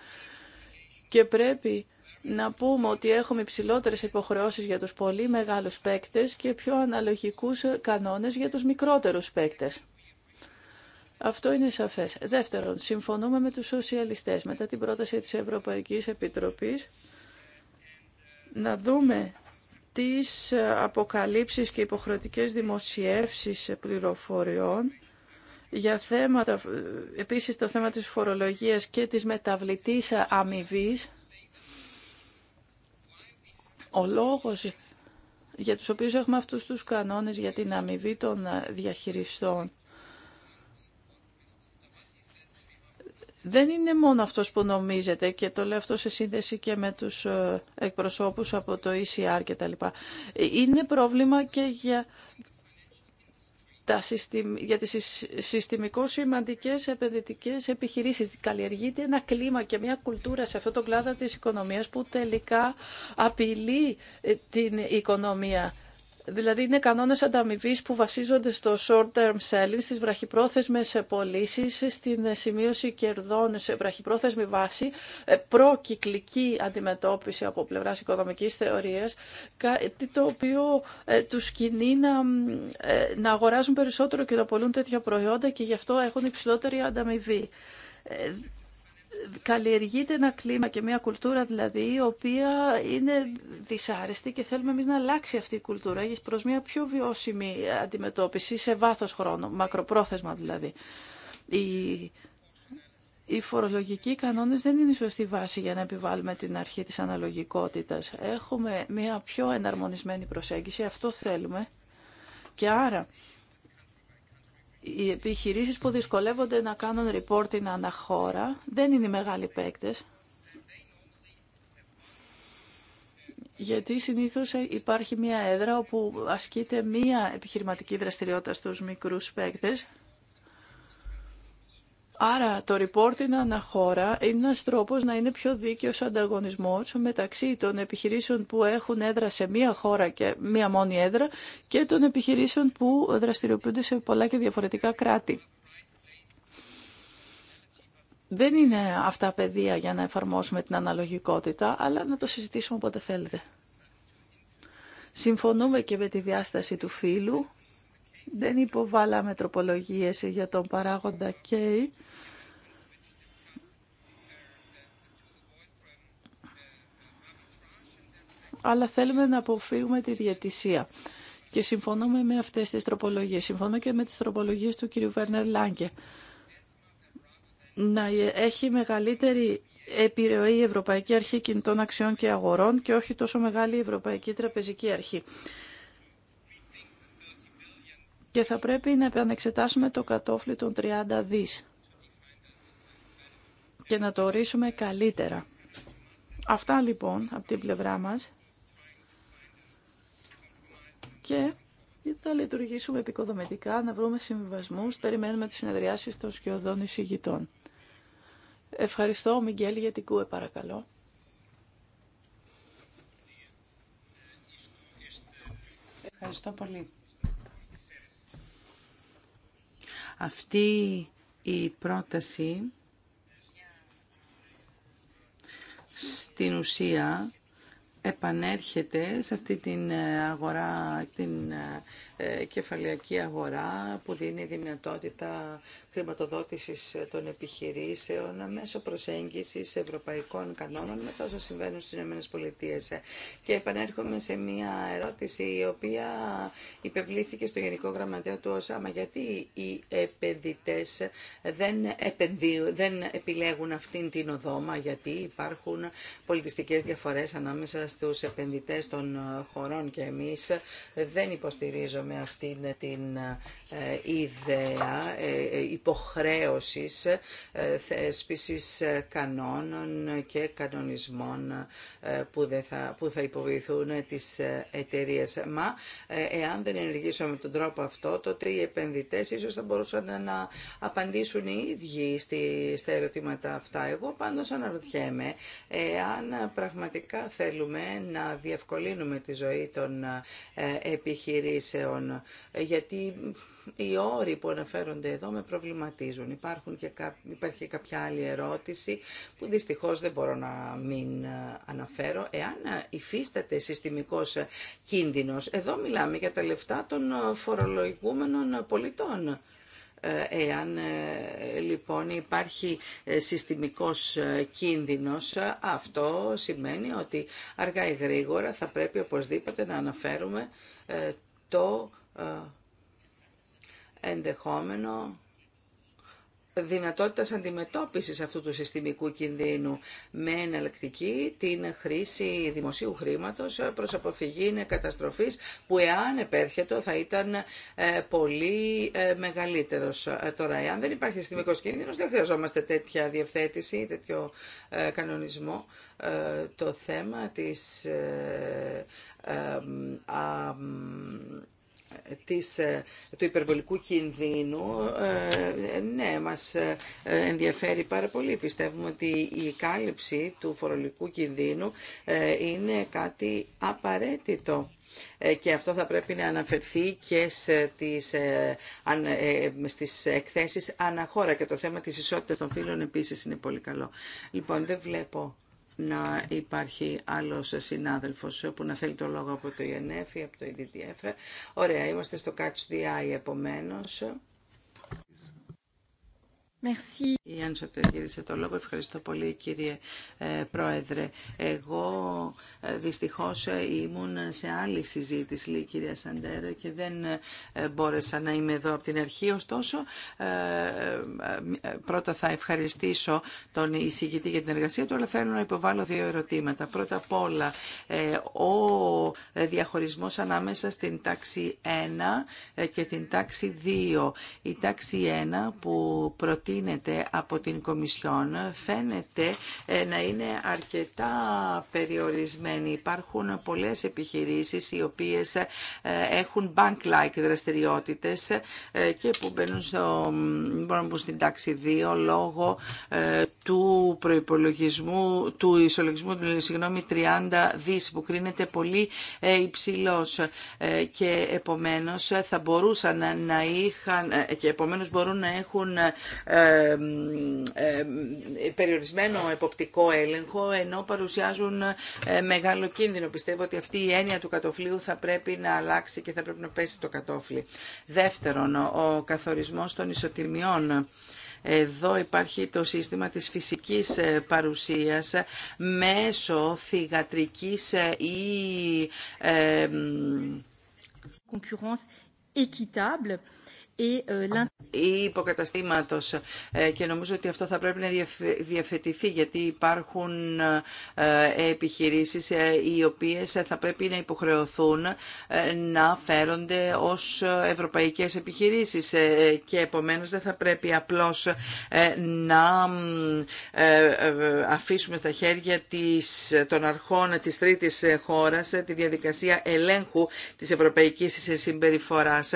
και πρέπει να πούμε ότι έχουμε υψηλότερες υποχρεώσεις για τους πολύ μεγάλους παίκτες και πιο αναλογικούς κανόνες για τους μικρότερους παίκτες. Αυτό είναι σαφές. Δεύτερον, συμφωνούμε με τους σοσιαλιστές μετά την πρόταση της Ευρωπαϊκής Επιτροπής να δούμε τις αποκαλύψεις και υποχρεωτικές δημοσιεύσεις πληροφοριών για θέματα, επίσης το θέμα της φορολογίας και της μεταβλητής αμοιβή. Ο λόγος για τους οποίους έχουμε αυτούς τους κανόνες για την αμοιβή των διαχειριστών δεν είναι μόνο αυτός που νομίζετε και το λέω αυτό σε σύνδεση και με τους ε, εκπροσώπους από το ECR και τα λοιπά. Είναι πρόβλημα και για, τα συστημ, για τις συστημικό σημαντικές επενδυτικές επιχειρήσεις. Καλλιεργείται ένα κλίμα και μια κουλτούρα σε αυτό το κλάδο της οικονομίας που τελικά απειλεί ε, την οικονομία Δηλαδή είναι κανόνες ανταμοιβή που βασίζονται στο short-term selling, στις βραχυπρόθεσμες πωλήσει, στην σημείωση κερδών σε βραχυπρόθεσμη βάση, ε, προκυκλική αντιμετώπιση από πλευράς οικονομικής θεωρίας, κάτι το οποίο ε, τους κινεί να, ε, να αγοράζουν περισσότερο και να πολλούν τέτοια προϊόντα και γι' αυτό έχουν υψηλότερη ανταμοιβή καλλιεργείται ένα κλίμα και μια κουλτούρα δηλαδή η οποία είναι δυσάρεστη και θέλουμε εμείς να αλλάξει αυτή η κουλτούρα προς μια πιο βιώσιμη αντιμετώπιση σε βάθος χρόνου, μακροπρόθεσμα δηλαδή. Η... Οι φορολογικοί κανόνες δεν είναι η σωστή βάση για να επιβάλλουμε την αρχή της αναλογικότητας. Έχουμε μια πιο εναρμονισμένη προσέγγιση, αυτό θέλουμε. Και άρα οι επιχειρήσεις που δυσκολεύονται να κάνουν reporting αναχώρα δεν είναι οι μεγάλοι παίκτες. Γιατί συνήθως υπάρχει μία έδρα όπου ασκείται μία επιχειρηματική δραστηριότητα στους μικρούς παίκτες Άρα το reporting αναχώρα είναι ένας τρόπος να είναι πιο δίκαιος ανταγωνισμός μεταξύ των επιχειρήσεων που έχουν έδρα σε μία χώρα και μία μόνη έδρα και των επιχειρήσεων που δραστηριοποιούνται σε πολλά και διαφορετικά κράτη. Δεν είναι αυτά παιδεία για να εφαρμόσουμε την αναλογικότητα, αλλά να το συζητήσουμε όποτε θέλετε. Συμφωνούμε και με τη διάσταση του φύλου. Δεν υποβάλαμε τροπολογίες για τον παράγοντα K. αλλά θέλουμε να αποφύγουμε τη διαιτησία. Και συμφωνούμε με αυτές τις τροπολογίες. Συμφωνούμε και με τις τροπολογίες του κ. Βέρνερ Λάγκε. Να έχει μεγαλύτερη επιρροή η Ευρωπαϊκή Αρχή Κινητών Αξιών και Αγορών και όχι τόσο μεγάλη η Ευρωπαϊκή Τραπεζική Αρχή. Και θα πρέπει να επανεξετάσουμε το κατόφλι των 30 δις και να το ορίσουμε καλύτερα. Αυτά λοιπόν από την πλευρά μας και θα λειτουργήσουμε επικοδομητικά, να βρούμε συμβιβασμούς, περιμένουμε τις συνεδριάσεις των σκιωδών εισηγητών. Ευχαριστώ, Μιγγέλ, για την ΚΟΕ, παρακαλώ. Ευχαριστώ πολύ. Αυτή η πρόταση στην ουσία επανέρχεται σε αυτή την ε, αγορά, την ε, ε, κεφαλαιακή αγορά που δίνει δυνατότητα χρηματοδότησης ε, των επιχειρήσεων μέσω προσέγγισης ευρωπαϊκών κανόνων με τόσο συμβαίνουν στις ΗΠΑ. Και επανέρχομαι σε μια ερώτηση η οποία υπευλήθηκε στο Γενικό Γραμματέα του ΟΣΑΜΑ. Γιατί οι επενδυτές δεν, δεν επιλέγουν αυτήν την οδόμα, γιατί υπάρχουν πολιτιστικές διαφορές ανάμεσα στους επενδυτές των χωρών και εμείς δεν υποστηρίζουμε με αυτήν την ε, ιδέα ε, ε, υποχρέωσης θέσπισης κανόνων και κανονισμών που, θα, που θα υποβηθούν τις εταιρείε. Μα εάν δεν ενεργήσουμε με τον τρόπο αυτό, τότε οι επενδυτές ίσως θα μπορούσαν να απαντήσουν οι ίδιοι στα ερωτήματα αυτά. Εγώ πάντως αναρωτιέμαι εάν πραγματικά θέλουμε να διευκολύνουμε τη ζωή των επιχειρήσεων Λοιπόν, γιατί οι όροι που αναφέρονται εδώ με προβληματίζουν. Υπάρχουν και κά... Υπάρχει και κάποια άλλη ερώτηση που δυστυχώς δεν μπορώ να μην ε, αναφέρω. Εάν ε, υφίσταται συστημικός ε, κίνδυνος, εδώ μιλάμε για τα λεφτά των φορολογούμενων πολιτών. Εάν λοιπόν υπάρχει συστημικός κίνδυνος, αυτό σημαίνει ότι αργά ή γρήγορα θα πρέπει οπωσδήποτε να αναφέρουμε το ε, ενδεχόμενο δυνατότητας αντιμετώπισης αυτού του συστημικού κινδύνου με εναλλακτική την χρήση δημοσίου χρήματος προς αποφυγή καταστροφής που εάν επέρχεται θα ήταν ε, πολύ ε, μεγαλύτερος. Τώρα, εάν δεν υπάρχει συστημικός κίνδυνος δεν χρειαζόμαστε τέτοια διευθέτηση, τέτοιο κανονισμό το θέμα της της, ε, του υπερβολικού κινδύνου ε, ναι, μας ε, ενδιαφέρει πάρα πολύ. Πιστεύουμε ότι η κάλυψη του φορολογικού κινδύνου είναι κάτι απαραίτητο και αυτό θα πρέπει να αναφερθεί και στις, στις εκθέσεις αναχώρα και το θέμα της ισότητας των φίλων επίσης είναι πολύ καλό. Λοιπόν, δεν βλέπω να υπάρχει άλλος συνάδελφος που να θέλει το λόγο από το ΙΕΝΕΦ e ή από το EDTF. Ωραία, είμαστε στο Catch the Eye επομένως. Merci. Η Άννα το λόγο. Ευχαριστώ πολύ κύριε ε, Πρόεδρε. Εγώ Δυστυχώς ε, ήμουν σε άλλη συζήτηση, λέει η κυρία Σαντέρα, και δεν ε, μπόρεσα να είμαι εδώ από την αρχή. Ωστόσο, ε, πρώτα θα ευχαριστήσω τον εισηγητή για την εργασία του, αλλά θέλω να υποβάλω δύο ερωτήματα. Πρώτα απ' όλα, ο διαχωρισμός ανάμεσα στην τάξη 1 και την τάξη 2. Η τάξη 1 που προτείνεται από την Κομισιόν φαίνεται να είναι αρκετά περιορισμένη Υπάρχουν πολλές επιχειρήσεις οι οποίες ε, έχουν bank-like δραστηριότητες ε, και που μπαίνουν στο, στην τάξη 2 λόγω ε, του προϋπολογισμού, του ισολογισμού συγγνώμη, 30 δις που κρίνεται πολύ υψηλός και επομένως θα μπορούσαν να είχαν και επομένως μπορούν να έχουν περιορισμένο εποπτικό έλεγχο ενώ παρουσιάζουν μεγάλο κίνδυνο. Πιστεύω ότι αυτή η έννοια του κατοφλίου θα πρέπει να αλλάξει και θα πρέπει να πέσει το κατόφλι. Δεύτερον, ο καθορισμός των ισοτιμιών. Εδώ υπάρχει το σύστημα της φυσικής ε, παρουσίας μέσω θυγατρικής ε, ή... Ε, concurrence ε, ή υποκαταστήματος ε, και νομίζω ότι αυτό θα πρέπει να διαφετηθεί γιατί υπάρχουν ε, επιχειρήσεις οι οποίες θα πρέπει να υποχρεωθούν να φέρονται ως ευρωπαϊκές επιχειρήσεις και επομένως δεν θα πρέπει απλώς να αφήσουμε στα χέρια των αρχών της τρίτης χώρας τη διαδικασία ελέγχου της ευρωπαϊκής συμπεριφοράς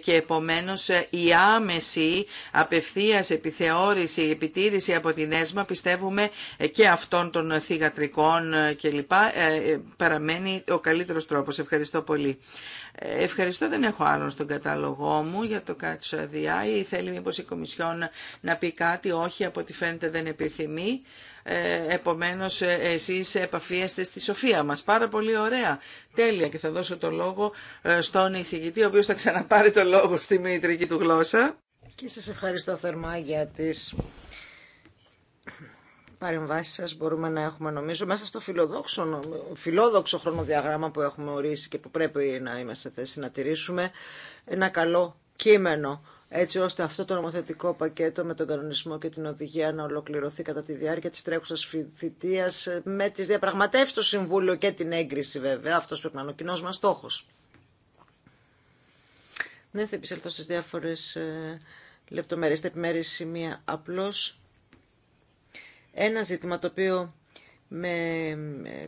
και επομένως ε, η άμεση απευθείας επιθεώρηση, επιτήρηση από την ΕΣΜΑ πιστεύουμε ε, και αυτών των θηγατρικών ε, κλπ παραμένει ο καλύτερος τρόπος. Ευχαριστώ πολύ. Ευχαριστώ, δεν έχω άλλον στον κατάλογό μου για το Κάτσο αδειά ή θέλει μήπως Θέλει μήπως η Κομισιόν να πει κάτι, όχι από ό,τι φαίνεται δεν επιθυμεί. Ε, επομένως ε, εσείς επαφίεστε στη σοφία μας. Πάρα πολύ ωραία. Τέλεια και θα δώσω το λόγο ε, στον εισηγητή, ο οποίος θα ξαναπάρει το λόγο στη μητρική του γλώσσα. Και σας ευχαριστώ θερμά για τις παρεμβάσεις σας μπορούμε να έχουμε νομίζω μέσα στο φιλοδόξο, φιλόδοξο χρονοδιαγράμμα που έχουμε ορίσει και που πρέπει να είμαστε θέση να τηρήσουμε ένα καλό κείμενο έτσι ώστε αυτό το νομοθετικό πακέτο με τον κανονισμό και την οδηγία να ολοκληρωθεί κατά τη διάρκεια της τρέχουσας θητεία ε, με τις διαπραγματεύσει του Συμβούλου και την έγκριση βέβαια. Αυτός πρέπει να είναι ο κοινός μας στόχος. Δεν ναι, θα επισέλθω στις διάφορες ε, λεπτομέρειε Στην επιμέρειες σημεία απλώς. Ένα ζήτημα το οποίο με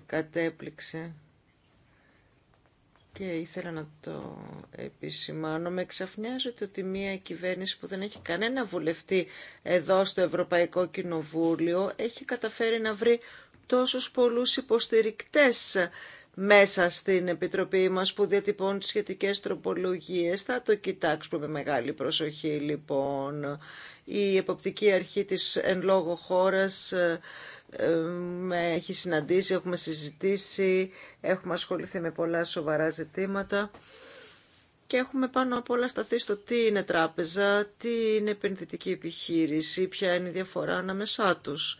κατέπληξε και ήθελα να το επισημάνω, με ξαφνιάζεται ότι μια κυβέρνηση που δεν έχει κανένα βουλευτή εδώ στο Ευρωπαϊκό Κοινοβούλιο έχει καταφέρει να βρει τόσους πολλούς υποστηρικτές μέσα στην Επιτροπή μας που διατυπώνουν τις σχετικές τροπολογίες. Θα το κοιτάξουμε με μεγάλη προσοχή λοιπόν. Η Εποπτική Αρχή της εν λόγω χώρας με έχει συναντήσει, έχουμε συζητήσει, έχουμε ασχοληθεί με πολλά σοβαρά ζητήματα και έχουμε πάνω απ' όλα σταθεί στο τι είναι τράπεζα, τι είναι επενδυτική επιχείρηση, ποια είναι η διαφορά ανάμεσά τους.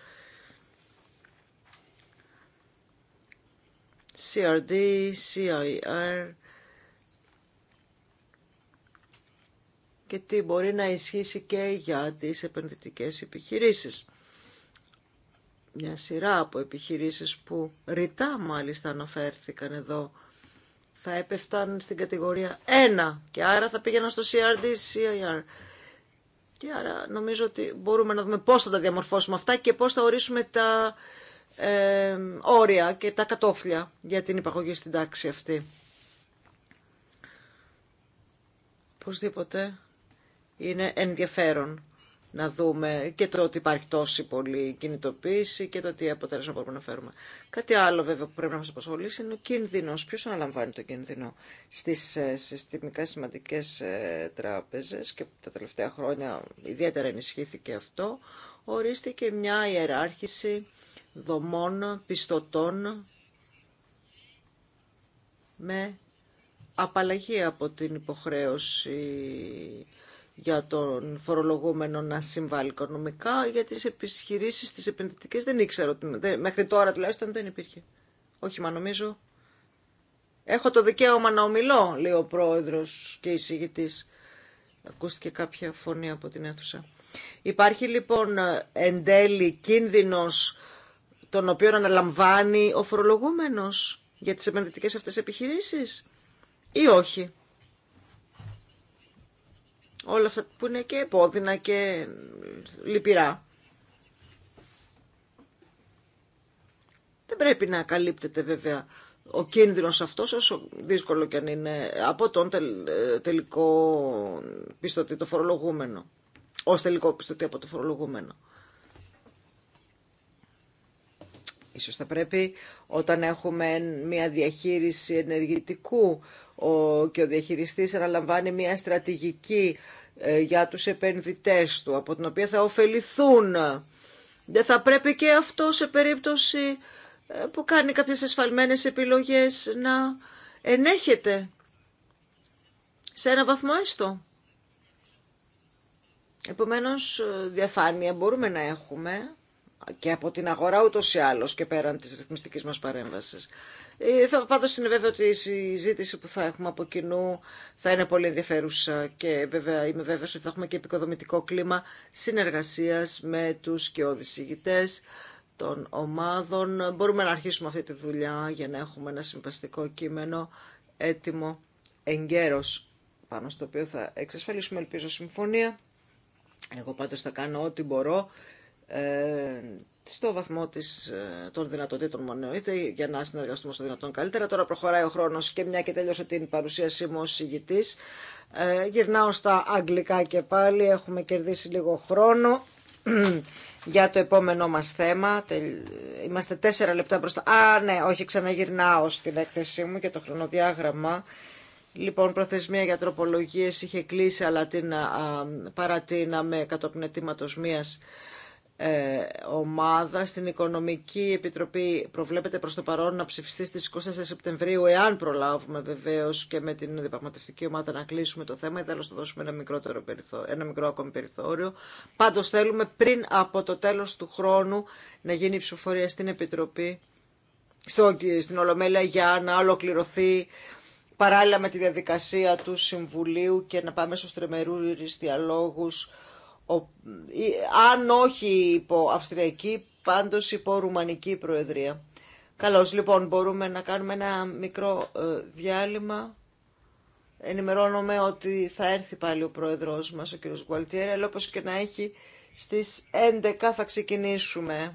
CRD, CIR και τι μπορεί να ισχύσει και για τις επενδυτικές επιχειρήσεις μια σειρά από επιχειρήσεις που ρητά μάλιστα αναφέρθηκαν εδώ θα έπεφταν στην κατηγορία 1 και άρα θα πήγαιναν στο CRD, CIR. Και άρα νομίζω ότι μπορούμε να δούμε πώς θα τα διαμορφώσουμε αυτά και πώς θα ορίσουμε τα όρια και τα κατόφλια για την υπαγωγή στην τάξη αυτή. Οπωσδήποτε είναι ενδιαφέρον να δούμε και το ότι υπάρχει τόση πολλή κινητοποίηση και το τι αποτέλεσμα μπορούμε να φέρουμε. Κάτι άλλο βέβαια που πρέπει να μας απασχολήσει είναι ο κίνδυνος. Ποιος αναλαμβάνει το κίνδυνο στις ε, συστημικά σημαντικές ε, τράπεζες και τα τελευταία χρόνια ιδιαίτερα ενισχύθηκε αυτό. Ορίστηκε μια ιεράρχηση δομών πιστωτών με απαλλαγή από την υποχρέωση για τον φορολογούμενο να συμβάλλει οικονομικά, για τις επιχειρήσεις, τις επενδυτικές δεν ήξερα, μέχρι τώρα τουλάχιστον δεν υπήρχε. Όχι, μα νομίζω. Έχω το δικαίωμα να ομιλώ, λέει ο πρόεδρος και η συγητής Ακούστηκε κάποια φωνή από την αίθουσα. Υπάρχει λοιπόν εν τέλει κίνδυνος τον οποίο αναλαμβάνει ο φορολογούμενος για τις επενδυτικές αυτές επιχειρήσεις ή όχι όλα αυτά που είναι και επώδυνα και λυπηρά. Δεν πρέπει να καλύπτεται βέβαια ο κίνδυνος αυτός, όσο δύσκολο και αν είναι, από τον τελικό πιστωτή, το φορολογούμενο. Ως τελικό πιστωτή από το φορολογούμενο. Ίσως θα πρέπει όταν έχουμε μια διαχείριση ενεργητικού ο, και ο διαχειριστής αναλαμβάνει μια στρατηγική ε, για τους επενδυτές του, από την οποία θα ωφεληθούν. Δεν θα πρέπει και αυτό σε περίπτωση ε, που κάνει κάποιες ασφαλμένες επιλογές να ενέχεται σε ένα βαθμό έστω. Επομένως, ε, διαφάνεια μπορούμε να έχουμε και από την αγορά ούτως ή άλλως και πέραν της ρυθμιστικής μας παρέμβασης. Ε, θα, είναι ότι η συζήτηση που θα έχουμε από κοινού θα είναι πολύ ενδιαφέρουσα και βέβαια είμαι βέβαιος ότι θα έχουμε και επικοδομητικό κλίμα συνεργασίας με τους και οδησηγητές των ομάδων. Μπορούμε να αρχίσουμε αυτή τη δουλειά για να έχουμε ένα συμβαστικό κείμενο έτοιμο εγκαίρος πάνω στο οποίο θα εξασφαλίσουμε ελπίζω συμφωνία. Εγώ πάντως θα κάνω ό,τι μπορώ ε, στο βαθμό της, ε, των δυνατοτήτων μου είτε για να συνεργαστούμε στο δυνατόν καλύτερα. Τώρα προχωράει ο χρόνος και μια και τέλειωσε την παρουσίασή μου ως ηγητής. Ε, γυρνάω στα αγγλικά και πάλι, έχουμε κερδίσει λίγο χρόνο για το επόμενό μας θέμα. Είμαστε τέσσερα λεπτά μπροστά. Α, ναι, όχι, ξαναγυρνάω στην έκθεσή μου και το χρονοδιάγραμμα. Λοιπόν, προθεσμία για τροπολογίες είχε κλείσει, αλλά την παρατείναμε κατόπιν αιτήματος μίας ε, ομάδα στην Οικονομική Επιτροπή προβλέπεται προς το παρόν να ψηφιστεί στις 24 Σεπτεμβρίου εάν προλάβουμε βεβαίως και με την διαπραγματευτική ομάδα να κλείσουμε το θέμα ή τέλος θα δώσουμε ένα, μικρότερο περιθώριο, ένα μικρό ακόμη περιθώριο. Πάντως θέλουμε πριν από το τέλος του χρόνου να γίνει η θελω να δωσουμε ενα μικροτερο περιθωριο ενα μικρο ακομη περιθωριο παντως θελουμε πριν απο το τελος του χρονου να γινει η ψηφοφορια στην Επιτροπή στο, στην Ολομέλεια για να ολοκληρωθεί παράλληλα με τη διαδικασία του Συμβουλίου και να πάμε στους τρεμερούς διαλόγους αν όχι υπό Αυστριακή, πάντως υπό Ρουμανική Προεδρία. Καλώς, λοιπόν, μπορούμε να κάνουμε ένα μικρό ε, διάλειμμα. Ενημερώνομαι ότι θα έρθει πάλι ο Πρόεδρος μας, ο κ. Γκουαλτιέρη, αλλά όπως και να έχει, στις 11 θα ξεκινήσουμε.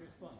Respond.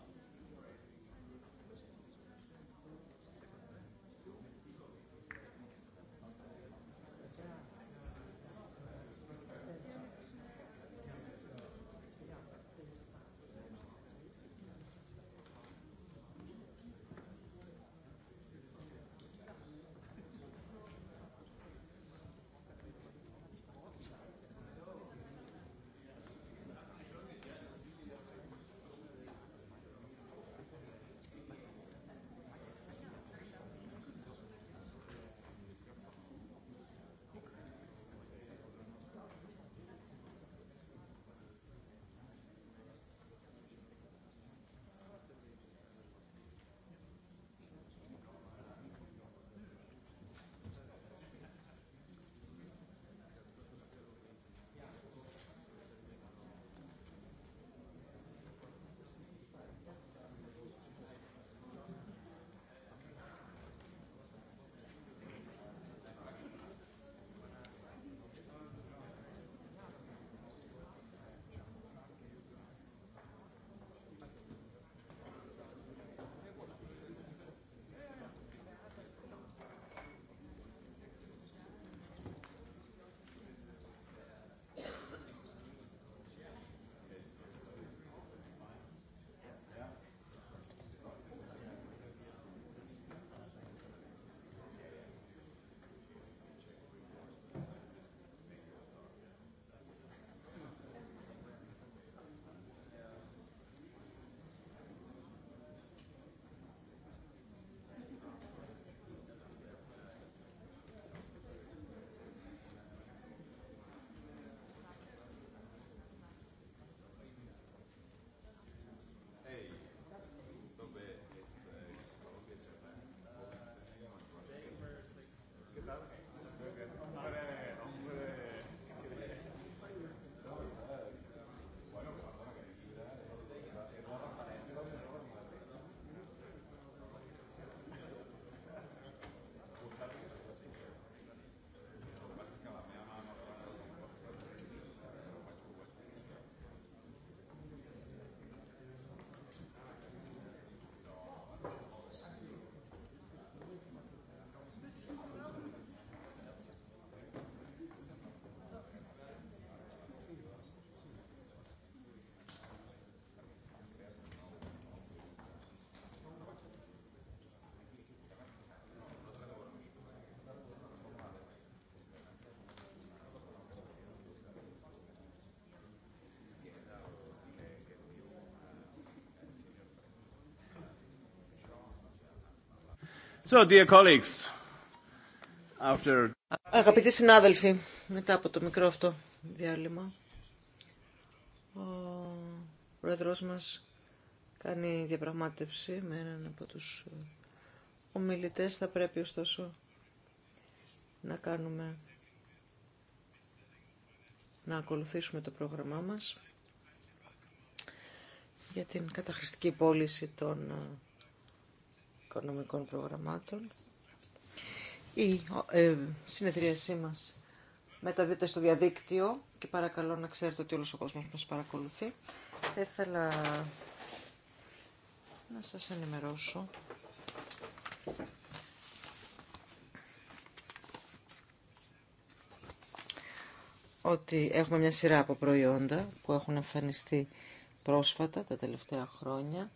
Αγαπητοί συνάδελφοι, μετά από το μικρό αυτό διάλειμμα, ο πρόεδρος μας κάνει διαπραγμάτευση με έναν από τους ε, ομιλητές. Θα πρέπει ωστόσο να κάνουμε να ακολουθήσουμε το πρόγραμμά μας για την καταχρηστική πώληση των ε, οικονομικών προγραμμάτων. Η ε, συνεδρίασή μας μεταδίδεται στο διαδίκτυο και παρακαλώ να ξέρετε ότι όλος ο κόσμος μας παρακολουθεί. Θα ήθελα να σας ενημερώσω ότι έχουμε μια σειρά από προϊόντα που έχουν εμφανιστεί πρόσφατα τα τελευταία χρόνια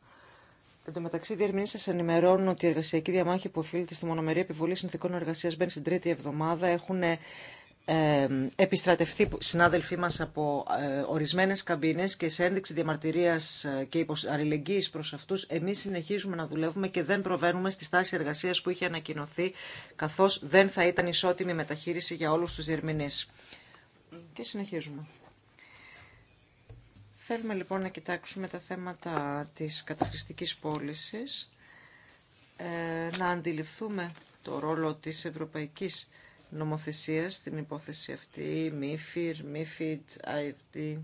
Εν τω μεταξύ, οι διερμηνεί σα ενημερώνουν ότι η εργασιακή διαμάχη που οφείλεται στη μονομερή επιβολή συνθηκών εργασία μπαίνει στην τρίτη εβδομάδα. Έχουν ε, επιστρατευτεί συνάδελφοί μα από ε, ορισμένε καμπίνε και σε ένδειξη διαμαρτυρία ε, και αλληλεγγύη προ αυτού, εμεί συνεχίζουμε να δουλεύουμε και δεν προβαίνουμε στη στάση εργασία που είχε ανακοινωθεί, καθώ δεν θα ήταν ισότιμη μεταχείριση για όλου του διερμηνεί. Και συνεχίζουμε. Θέλουμε λοιπόν να κοιτάξουμε τα θέματα της καταχρηστικής πώληση, ε, να αντιληφθούμε το ρόλο της ευρωπαϊκής νομοθεσίας στην υπόθεση αυτή, MIFIR, MIFID, IFD,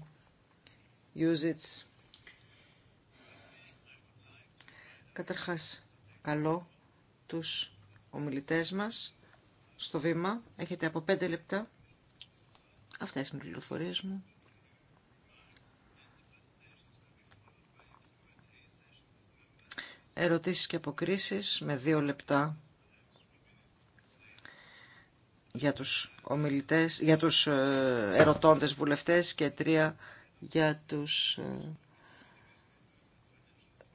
USITS. Καταρχάς, καλό τους ομιλητές μας στο βήμα. Έχετε από πέντε λεπτά. Αυτές είναι οι πληροφορίες μου. ερωτήσεις και αποκρίσεις με δύο λεπτά για τους, ομιλητές, για τους ε, ερωτώντες βουλευτές και τρία για τους ε,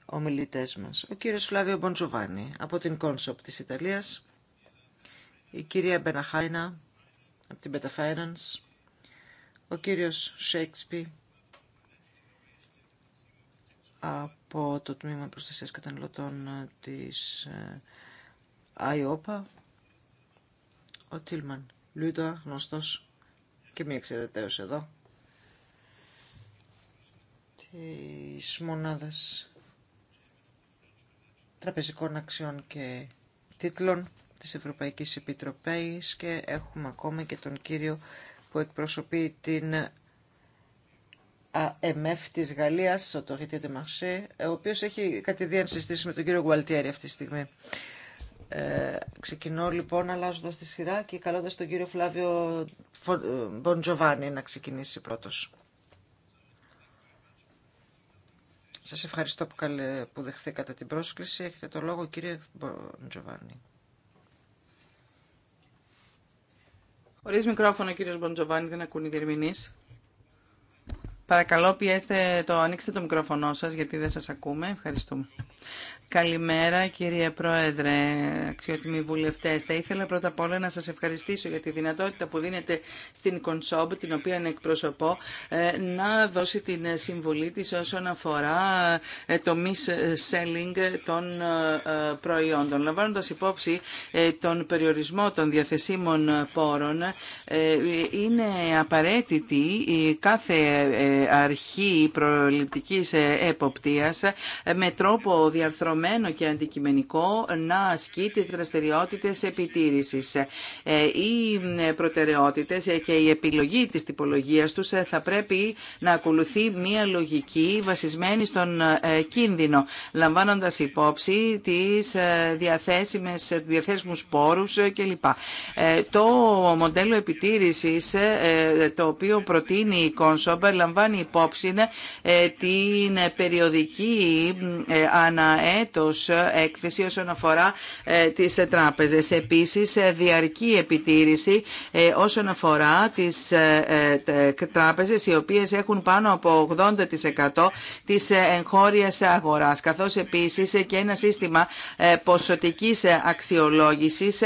ομιλητές μας. Ο κύριος Φλάβιο Μποντζοβάνη από την Κόνσοπ της Ιταλίας, η κυρία Μπεναχάινα από την Beta ο κύριος Σέξπι από από το Τμήμα Προστασίας Καταναλωτών ε, της ε, ΑΙΟΠΑ, ο Τίλμαν Λούιτα, γνωστός και μη εξαιρετέως εδώ, της μονάδας τραπεζικών αξιών και τίτλων της Ευρωπαϊκής Επιτροπής και έχουμε ακόμα και τον κύριο που εκπροσωπεί την ΑΕΜΕΦ τη Γαλλία ο Τωρίτιο ε, ο οποίος έχει κατηδίαν συστήσει με τον κύριο Γουαλτιέρη αυτή τη στιγμή. Ε, ξεκινώ λοιπόν αλλάζοντα τη σειρά και καλώντα τον κύριο Φλάβιο Μποντζοβάνι ε, να ξεκινήσει πρώτο. Σα ευχαριστώ που, καλε, που δεχθήκατε την πρόσκληση. Έχετε το λόγο κύριε Μποντζοβάνι Χωρί μικρόφωνο κύριο Μποντζοβάνι δεν ακούνε οι Παρακαλώ πιέστε το, ανοίξτε το μικρόφωνο σας γιατί δεν σας ακούμε. Ευχαριστούμε. Καλημέρα κύριε Πρόεδρε, αξιότιμοι βουλευτές. Θα ήθελα πρώτα απ' όλα να σας ευχαριστήσω για τη δυνατότητα που δίνετε στην Κονσόμπ, την οποία εκπροσωπώ, ε, να δώσει την συμβουλή της όσον αφορά ε, το mis-selling των ε, προϊόντων. Λαμβάνοντας υπόψη τον περιορισμό των διαθεσίμων πόρων, είναι απαραίτητη η κάθε αρχή προληπτικής εποπτείας με τρόπο διαρθρωμένο και αντικειμενικό να ασκεί τις δραστηριότητες επιτήρησης. Ε, οι προτεραιότητες και η επιλογή της τυπολογίας τους ε, θα πρέπει να ακολουθεί μία λογική βασισμένη στον ε, κίνδυνο, λαμβάνοντας υπόψη τις διαθέσιμες, διαθέσιμους πόρους κλπ. Το μοντέλο επιτήρησης το οποίο προτείνει η Κόνσομπ λαμβάνει υπόψη την περιοδική αναέτηση έτος ε, έκθεση όσον αφορά ε, τις ε, τράπεζες. Επίσης, διαρκή επιτήρηση όσον αφορά τις τράπεζες οι οποίες έχουν πάνω από 80% της εγχώριας αγοράς, καθώς επίσης και ένα σύστημα ποσοτικής αξιολόγησης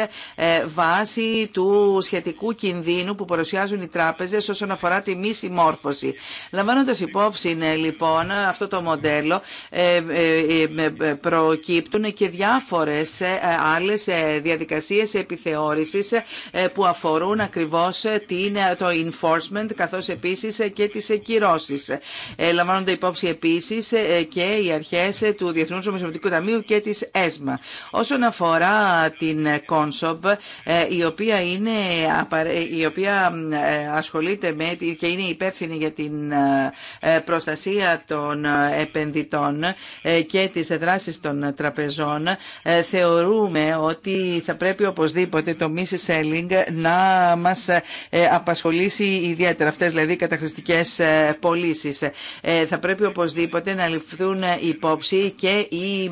βάσει του σχετικού κινδύνου που παρουσιάζουν οι τράπεζες όσον αφορά τη μη συμμόρφωση. Λαμβάνοντας υπόψη λοιπόν αυτό το μοντέλο προκύπτουν και διάφορες ε, άλλες ε, διαδικασίες επιθεώρησης ε, που αφορούν ακριβώς το enforcement καθώς επίσης και τις κυρώσεις. Λαμβάνονται υπόψη επίσης και οι αρχές του Διεθνούς Νομισματικού Ταμείου και της ΕΣΜΑ. Όσον αφορά την CONSOB, η οποία, είναι, η οποία ασχολείται με και είναι υπεύθυνη για την προστασία των επενδυτών και τις δράσεις των τραπεζών ε, θεωρούμε ότι θα πρέπει οπωσδήποτε το Mrs. Selling να μας ε, απασχολήσει ιδιαίτερα αυτές δηλαδή οι καταχρηστικές ε, πωλήσει. Θα πρέπει οπωσδήποτε να ληφθούν υπόψη και οι,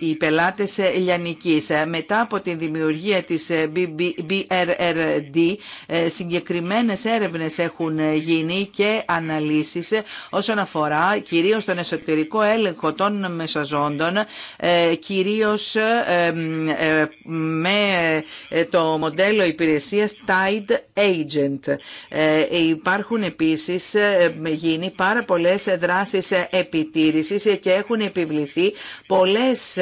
οι πελάτες λιανικής. Μετά από την δημιουργία της BRRD συγκεκριμένες έρευνες έχουν γίνει και αναλύσεις όσον αφορά κυρίως τον εσωτερικό έλεγχο των μεσαζόντων ε, κυρίως ε, ε, με το μοντέλο υπηρεσίας Tide Agent. Υπάρχουν επίσης γίνει πάρα πολλές δράσεις επιτήρησης και έχουν επιβληθεί πολλές,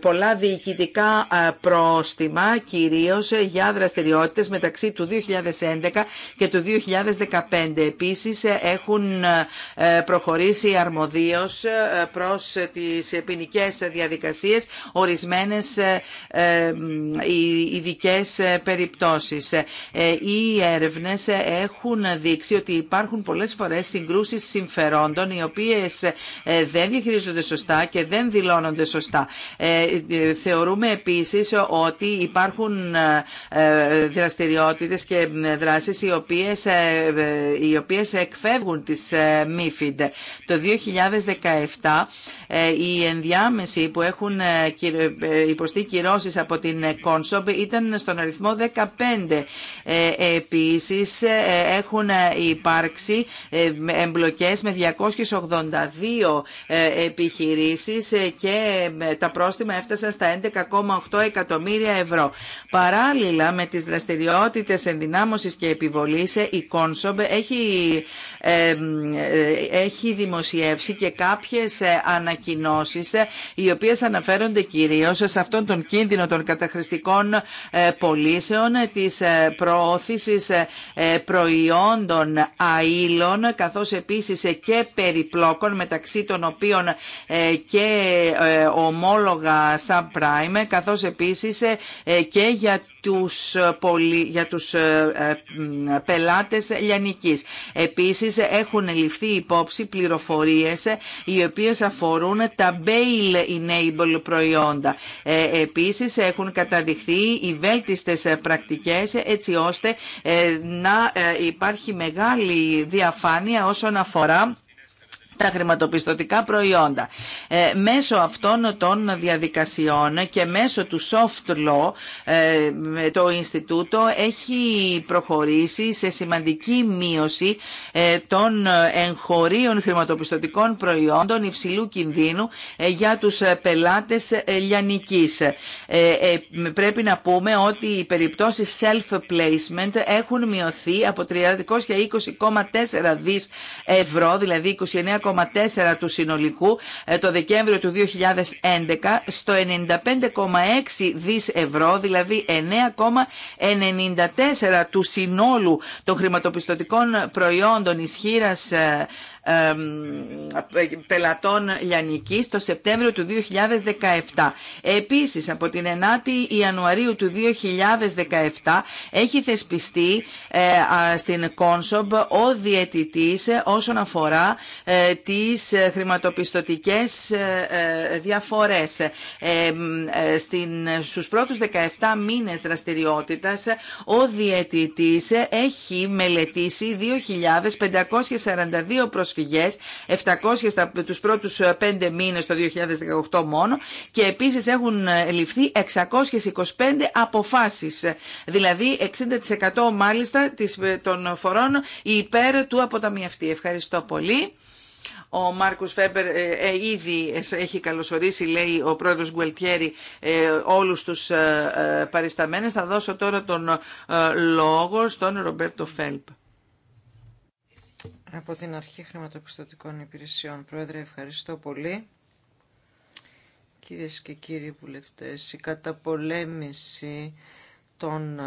πολλά διοικητικά πρόστιμα κυρίως για δραστηριότητες μεταξύ του 2011 και του 2015. Επίσης έχουν προχωρήσει αρμοδίως προς ε, τις ποινικέ διαδικασίες ορισμένες ε, ε, ειδικέ περιπτώσεις. Οι έρευνες έχουν δείξει ότι υπάρχουν πολλές φορές συγκρούσεις συμφερόντων οι οποίες δεν διαχειρίζονται σωστά και δεν δηλώνονται σωστά. Θεωρούμε επίσης ότι υπάρχουν δραστηριότητες και δράσεις οι οποίες, οι οποίες εκφεύγουν τις MIFID. Το 2017 Ευχαριστώ. Οι ε, ενδιάμεση που έχουν ε, ε, υποστεί κυρώσεις από την Κόνσομπ ήταν στον αριθμό 15. Επίσης έχουν υπάρξει εμπλοκές με 282 επιχειρήσεις και τα πρόστιμα έφτασαν στα 11,8 εκατομμύρια ευρώ. Παράλληλα με τις δραστηριότητες ενδυνάμωσης και επιβολής η Κόνσομπ έχει, έχει δημοσιεύσει και κάποιες ανακοινώσεις ε, οι οποίε αναφέρονται κυρίως σε αυτόν τον κίνδυνο των καταχρηστικών ε, πωλήσεων, ε, της προώθησης προϊόντων αήλων, καθώς επίσης και περιπλόκων μεταξύ των οποίων και ομόλογα subprime, καθώς επίσης και για τους ε, για τους ε, ε, πελάτες λιανικής. Επίσης έχουν ληφθεί υπόψη πληροφορίες οι οποίες αφορούν τα bail-enable προϊόντα. Επίσης έχουν καταδειχθεί οι βέλτιστες πρακτικές έτσι ώστε να υπάρχει μεγάλη διαφάνεια όσον αφορά τα χρηματοπιστωτικά προϊόντα. Ε, μέσω αυτών των διαδικασιών και μέσω του soft law ε, το Ινστιτούτο έχει προχωρήσει σε σημαντική μείωση ε, των εγχωρίων χρηματοπιστωτικών προϊόντων υψηλού κινδύνου για τους πελάτες λιανικής. Πρέπει να πούμε ότι οι περιπτώσεις self-placement έχουν μειωθεί από 320,4 δις ευρώ, δηλαδή 1,4 του συνολικού ε, το Δεκέμβριο του 2011 στο 95,6 δις ευρώ, δηλαδή 9,94 του συνόλου των χρηματοπιστωτικών προϊόντων ισχύρας ε, πελατών λιανικής το Σεπτέμβριο του 2017. Επίσης, από την 9η Ιανουαρίου του 2017 έχει θεσπιστεί ε, στην Κόνσομπ ο διαιτητής όσον αφορά ε, τις χρηματοπιστωτικές ε, διαφορές. Στους πρώτους 17 μήνες δραστηριότητας ο διαιτητής έχει μελετήσει 2.542 προσφυγές πρόσφυγε, 700 τους πρώτους 5 ε, μήνες το 2018 μόνο και επίσης έχουν ε, ληφθεί 625 αποφάσεις, δηλαδή 60% μάλιστα ε, των φορών υπέρ του αποταμιευτή. Ευχαριστώ πολύ. Ο Μάρκο Φέμπερ ήδη έχει καλωσορίσει, λέει ο πρόεδρο Γκουελτιέρη, ε, όλου του ε, Θα δώσω τώρα τον λόγο στον Ρομπέρτο Φέλπ από την Αρχή Χρηματοπιστωτικών Υπηρεσιών. Πρόεδρε, ευχαριστώ πολύ. Κυρίες και κύριοι βουλευτές, η καταπολέμηση των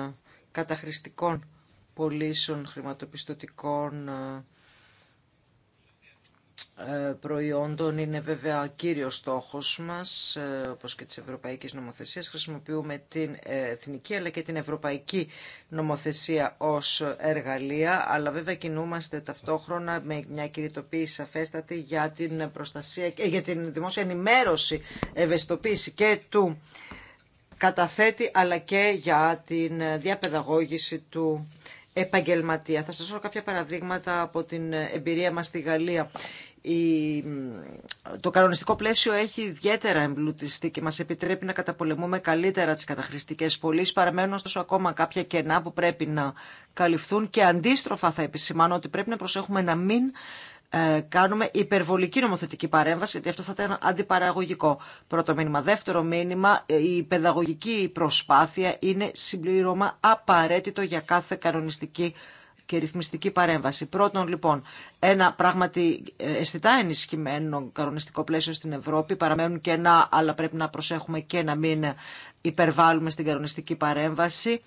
καταχρηστικών πωλήσεων χρηματοπιστωτικών ε, προϊόντων είναι βέβαια κύριος στόχος μας, ε, όπως και της Ευρωπαϊκής Νομοθεσίας. Χρησιμοποιούμε την ε, εθνική αλλά και την ευρωπαϊκή νομοθεσία ως εργαλεία, αλλά βέβαια κινούμαστε ταυτόχρονα με μια κινητοποίηση σαφέστατη για την, προστασία, για την δημόσια ενημέρωση, ευαισθητοποίηση και του καταθέτη, αλλά και για την διαπαιδαγώγηση του επαγγελματία. Θα σας δώσω κάποια παραδείγματα από την εμπειρία μας στη Γαλλία το κανονιστικό πλαίσιο έχει ιδιαίτερα εμπλουτιστεί και μας επιτρέπει να καταπολεμούμε καλύτερα τις καταχρηστικές πωλήσει. Παραμένουν ωστόσο ακόμα κάποια κενά που πρέπει να καλυφθούν και αντίστροφα θα επισημάνω ότι πρέπει να προσέχουμε να μην ε, κάνουμε υπερβολική νομοθετική παρέμβαση, γιατί αυτό θα ήταν αντιπαραγωγικό. Πρώτο μήνυμα. Δεύτερο μήνυμα, ε, η παιδαγωγική προσπάθεια είναι συμπλήρωμα απαραίτητο για κάθε κανονιστική και ρυθμιστική παρέμβαση. Πρώτον, λοιπόν, ένα πράγματι ε, αισθητά ενισχυμένο κανονιστικό πλαίσιο στην Ευρώπη. Παραμένουν κενά, αλλά πρέπει να προσέχουμε και να μην υπερβάλλουμε στην κανονιστική παρέμβαση.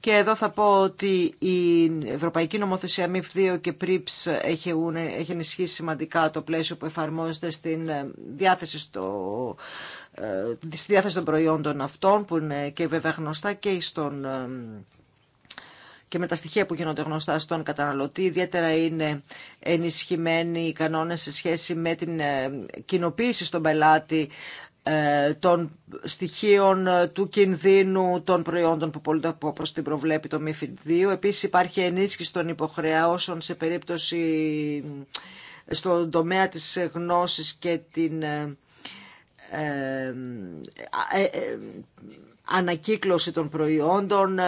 Και εδώ θα πω ότι η Ευρωπαϊκή Νομοθεσία ΜΥΦ 2 και ΠΡΙΠΣ έχει, έχει ενισχύσει σημαντικά το πλαίσιο που εφαρμόζεται στην ε, διάθεση στο, ε, στη διάθεση των προϊόντων αυτών που είναι και βέβαια γνωστά και στον και με τα στοιχεία που γίνονται γνωστά στον καταναλωτή. Ιδιαίτερα είναι ενισχυμένοι οι κανόνες σε σχέση με την ε, κοινοποίηση στον πελάτη ε, των στοιχείων ε, του κινδύνου των προϊόντων που πολύ όπω την προβλέπει το MIFID 2. Επίσης υπάρχει ενίσχυση των υποχρεώσεων σε περίπτωση στον τομέα της γνώσης και την ανακύκλωση των προϊόντων,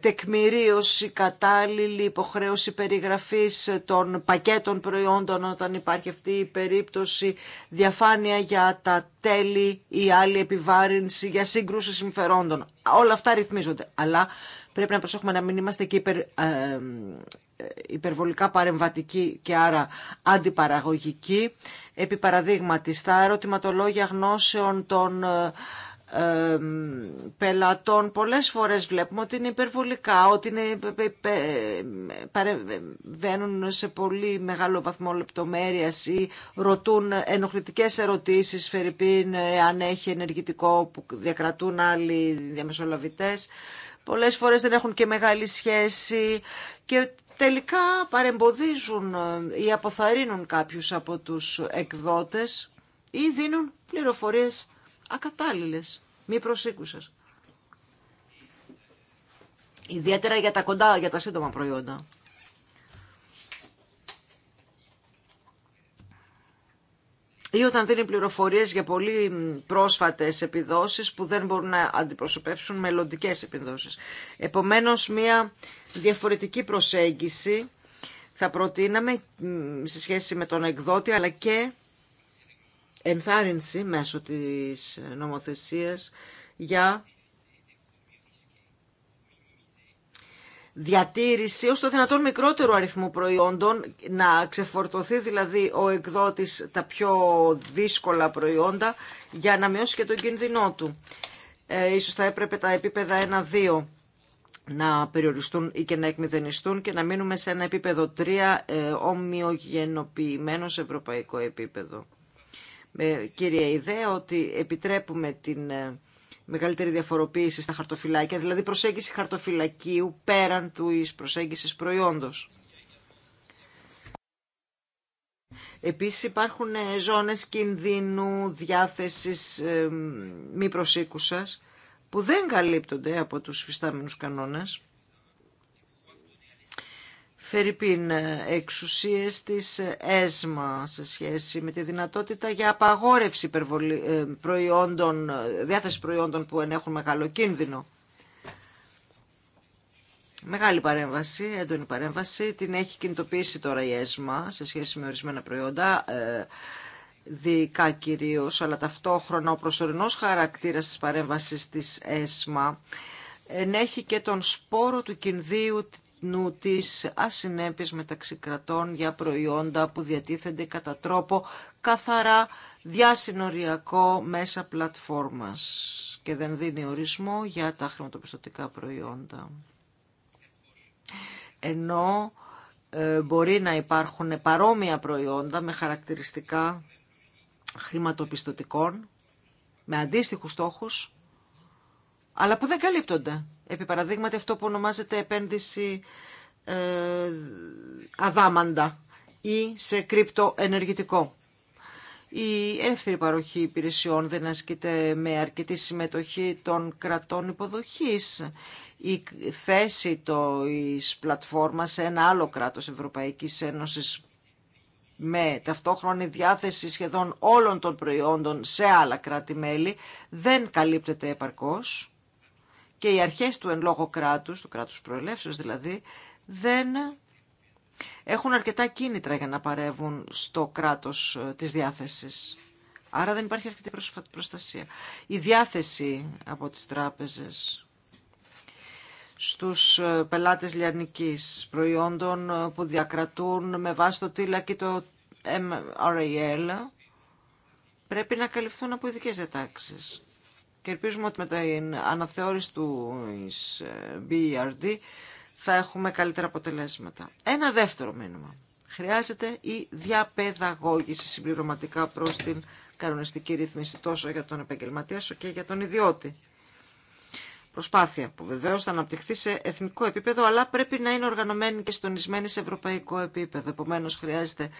τεκμηρίωση κατάλληλη, υποχρέωση περιγραφής των πακέτων προϊόντων όταν υπάρχει αυτή η περίπτωση, διαφάνεια για τα τέλη ή άλλη επιβάρυνση, για σύγκρουση συμφερόντων. Όλα αυτά ρυθμίζονται. Αλλά πρέπει να προσέχουμε να μην είμαστε και υπερ, ε, υπερβολικά παρεμβατικοί και άρα αντιπαραγωγικοί. Επί παραδείγματι, στα ερωτηματολόγια γνώσεων των... Ε, πελατών πολλές φορές βλέπουμε ότι είναι υπερβολικά, ότι είναι, παρεμβαίνουν σε πολύ μεγάλο βαθμό λεπτομέρειας ή ρωτούν ενοχλητικές ερωτήσεις, Φερρυπίν, αν έχει ενεργητικό που διακρατούν άλλοι διαμεσολαβητές. Πολλές φορές δεν έχουν και μεγάλη σχέση και τελικά παρεμποδίζουν ή αποθαρρύνουν κάποιους από τους εκδότες ή δίνουν πληροφορίες ακατάλληλες μη προσήκουσε. Ιδιαίτερα για τα κοντά, για τα σύντομα προϊόντα. Ή όταν δίνει πληροφορίες για πολύ πρόσφατες επιδόσεις που δεν μπορούν να αντιπροσωπεύσουν μελλοντικέ επιδόσεις. Επομένως, μια διαφορετική προσέγγιση θα προτείναμε σε σχέση με τον εκδότη, αλλά και ενθάρρυνση μέσω της νομοθεσίας για διατήρηση ως το δυνατόν μικρότερο αριθμού προϊόντων, να ξεφορτωθεί δηλαδή ο εκδότης τα πιο δύσκολα προϊόντα για να μειώσει και τον κίνδυνό του. Ε, ίσως θα έπρεπε τα επίπεδα 1-2 να περιοριστούν ή και να εκμηδενιστούν και να μείνουμε σε ένα επίπεδο 3 ε, ομοιογενοποιημένο σε ευρωπαϊκό επίπεδο με κύρια ιδέα ότι επιτρέπουμε την ε, μεγαλύτερη διαφοροποίηση στα χαρτοφυλάκια, δηλαδή προσέγγιση χαρτοφυλακίου πέραν του εις προσέγγισης προϊόντος. Επίσης υπάρχουν ε, ζώνες κινδύνου διάθεσης ε, μη προσήκουσας που δεν καλύπτονται από τους φυστάμινους κανόνες. Φερρυπίν ε, εξουσίες της ε, ΕΣΜΑ σε σχέση με τη δυνατότητα για απαγόρευση ε, προϊόντων, διάθεση προϊόντων που ενέχουν μεγάλο κίνδυνο. Μεγάλη παρέμβαση, έντονη παρέμβαση, την έχει κινητοποιήσει τώρα η ΕΣΜΑ σε σχέση με ορισμένα προϊόντα, Δικά κυρίω αλλά ταυτόχρονα ο προσωρινός χαρακτήρας της παρέμβασης της ΕΣΜΑ ενέχει και τον σπόρο του κινδύου νου ασυνέπεις μεταξύ κρατών για προϊόντα που διατίθενται κατά τρόπο καθαρά διασυνοριακό μέσα πλατφόρμας και δεν δίνει ορισμό για τα χρηματοπιστωτικά προϊόντα. Ενώ ε, μπορεί να υπάρχουν παρόμοια προϊόντα με χαρακτηριστικά χρηματοπιστωτικών, με αντίστοιχους στόχους, αλλά που δεν καλύπτονται Επί παραδείγματι αυτό που ονομάζεται επένδυση ε, αδάμαντα ή σε κρυπτοενεργητικό. Η εύθυρη παροχή υπηρεσιών δεν ασκείται με αρκετή συμμετοχή των κρατών υποδοχής. Η θέση της πλατφόρμας σε ένα Ευρωπαϊκής Ένωσης με ταυτόχρονη διάθεση σχεδόν όλων των προϊόντων σε άλλα κράτη-μέλη δεν καλύπτεται επαρκώς και οι αρχές του εν λόγω κράτους, του κράτους προελεύσεως δηλαδή, δεν έχουν αρκετά κίνητρα για να παρεύουν στο κράτος ε, της διάθεσης. Άρα δεν υπάρχει αρκετή προστασία. Η διάθεση από τις τράπεζες στους ε, πελάτες λιανικής προϊόντων ε, που διακρατούν με βάση το TILA και το MRAL πρέπει να καλυφθούν από ειδικέ διατάξεις. Και ελπίζουμε ότι με την αναθεώρηση του ε, BRD e θα έχουμε καλύτερα αποτελέσματα. Ένα δεύτερο μήνυμα. Χρειάζεται η διαπαιδαγώγηση συμπληρωματικά προς την κανονιστική ρύθμιση τόσο για τον επαγγελματία όσο και για τον ιδιώτη. Προσπάθεια που βεβαίως θα αναπτυχθεί σε εθνικό επίπεδο αλλά πρέπει να είναι οργανωμένη και στονισμένη σε ευρωπαϊκό επίπεδο. Επομένως χρειάζεται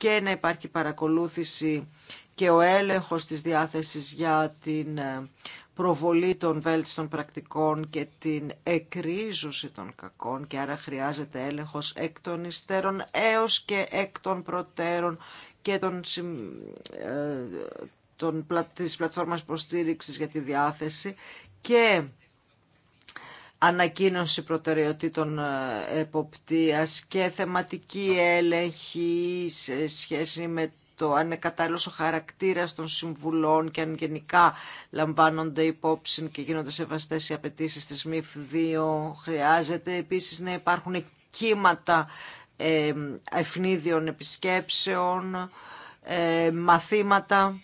και να υπάρχει παρακολούθηση και ο έλεγχος της διάθεσης για την ε, προβολή των βέλτιστων πρακτικών και την εκρίζωση των κακών και άρα χρειάζεται έλεγχος εκ των υστέρων έως και εκ των προτέρων και των, ε, των, της πλατφόρμας προστήριξης για τη διάθεση και ανακοίνωση προτεραιοτήτων ε, εποπτείας και θεματική έλεγχη σε σχέση με το αν είναι ο χαρακτήρας των συμβουλών και αν γενικά λαμβάνονται υπόψη και γίνονται σεβαστές οι απαιτήσει της ΜΥΦ 2. Χρειάζεται επίσης να υπάρχουν κύματα ε, ευνίδιων επισκέψεων, ε, μαθήματα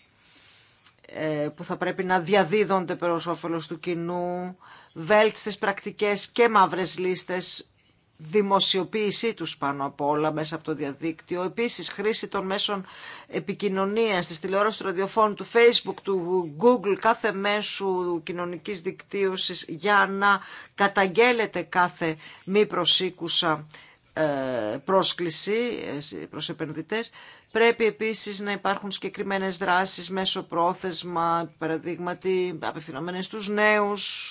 που θα πρέπει να διαδίδονται προς όφελος του κοινού, βέλτιστες πρακτικές και μαύρες λίστες δημοσιοποίησή τους πάνω από όλα μέσα από το διαδίκτυο. Επίσης χρήση των μέσων επικοινωνίας, της τηλεόρασης, του ραδιοφώνου, του facebook, του google, κάθε μέσου κοινωνικής δικτύωσης για να καταγγέλλεται κάθε μη προσήκουσα ε, πρόσκληση ε, προς επενδυτές. Πρέπει επίσης να υπάρχουν συγκεκριμένες δράσεις μέσω πρόθεσμα, παραδείγματι απευθυνόμενες στους νέους,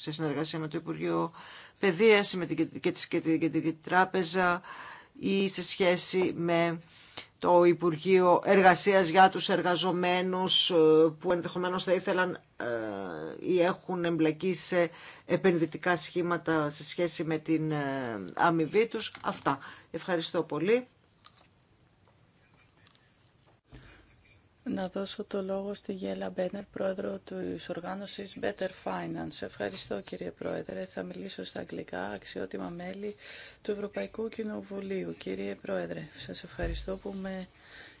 σε συνεργασία με το Υπουργείο Παιδείας με την, και την την Τράπεζα ή σε σχέση με το Υπουργείο Εργασίας για τους εργαζομένους ε, που ενδεχομένως θα ήθελαν ε, ή έχουν εμπλακεί σε επενδυτικά σχήματα σε σχέση με την ε, αμοιβή τους. Αυτά. Ευχαριστώ πολύ. να δώσω το λόγο στη Γέλα Μπένερ, πρόεδρο της οργάνωσης Better Finance. Ευχαριστώ κύριε πρόεδρε. Θα μιλήσω στα αγγλικά, αξιότιμα μέλη του Ευρωπαϊκού Κοινοβουλίου. Κύριε πρόεδρε, σας ευχαριστώ που με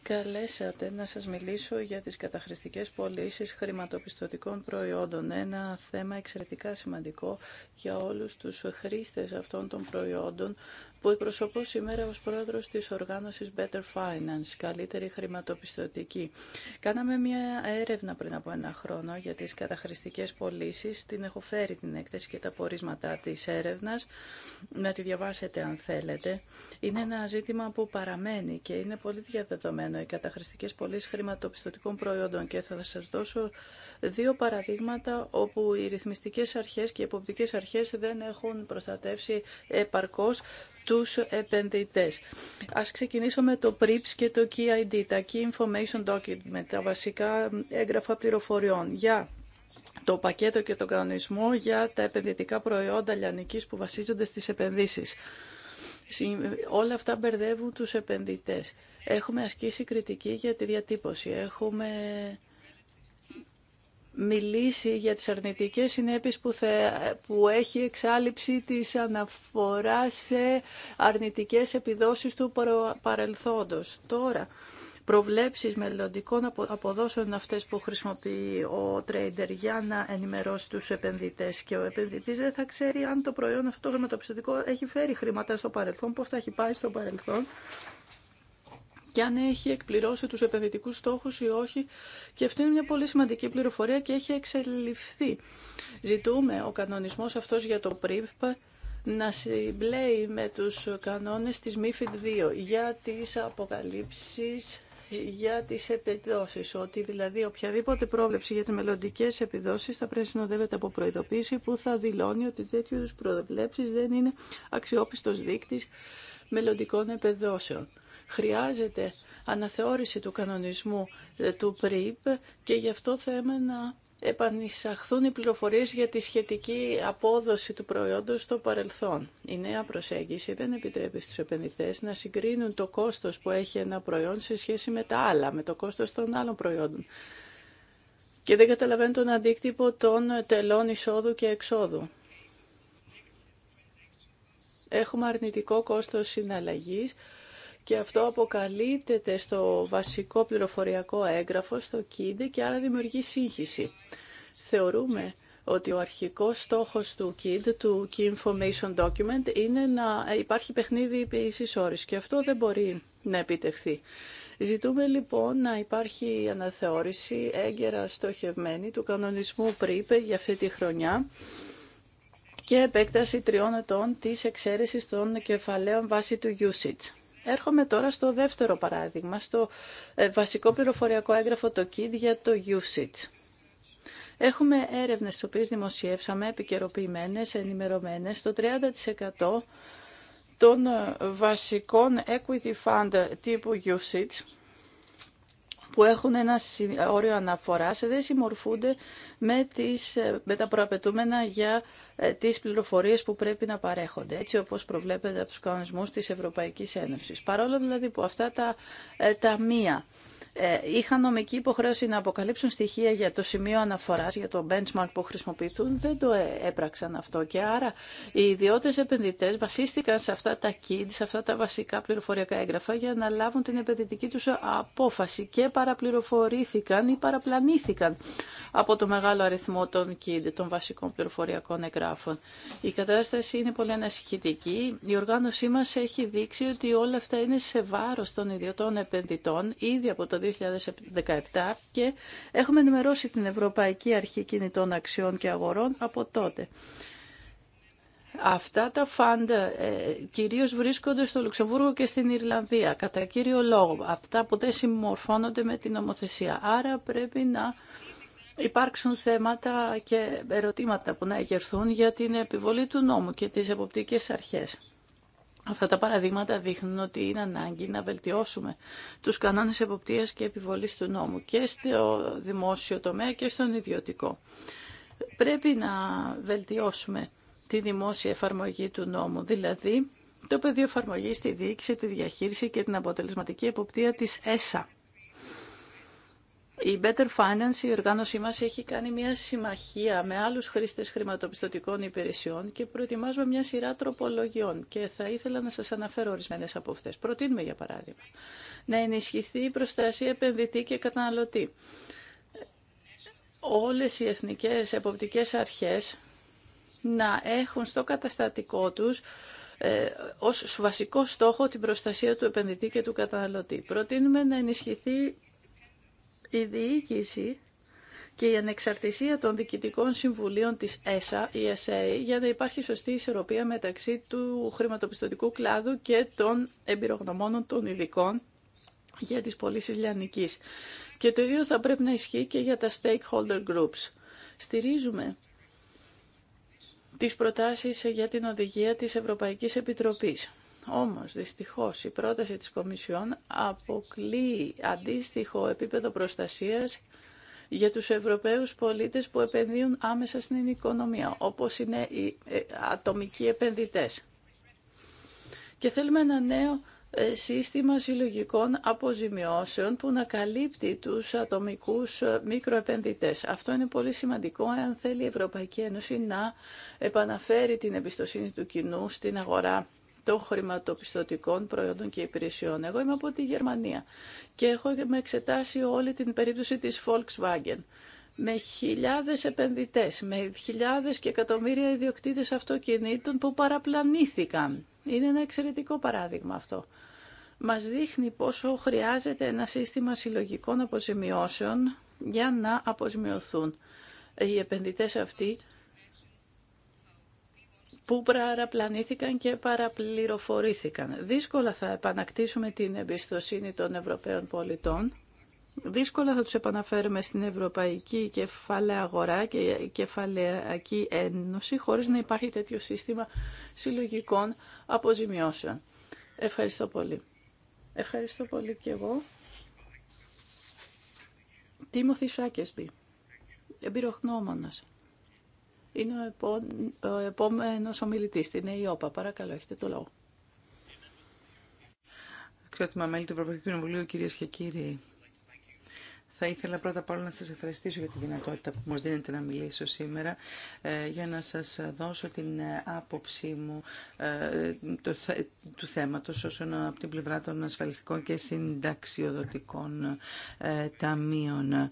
καλέσατε να σας μιλήσω για τις καταχρηστικές πωλήσει χρηματοπιστωτικών προϊόντων. Ένα θέμα εξαιρετικά σημαντικό για όλους τους χρήστες αυτών των προϊόντων που εκπροσωπώ σήμερα ως πρόεδρος της οργάνωσης Better Finance, καλύτερη χρηματοπιστωτική. Κάναμε μια έρευνα πριν από ένα χρόνο για τις καταχρηστικές πωλήσει. Την έχω φέρει την έκθεση και τα πορίσματά της έρευνας. Να τη διαβάσετε αν θέλετε. Είναι ένα ζήτημα που παραμένει και είναι πολύ διαδεδομένο. Οι καταχρηστικές πωλήσει χρηματοπιστωτικών προϊόντων και θα σας δώσω δύο παραδείγματα όπου οι ρυθμιστικές αρχές και οι εποπτικές αρχές δεν έχουν προστατεύσει επαρκώς τους επενδυτές. Ας ξεκινήσω με το PRIPS και το KID, τα Key Information Document, τα βασικά έγγραφα πληροφοριών για το πακέτο και τον κανονισμό για τα επενδυτικά προϊόντα λιανικής που βασίζονται στις επενδύσεις. Όλα αυτά μπερδεύουν τους επενδυτές. Έχουμε ασκήσει κριτική για τη διατύπωση. Έχουμε μιλήσει για τις αρνητικές συνέπειες που, που έχει εξάλληψη της αναφοράς σε αρνητικές επιδόσεις του παρελθόντος. Τώρα, προβλέψεις μελλοντικών αποδόσεων αυτές που χρησιμοποιεί ο τρέιντερ για να ενημερώσει τους επενδυτές και ο επενδυτής δεν θα ξέρει αν το προϊόν αυτό το χρηματοπιστωτικό έχει φέρει χρήματα στο παρελθόν, πώς θα έχει πάει στο παρελθόν και αν έχει εκπληρώσει τους επενδυτικούς στόχους ή όχι. Και αυτή είναι μια πολύ σημαντική πληροφορία και έχει εξελιχθεί. Ζητούμε ο κανονισμός αυτός για το ΠΡΙΠ να συμπλέει με τους κανόνες της ΜΥΦΙΤ 2 για τις αποκαλύψεις για τις επιδόσεις, ότι δηλαδή οποιαδήποτε πρόβλεψη για τις μελλοντικέ επιδόσεις θα πρέπει να συνοδεύεται από προειδοποίηση που θα δηλώνει ότι τέτοιου προβλέψεις δεν είναι αξιόπιστος δείκτης μελλοντικών επιδόσεων. Χρειάζεται αναθεώρηση του κανονισμού ε, του ΠΡΙΠ και γι' αυτό θέλουμε να επανεισαχθούν οι πληροφορίες για τη σχετική απόδοση του προϊόντος στο παρελθόν. Η νέα προσέγγιση δεν επιτρέπει στους επενδυτές να συγκρίνουν το κόστος που έχει ένα προϊόν σε σχέση με τα άλλα, με το κόστος των άλλων προϊόντων. Και δεν καταλαβαίνει τον αντίκτυπο των τελών εισόδου και εξόδου. Έχουμε αρνητικό κόστος συναλλαγής και αυτό αποκαλύπτεται στο βασικό πληροφοριακό έγγραφο, στο ΚΙΝΤΕ και άρα δημιουργεί σύγχυση. Θεωρούμε ότι ο αρχικός στόχος του KID, του Key Information Document, είναι να υπάρχει παιχνίδι επίσης όρης και αυτό δεν μπορεί να επιτευχθεί. Ζητούμε λοιπόν να υπάρχει αναθεώρηση έγκαιρα στοχευμένη του κανονισμού ΠΡΙΠΕ για αυτή τη χρονιά και επέκταση τριών ετών της εξαίρεσης των κεφαλαίων βάσει του usage. Έρχομαι τώρα στο δεύτερο παράδειγμα, στο ε, βασικό πληροφοριακό έγγραφο το KID για το usage. Έχουμε έρευνες τις οποίες δημοσιεύσαμε, επικαιροποιημένες, ενημερωμένες, το 30% των ε, βασικών equity fund τύπου usage που έχουν ένα όριο αναφοράς δεν συμμορφούνται με, τις, ε, με τα προαπαιτούμενα για ε, τις πληροφορίες που πρέπει να παρέχονται, έτσι όπως προβλέπεται από τους κανονισμούς της Ευρωπαϊκής Ένωσης. Παρόλο δηλαδή που αυτά τα ε, ταμεία είχαν νομική υποχρέωση να αποκαλύψουν στοιχεία για το σημείο αναφοράς, για το benchmark που χρησιμοποιηθούν, δεν το έπραξαν αυτό. Και άρα οι ιδιώτες επενδυτές βασίστηκαν σε αυτά τα KID, σε αυτά τα βασικά πληροφοριακά έγγραφα για να λάβουν την επενδυτική τους απόφαση και παραπληροφορήθηκαν ή παραπλανήθηκαν από το μεγάλο μεγάλο αριθμό των KID, των βασικών πληροφοριακών εγγράφων. Η κατάσταση είναι πολύ ανασυχητική. Η οργάνωσή μα έχει δείξει ότι όλα αυτά είναι σε βάρο των ιδιωτών επενδυτών ήδη από το 2017 και έχουμε ενημερώσει την Ευρωπαϊκή Αρχή Κινητών Αξιών και Αγορών από τότε. Αυτά τα φάντα ε, κυρίως βρίσκονται στο Λουξεμβούργο και στην Ιρλανδία, κατά κύριο λόγο. Αυτά που δεν συμμορφώνονται με την νομοθεσία. Άρα πρέπει να υπάρξουν θέματα και ερωτήματα που να εγερθούν για την επιβολή του νόμου και τις εποπτικές αρχές. Αυτά τα παραδείγματα δείχνουν ότι είναι ανάγκη να βελτιώσουμε τους κανόνες εποπτείας και επιβολής του νόμου και στο δημόσιο τομέα και στον ιδιωτικό. Πρέπει να βελτιώσουμε τη δημόσια εφαρμογή του νόμου, δηλαδή το πεδίο εφαρμογή στη διοίκηση, τη διαχείριση και την αποτελεσματική εποπτεία της ΕΣΑ. Η Better Finance, η οργάνωσή μας, έχει κάνει μια συμμαχία με άλλους χρήστες χρηματοπιστωτικών υπηρεσιών και προετοιμάζουμε μια σειρά τροπολογιών και θα ήθελα να σας αναφέρω ορισμένες από αυτές. Προτείνουμε, για παράδειγμα, να ενισχυθεί η προστασία επενδυτή και καταναλωτή. Όλες οι εθνικές εποπτικές αρχές να έχουν στο καταστατικό τους ε, ως βασικό στόχο την προστασία του επενδυτή και του καταναλωτή. Προτείνουμε να ενισχυθεί η διοίκηση και η ανεξαρτησία των διοικητικών συμβουλίων της ΕΣΑ, η για να υπάρχει σωστή ισορροπία μεταξύ του χρηματοπιστωτικού κλάδου και των εμπειρογνωμόνων των ειδικών για τις πωλήσει λιανικής. Και το ίδιο θα πρέπει να ισχύει και για τα stakeholder groups. Στηρίζουμε τις προτάσεις για την οδηγία της Ευρωπαϊκής Επιτροπής όμως, δυστυχώς, η πρόταση της Κομισιόν αποκλεί αντίστοιχο επίπεδο προστασίας για τους Ευρωπαίους πολίτες που επενδύουν άμεσα στην οικονομία, όπως είναι οι ε, ατομικοί επενδυτές. Και θέλουμε ένα νέο ε, σύστημα συλλογικών αποζημιώσεων που να καλύπτει τους ατομικούς ε, μικροεπενδυτές. Αυτό είναι πολύ σημαντικό αν θέλει η Ευρωπαϊκή Ένωση να επαναφέρει την εμπιστοσύνη του κοινού στην αγορά των χρηματοπιστωτικών προϊόντων και υπηρεσιών. Εγώ είμαι από τη Γερμανία και έχω με εξετάσει όλη την περίπτωση της Volkswagen με χιλιάδες επενδυτές, με χιλιάδες και εκατομμύρια ιδιοκτήτες αυτοκινήτων που παραπλανήθηκαν. Είναι ένα εξαιρετικό παράδειγμα αυτό. Μας δείχνει πόσο χρειάζεται ένα σύστημα συλλογικών αποζημιώσεων για να αποζημιωθούν οι επενδυτές αυτοί που παραπλανήθηκαν και παραπληροφορήθηκαν. Δύσκολα θα επανακτήσουμε την εμπιστοσύνη των Ευρωπαίων πολιτών. Δύσκολα θα τους επαναφέρουμε στην Ευρωπαϊκή Κεφάλαια Αγορά και Κεφαλαιακή Ένωση χωρίς να υπάρχει τέτοιο σύστημα συλλογικών αποζημιώσεων. Ευχαριστώ πολύ. Ευχαριστώ πολύ και εγώ. Τίμωθη Σάκεσμπη, εμπειρογνώμονας είναι ο, επό... ο επόμενος ομιλητής. Είναι η Παρακαλώ, έχετε το λόγο. Αξιότιμα μέλη του Ευρωπαϊκού Κοινοβουλίου, κυρίες και κύριοι. Θα ήθελα πρώτα απ' όλα να σας ευχαριστήσω για τη δυνατότητα που μας δίνετε να μιλήσω σήμερα ε, για να σας δώσω την ε, άποψή μου ε, του θέματος όσον από την πλευρά των ασφαλιστικών και συνταξιοδοτικών ταμείων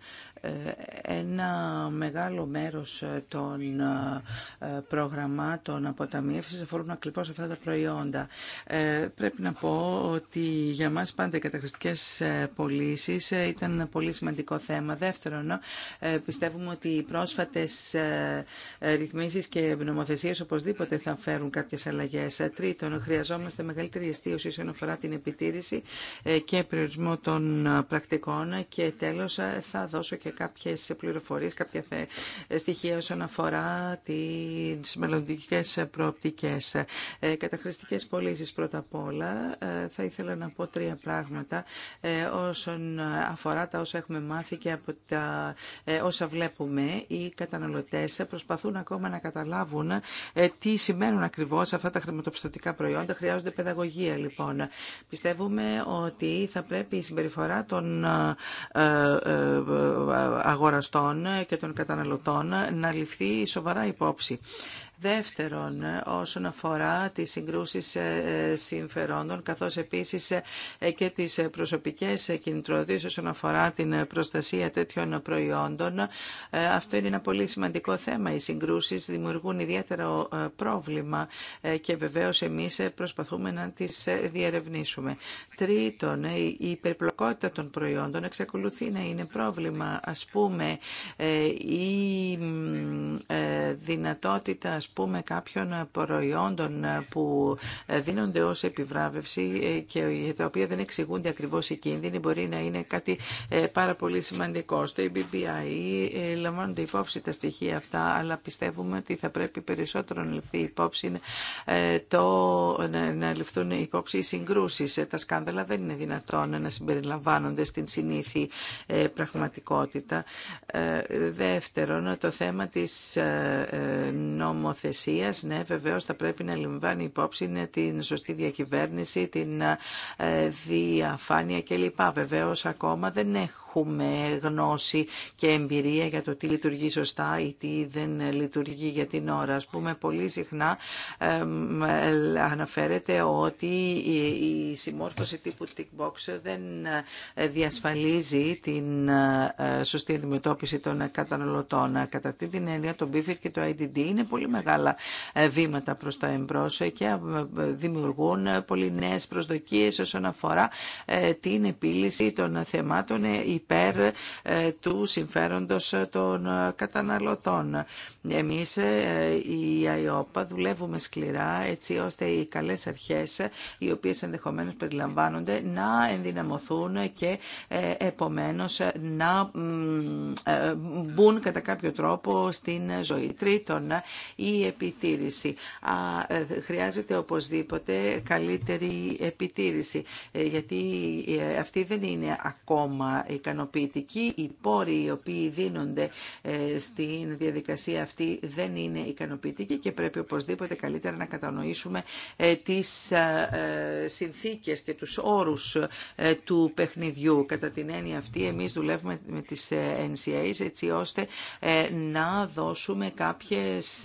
ένα μεγάλο μέρος των ε, προγραμμάτων αποταμίευσης αφορούν ακριβώς αυτά τα προϊόντα. Ε, πρέπει να πω ότι για μας πάντα οι καταχρηστικές ε, πωλήσει ήταν ένα πολύ σημαντικό θέμα. Δεύτερον, πιστεύουμε ότι οι πρόσφατες ρυθμίσεις και νομοθεσίες οπωσδήποτε θα φέρουν κάποιες αλλαγές. Τρίτον, χρειαζόμαστε μεγαλύτερη αισθίωση όσον αφορά την επιτήρηση και περιορισμό των πρακτικών και τέλος θα δώσω και και κάποιε πληροφορίε κάποια στοιχεία όσον αφορά τι μελλοντικέ προοπτικέ. Ε, καταχρηστικές πωλήσει πρώτα απ' όλα. Ε, θα ήθελα να πω τρία πράγματα ε, όσον αφορά τα όσα έχουμε μάθει και από τα όσα βλέπουμε. Οι καταναλωτέ προσπαθούν ακόμα να καταλάβουν τι σημαίνουν ακριβώς αυτά τα χρηματοπιστωτικά προϊόντα. Χρειάζονται παιδαγωγία λοιπόν. Πιστεύουμε ότι θα πρέπει η συμπεριφορά των αγοραστών και των καταναλωτών να ληφθεί σοβαρά υπόψη. Δεύτερον, όσον αφορά τις συγκρούσεις ε, συμφερόντων, καθώς επίσης ε, και τις προσωπικές κινητροδίες όσον αφορά την προστασία τέτοιων προϊόντων. Ε, αυτό είναι ένα πολύ σημαντικό θέμα. Οι συγκρούσεις δημιουργούν ιδιαίτερο πρόβλημα και βεβαίως εμείς προσπαθούμε να τις διερευνήσουμε. Τρίτον, η υπερπλοκότητα των προϊόντων εξακολουθεί να είναι πρόβλημα. Ας πούμε, η δυνατότητα ας πούμε κάποιων προϊόντων που δίνονται ως επιβράβευση και τα οποία δεν εξηγούνται ακριβώς οι κίνδυνοι μπορεί να είναι κάτι ε, πάρα πολύ σημαντικό. Στο EBBI ε, λαμβάνονται υπόψη τα στοιχεία αυτά αλλά πιστεύουμε ότι θα πρέπει περισσότερο να ληφθεί υπόψη ε, το, να ληφθούν υπόψη οι συγκρούσεις. Τα σκάνδαλα δεν είναι δυνατόν να συμπεριλαμβάνονται στην συνήθη πραγματικότητα. Δεύτερον, το θέμα της νομοθεσία ναι, βεβαίω θα πρέπει να λαμβάνει υπόψη ναι, την σωστή διακυβέρνηση, την ε, διαφάνεια κλπ. Βεβαίως ακόμα δεν έχω έχουμε γνώση και εμπειρία για το τι λειτουργεί σωστά ή τι δεν λειτουργεί για την ώρα. Ας πούμε, πολύ συχνά αναφέρεται ότι η συμμόρφωση τύπου tick box δεν ε, διασφαλίζει την ε, ε, σωστή αντιμετώπιση των καταναλωτών. Κατά αυτή την έννοια, το BIFID και το IDD είναι πολύ μεγάλα βήματα προς τα εμπρόσω και δημιουργούν πολύ νέε προσδοκίε όσον αφορά την επίλυση των θεμάτων υπέρ ε, του συμφέροντος των ε, καταναλωτών. Εμείς ε, η ΑΙΟΠΑ δουλεύουμε σκληρά έτσι ώστε οι καλές αρχές οι οποίες ενδεχομένως περιλαμβάνονται να ενδυναμωθούν και επομένως να μπουν κατά κάποιο τρόπο στην ζωή. Τρίτον, η επιτήρηση. Χρειάζεται οπωσδήποτε καλύτερη επιτήρηση γιατί αυτή δεν είναι ακόμα η ικανοποιητικοί. Οι πόροι οι οποίοι δίνονται ε, στην διαδικασία αυτή δεν είναι ικανοποιητικοί και πρέπει οπωσδήποτε καλύτερα να κατανοήσουμε ε, τις ε, συνθήκες και τους όρους του παιχνιδιού. Κατά την έννοια αυτή εμείς δουλεύουμε με τις NCAs έτσι ώστε να δώσουμε κάποιες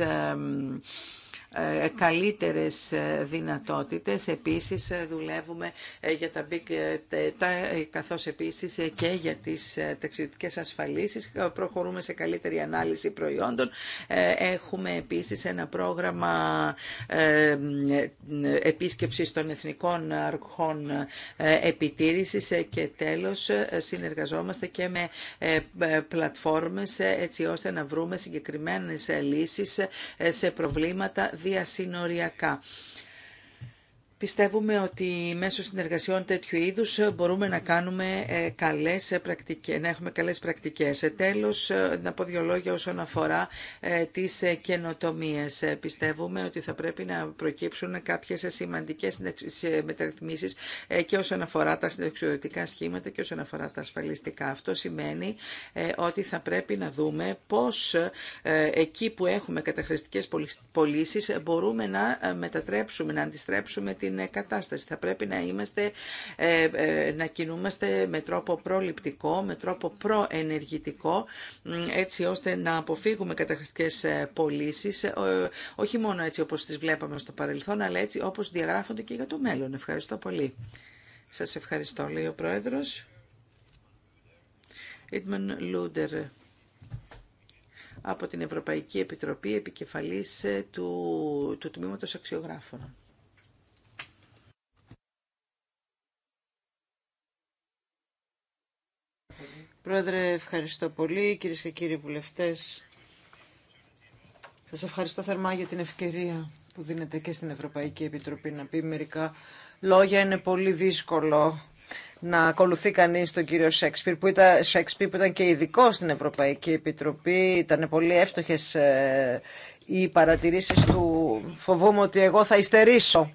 ε, καλύτερες ε, δυνατότητες. Επίσης ε, δουλεύουμε για τα big data καθώς επίσης και για τις ταξιδιωτικές ασφαλίσεις. Προχωρούμε σε καλύτερη ανάλυση προϊόντων. Έχουμε επίσης ένα πρόγραμμα επίσκεψης των εθνικών αρχών επιτήρησης και τέλος συνεργαζόμαστε και με πλατφόρμες έτσι ώστε να βρούμε συγκεκριμένες λύσεις σε προβλήματα διασυνοριακά. Πιστεύουμε ότι μέσω συνεργασιών τέτοιου είδους μπορούμε να, κάνουμε ε, καλές ε, πρακτικές, να έχουμε καλές πρακτικές. Ε, τέλος, να πω δύο λόγια όσον αφορά τις καινοτομίες. Πιστεύουμε ότι θα πρέπει να προκύψουν κάποιες σημαντικές μεταρρυθμίσεις και όσον αφορά τα συνταξιοδοτικά σχήματα και όσον αφορά τα ασφαλιστικά. Αυτό σημαίνει ότι θα πρέπει να δούμε πώς εκεί που έχουμε καταχρηστικές πωλήσει μπορούμε να μετατρέψουμε, να αντιστρέψουμε την την ε, κατάσταση. Θα πρέπει να είμαστε, ε, ε, να κινούμαστε με τρόπο προληπτικό, με τρόπο προενεργητικό, έτσι ώστε να αποφύγουμε καταχρηστικές πωλήσει, όχι μόνο έτσι όπως τις βλέπαμε στο παρελθόν, αλλά έτσι όπως διαγράφονται και για το μέλλον. Ευχαριστώ πολύ. Σας ευχαριστώ, λέει ο Πρόεδρος. Ιτμαν Λούντερ από την Ευρωπαϊκή Επιτροπή Επικεφαλής του, του Τμήματος Αξιογράφων. Πρόεδρε, ευχαριστώ πολύ. Κυρίε και κύριοι βουλευτέ, σα ευχαριστώ θερμά για την ευκαιρία που δίνετε και στην Ευρωπαϊκή Επιτροπή να πει μερικά λόγια. Είναι πολύ δύσκολο να ακολουθεί κανεί τον κύριο Σέξπιρ που, ήταν, που ήταν και ειδικό στην Ευρωπαϊκή Επιτροπή. Ήταν πολύ εύστοχε ε, οι παρατηρήσει του. Φοβούμαι ότι εγώ θα υστερήσω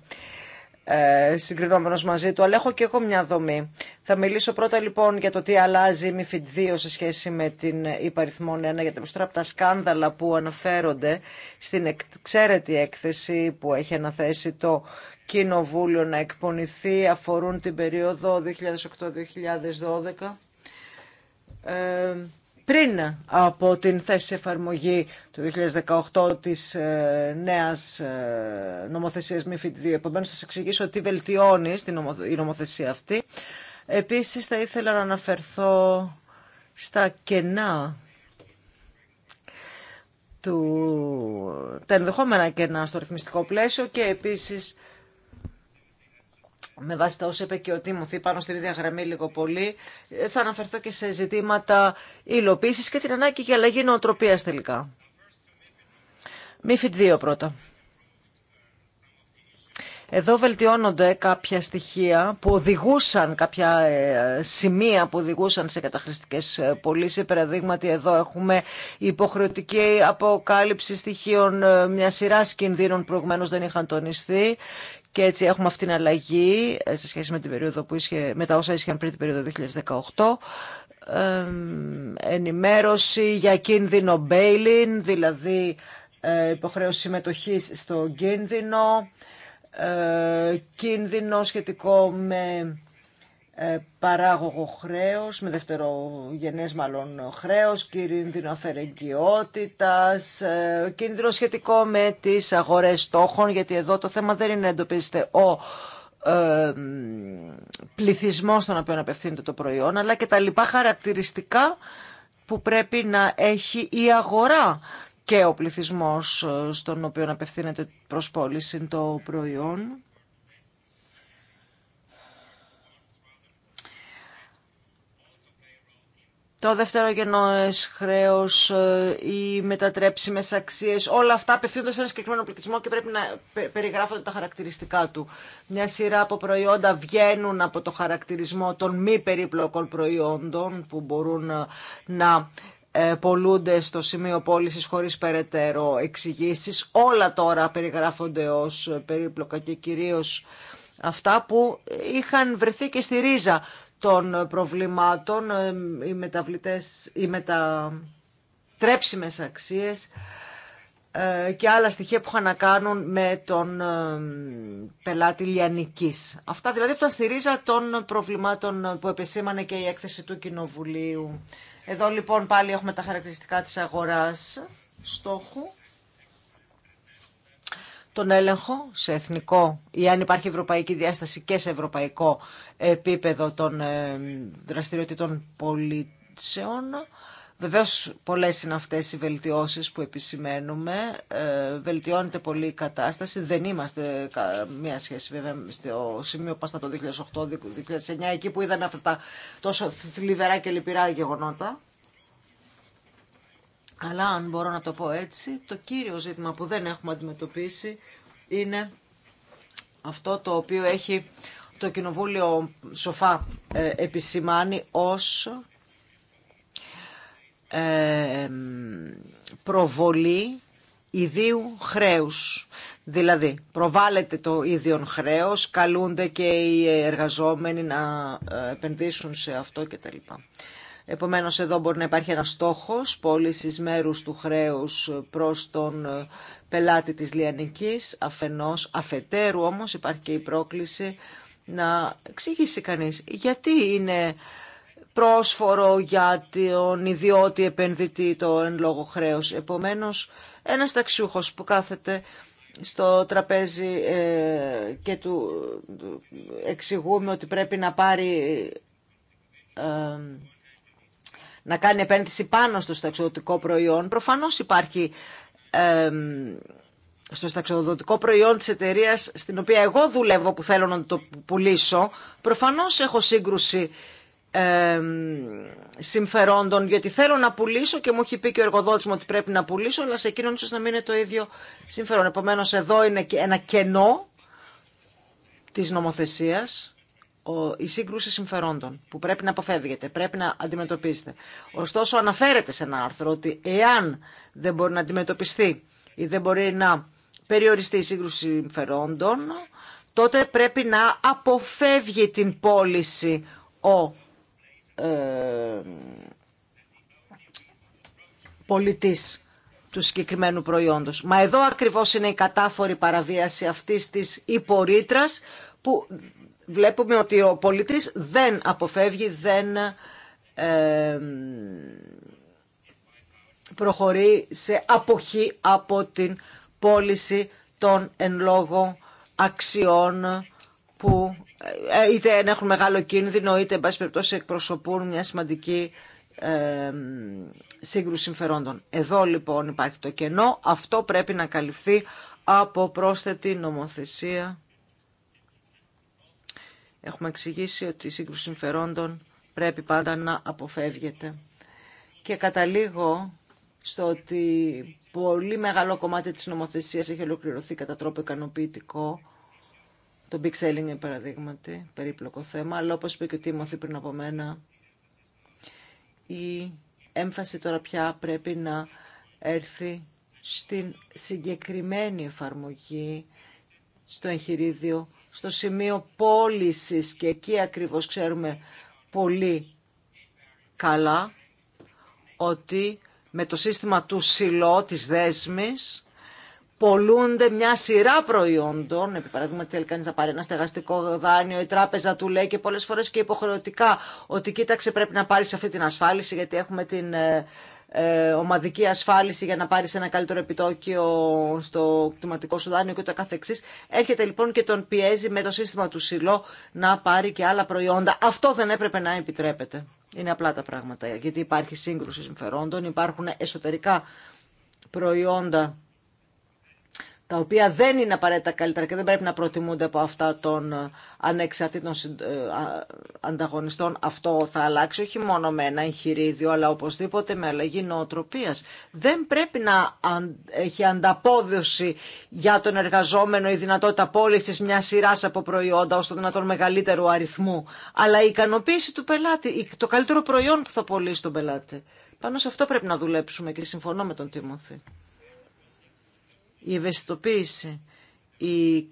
ε, συγκρινόμενος μαζί του, αλλά έχω και εγώ μια δομή. Θα μιλήσω πρώτα λοιπόν για το τι αλλάζει η ΜΥΦΙΤ 2 σε σχέση με την υπαριθμόν 1, γιατί τώρα από τα σκάνδαλα που αναφέρονται στην εξαίρετη έκθεση που έχει αναθέσει το Κοινοβούλιο να εκπονηθεί, αφορούν την περίοδο 2008-2012. Ε, πριν από την θέση εφαρμογή του 2018 της ε, νέας ε, νομοθεσίας MIFID 2. Επομένως, θα σας εξηγήσω τι βελτιώνει η νομοθεσία αυτή. Επίσης, θα ήθελα να αναφερθώ στα κενά του, τα ενδεχόμενα κενά στο ρυθμιστικό πλαίσιο και επίσης με βάση τα όσα είπε και ο Τίμωθη πάνω στην ίδια γραμμή λίγο πολύ, ε, θα αναφερθώ και σε ζητήματα υλοποίηση και την ανάγκη για αλλαγή νοοτροπίας τελικά. Μη 2 πρώτα. Εδώ βελτιώνονται κάποια στοιχεία που οδηγούσαν, κάποια ε, σημεία που οδηγούσαν σε καταχρηστικές ε, πωλήσει. Παραδείγματι, εδώ έχουμε υποχρεωτική αποκάλυψη στοιχείων ε, μια σειρά κινδύνων που προηγουμένως δεν είχαν τονιστεί. Και έτσι έχουμε αυτήν την αλλαγή σε σχέση με, την περίοδο που με τα όσα ίσχυαν πριν την περίοδο 2018 ενημέρωση για κίνδυνο bail-in, δηλαδή υποχρέωση συμμετοχής στο κίνδυνο, ε, κίνδυνο σχετικό με ε, παράγωγο χρέος, με δευτερογενές μάλλον χρέος, κίνδυνο αφαιρεγγιότητας, ε, κίνδυνο σχετικό με τις αγορές στόχων, γιατί εδώ το θέμα δεν είναι να ο ε, πληθυσμός στον οποίο απευθύνεται το προϊόν, αλλά και τα λοιπά χαρακτηριστικά που πρέπει να έχει η αγορά και ο πληθυσμός ε, στον οποίο απευθύνεται προς πώληση το προϊόν. Το δεύτερο δευτερογενέ χρέο, ε, οι μετατρέψιμε αξίε, όλα αυτά απευθύνονται σε ένα συγκεκριμένο πληθυσμό και πρέπει να περιγράφονται τα χαρακτηριστικά του. Μια σειρά από προϊόντα βγαίνουν από το χαρακτηρισμό των μη περίπλοκων προϊόντων που μπορούν ε, να ε, πολλούνται στο σημείο πώληση χωρίς περαιτέρω εξηγήσει. Όλα τώρα περιγράφονται ω περίπλοκα και κυρίως αυτά που είχαν βρεθεί και στη ρίζα των προβλημάτων, ε, οι μεταβλητές, οι μετατρέψιμες αξίες ε, και άλλα στοιχεία που είχαν να κάνουν με τον πελάτη Λιανικής. Αυτά δηλαδή ήταν στη ρίζα των προβλημάτων που επεσήμανε και η έκθεση του Κοινοβουλίου εδώ λοιπόν πάλι έχουμε τα χαρακτηριστικά της αγοράς στόχου, τον έλεγχο σε εθνικό ή αν υπάρχει ευρωπαϊκή διάσταση και σε ευρωπαϊκό επίπεδο των ε, δραστηριοτήτων πολίτσεων, Βεβαίως πολλές είναι αυτές οι βελτιώσεις που επισημαίνουμε. Ε, βελτιώνεται πολύ η κατάσταση. Δεν είμαστε μία σχέση βέβαια στο σημείο που το 2008-2009, εκεί που είδαμε αυτά τα τόσο θλιβερά και λυπηρά γεγονότα. Αλλά αν μπορώ να το πω έτσι, το κύριο ζήτημα που δεν έχουμε αντιμετωπίσει είναι αυτό το οποίο έχει το Κοινοβούλιο σοφά ε, επισημάνει ως προβολή ιδίου χρέους. Δηλαδή, προβάλλεται το ίδιον χρέος, καλούνται και οι εργαζόμενοι να ε, επενδύσουν σε αυτό κτλ. Επομένως, εδώ μπορεί να υπάρχει ένας στόχος πώληση μέρους του χρέους προς τον ε, πελάτη της Λιανικής, αφενός, αφετέρου όμως υπάρχει και η πρόκληση να εξηγήσει κανείς γιατί είναι πρόσφορο για τον ιδιώτη επενδυτή το εν λόγω χρέος. Επομένως, ένας ταξιούχος που κάθεται στο τραπέζι ε, και του εξηγούμε ότι πρέπει να πάρει ε, να κάνει επένδυση πάνω στο σταξιοδοτικό προϊόν. Προφανώς υπάρχει ε, στο σταξιοδοτικό προϊόν της εταιρείας στην οποία εγώ δουλεύω που θέλω να το πουλήσω, προφανώς έχω σύγκρουση συμφερόντων, γιατί θέλω να πουλήσω και μου έχει πει και ο εργοδότη μου ότι πρέπει να πουλήσω, αλλά σε εκείνον ίσω να μην είναι το ίδιο συμφερόν. Επομένω, εδώ είναι ένα κενό της νομοθεσίας, η σύγκρουση συμφερόντων που πρέπει να αποφεύγετε πρέπει να αντιμετωπίσετε. Ωστόσο αναφέρεται σε ένα άρθρο ότι εάν δεν μπορεί να αντιμετωπιστεί ή δεν μπορεί να περιοριστεί η σύγκρουση συμφερόντων, τότε πρέπει να αποφεύγει την πώληση ο ε, πολιτής του συγκεκριμένου προϊόντος. Μα εδώ ακριβώς είναι η κατάφορη παραβίαση αυτής της υπορήτρας που βλέπουμε ότι ο πολιτής δεν αποφεύγει, δεν ε, προχωρεί σε αποχή από την πώληση των εν λόγω αξιών που ε, ε, είτε έχουν μεγάλο κίνδυνο, είτε εν πάση περιπτώσει εκπροσωπούν μια σημαντική ε, σύγκρουση συμφερόντων. Εδώ λοιπόν υπάρχει το κενό, αυτό πρέπει να καλυφθεί από πρόσθετη νομοθεσία. Έχουμε εξηγήσει ότι η σύγκρουση συμφερόντων πρέπει πάντα να αποφεύγεται. Και καταλήγω στο ότι πολύ μεγάλο κομμάτι της νομοθεσίας έχει ολοκληρωθεί κατά τρόπο ικανοποιητικό το big selling είναι παραδείγματι, περίπλοκο θέμα, αλλά όπως είπε και ο Τίμωθη πριν από μένα, η έμφαση τώρα πια πρέπει να έρθει στην συγκεκριμένη εφαρμογή, στο εγχειρίδιο, στο σημείο πώληση και εκεί ακριβώς ξέρουμε πολύ καλά ότι με το σύστημα του ΣΥΛΟ της δέσμης πολλούνται μια σειρά προϊόντων. Επί παράδειγμα, θέλει κανεί να πάρει ένα στεγαστικό δάνειο, η τράπεζα του λέει και πολλέ φορέ και υποχρεωτικά ότι κοίταξε πρέπει να πάρει αυτή την ασφάλιση γιατί έχουμε την ε, ε ομαδική ασφάλιση για να πάρει ένα καλύτερο επιτόκιο στο κτηματικό σου δάνειο και το καθεξής. Έρχεται λοιπόν και τον πιέζει με το σύστημα του ΣΥΛΟ να πάρει και άλλα προϊόντα. Αυτό δεν έπρεπε να επιτρέπεται. Είναι απλά τα πράγματα γιατί υπάρχει σύγκρουση συμφερόντων, υπάρχουν εσωτερικά προϊόντα τα οποία δεν είναι απαραίτητα καλύτερα και δεν πρέπει να προτιμούνται από αυτά των ε, ανεξαρτήτων ε, ανταγωνιστών. Αυτό θα αλλάξει όχι μόνο με ένα εγχειρίδιο, αλλά οπωσδήποτε με αλλαγή νοοτροπίας. Δεν πρέπει να έχει ανταπόδοση για τον εργαζόμενο η δυνατότητα πώληση μια σειρά από προϊόντα ως το δυνατόν μεγαλύτερου αριθμού, αλλά η ικανοποίηση του πελάτη, το καλύτερο προϊόν που θα πωλήσει τον πελάτη. Πάνω σε αυτό πρέπει να δουλέψουμε και συμφωνώ με τον Τίμωθη η ευαισθητοποίηση, η